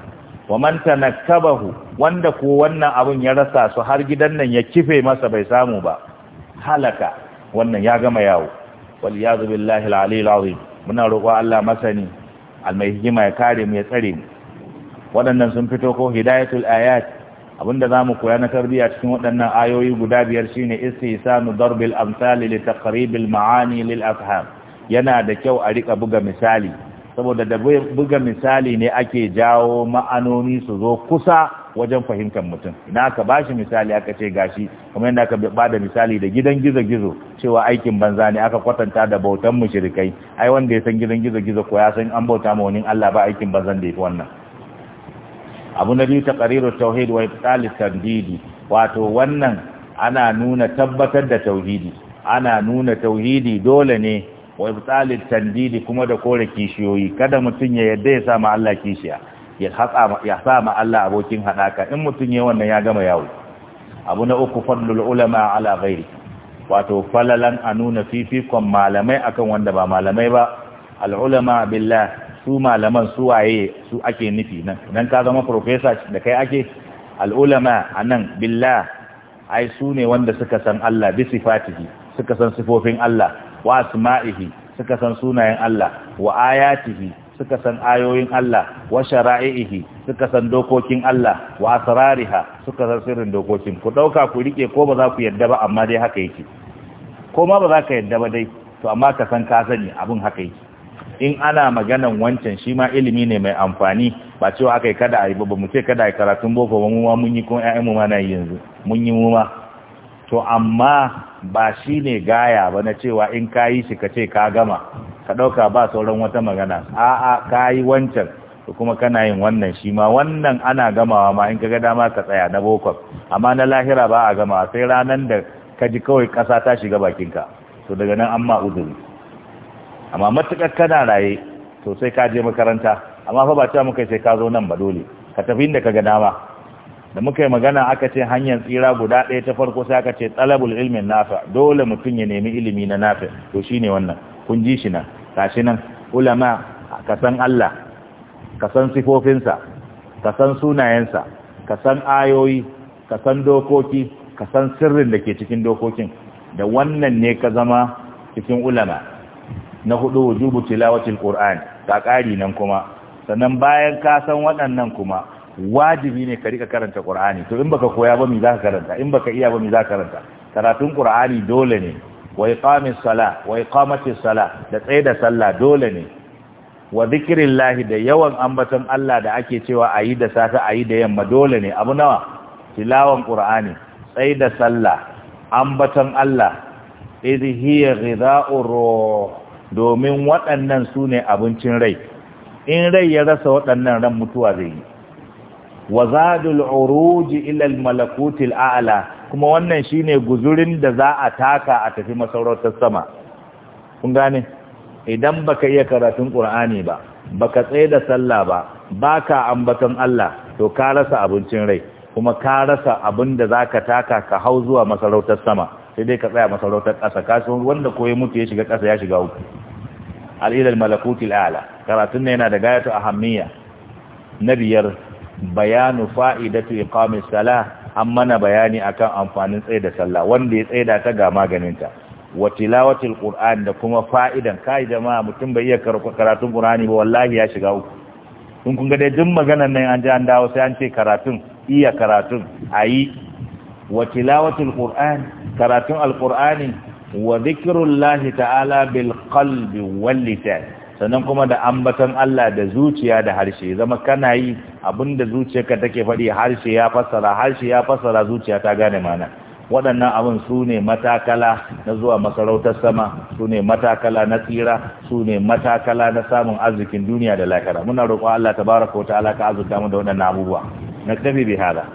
wa man tanakkabahu wanda ko wannan abun ya rasa su har gidan nan ya kife masa bai samu ba halaka wannan ya gama yawo wal yazu billahi al-aliyyil azim muna roƙo Allah masani almai hikima ya kare mu ya tsare mu waɗannan sun fito ko hidayatul ayat abinda zamu koya na tarbiyya cikin waɗannan ayoyi guda biyar shine istihsanu darbil amsali li taqribil ma'ani lil afham yana da kyau a rika buga misali saboda da buga misali ne ake jawo ma'anoni su zo kusa wajen fahimtar mutum idan aka bashi misali aka ce gashi kuma yadda aka bada misali da gidan gizo gizo cewa aikin banza ne aka kwatanta da bautan shirikai ai wanda ya san gidan gizo gizo ko ya san an bauta ma wani Allah ba aikin banzan da yake wannan abu na biyu taqrirut tauhid wa ittal tandidi wato wannan ana nuna tabbatar da tauhidi ana nuna tauhidi dole ne wa ibtal tandidi kuma da kore kishiyoyi kada mutum ya yadda ya sama Allah kishiya ya sa ma Allah abokin haɗaka in mutum ya wannan ya gama yawo abu na uku fadlul ulama ala ghairi wato falalan a nuna fifikon malamai akan wanda ba malamai ba al ulama billah su malaman su waye su ake nufi nan idan ka zama professor da kai ake al'ulama ulama anan billah ai su ne wanda suka san Allah bi sifatihi suka san sifofin Allah wa asma'ihi suka san sunayen Allah wa ayatihi suka san ayoyin Allah wa shara'ihi suka san dokokin Allah wa asrariha suka san sirrin dokokin ku dauka ku rike ko ba za ku yadda ba amma dai haka yake ko ma ba za ka yadda ba dai to amma ka san ka sani abin haka yake in ana maganan wancan shi ma ilimi ne mai amfani ba cewa akai kada a ba mu ce kada a yi karatun boko ba mu ma mun yi kuma ƴaƴan mu ma na yanzu mun yi mu ma to amma ba shine gaya ba na cewa in kayi shi ka ce ka gama ka ɗauka ba sauran wata magana a'a ka yi wancan da kuma kana yin wannan shi ma wannan ana gamawa ma in ka ga dama ka tsaya na bokon amma na lahira ba a gamawa sai ranar da ka ji kawai ƙasa ta shiga bakinka to daga nan an ma uzuri amma matuƙar kana raye to sai ka je makaranta amma fa ba cewa muka sai ka zo nan ba dole ka tafi inda ka ga dama da muka yi magana aka ce hanyar tsira guda ɗaya ta farko sai aka ce talabul ilmin nafa dole mutum ya nemi ilimi na nafa to shine wannan kun ji shi nan kashi nan ulama ka san Allah ka san sifofinsa ka san sunayensa ka san ayoyi ka san dokoki ka san sirrin da ke cikin dokokin da wannan ne ka zama cikin ulama na hudu wujubu tilawatil qur'an ka kari nan kuma sannan bayan ka san waɗannan kuma wajibi ne ka rika karanta qur'ani to in baka koya ba me za ka karanta in baka iya ba me za ka karanta karatun qur'ani dole ne wa iqamis sala wa sala da tsaye da sallah dole ne wa zikirillahi da yawan ambaton Allah da ake cewa ayi da safe ayi da yamma dole ne abu nawa tilawan qur'ani tsaye da sallah ambaton Allah idh hiya ghidha'ur ruh domin waɗannan sune abincin rai in rai ya rasa waɗannan ran mutuwa zai yi wa zadul uruji ila al malakutil a'la kuma wannan shi ne guzurin da za a taka a tafi masarautar sama kun gane idan baka iya karatun ƙura'ani ba baka tsaye da sallah ba baka ambaton Allah to ka rasa abincin rai kuma ka rasa abin da za ka taka ka hau zuwa masarautar sama sai dai ka tsaya masarautar ƙasa kasuwan wanda koyi mutu ya shiga ƙasa ya shiga uku Al'idar ala karatun na yana da gayatu ahammiya na biyar bayanu fa'idatu iqamis salah an mana bayani akan amfanin tsaye da sallah wanda ya tsaye da ta ga maganinta wa tilawatul qur'an da kuma fa'idan kai jama'a mutum bai iya karatun qur'ani ba wallahi ya shiga uku kun kun ga dai duk maganar nan an ji an dawo sai an ce karatun iya karatun ayi wa tilawatul qur'an karatun alqur'ani wa dhikrullahi ta'ala bil qalbi wal lisan sannan kuma da ambaton Allah da zuciya da harshe zama kana yi abinda zuciyarka take faɗi harshe ya fassara harshe ya fassara zuciya ta gane mana waɗannan abin su ne matakala na zuwa masarautar sama su ne matakala na tsira su ne matakala na samun arzikin duniya da lahira muna roƙo Allah tabaraka wa ta alaka azurta mu da waɗannan abubuwa na tafi bi hada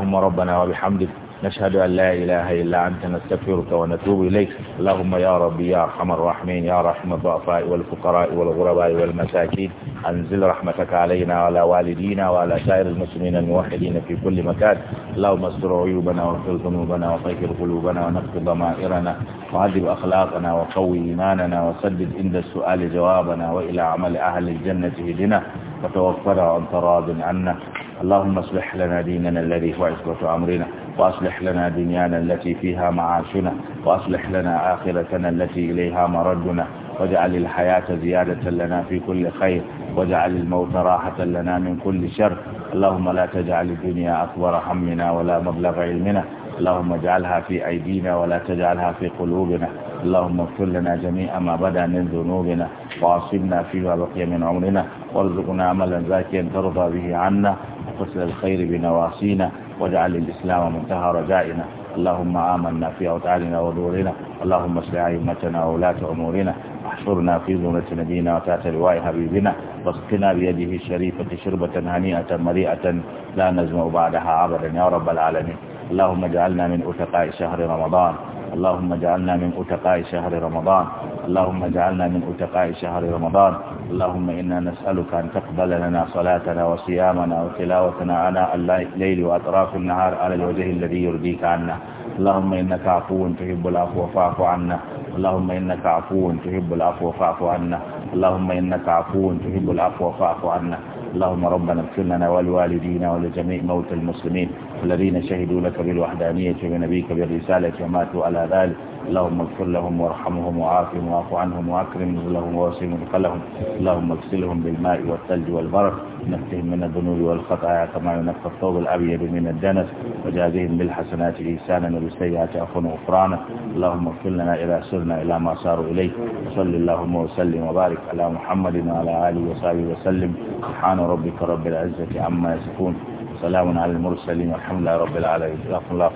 rabbana wa bihamdika نشهد أن لا إله إلا أنت نستغفرك ونتوب إليك اللهم يا ربي يا أرحم الراحمين يا رحم الضعفاء والفقراء والغرباء والمساكين أنزل رحمتك علينا وعلى والدينا وعلى سائر المسلمين الموحدين في كل مكان اللهم استر عيوبنا واغفر ذنوبنا وطهر قلوبنا ونقض ضمائرنا وعذب أخلاقنا وقوي إيماننا وسدد عند السؤال جوابنا وإلى عمل أهل الجنة هدنا وتوفنا وأنت راض عنا اللهم اصلح لنا ديننا الذي هو عصبة أمرنا وأصلح لنا دنيانا التي فيها معاشنا وأصلح لنا آخرتنا التي إليها مردنا واجعل الحياة زيادة لنا في كل خير واجعل الموت راحة لنا من كل شر اللهم لا تجعل الدنيا أكبر همنا ولا مبلغ علمنا اللهم اجعلها في أيدينا ولا تجعلها في قلوبنا اللهم اغفر لنا جميع ما بدا من ذنوبنا وعصبنا فيما بقي من عمرنا وارزقنا عملا زاكيا ترضى به عنا وقصد الخير بنواصينا واجعل الإسلام منتهى رجائنا اللهم آمنا في أوتارنا ودورنا اللهم اصلح أئمتنا وولاة أمورنا احشرنا في زمرة نبينا وتحت لواء حبيبنا واسقنا بيده الشريفة شربة هنيئة مريئة لا نزمع بعدها عبدا يا رب العالمين اللهم اجعلنا من أتقاء شهر رمضان اللهم اجعلنا من أتقاء شهر رمضان اللهم اجعلنا من أتقاء شهر رمضان اللهم إنا نسألك أن تقبل لنا صلاتنا وصيامنا وتلاوتنا على الليل وأطراف النهار على الوجه الذي يرضيك عنا اللهم إنك عفو تحب العفو فاعف عنا اللهم إنك عفو تحب العفو فاعف عنا اللهم إنك عفو تحب العفو فاعف عنا اللهم ربنا اغفر لنا ولوالدينا ولجميع موتى المسلمين الذين شهدوا لك بالوحدانية ونبيك بالرسالة وماتوا على ذلك اللهم اغفر لهم وارحمهم وعافهم واعف عنهم واكرم نزلهم ووسع مدخلهم اللهم اغسلهم بالماء والثلج والبرد نفهم من الذنوب والخطايا كما ينفى الثوب الابيض من الدنس وجازهم بالحسنات احسانا وبالسيئات عفوا وغفرانا اللهم اغفر لنا اذا سرنا الى ما صاروا اليه وصل اللهم وسلم وبارك على محمد وعلى اله وصحبه وسلم سبحان ربك رب العزة عما يصفون سلام على المرسلين والحمد لله رب العالمين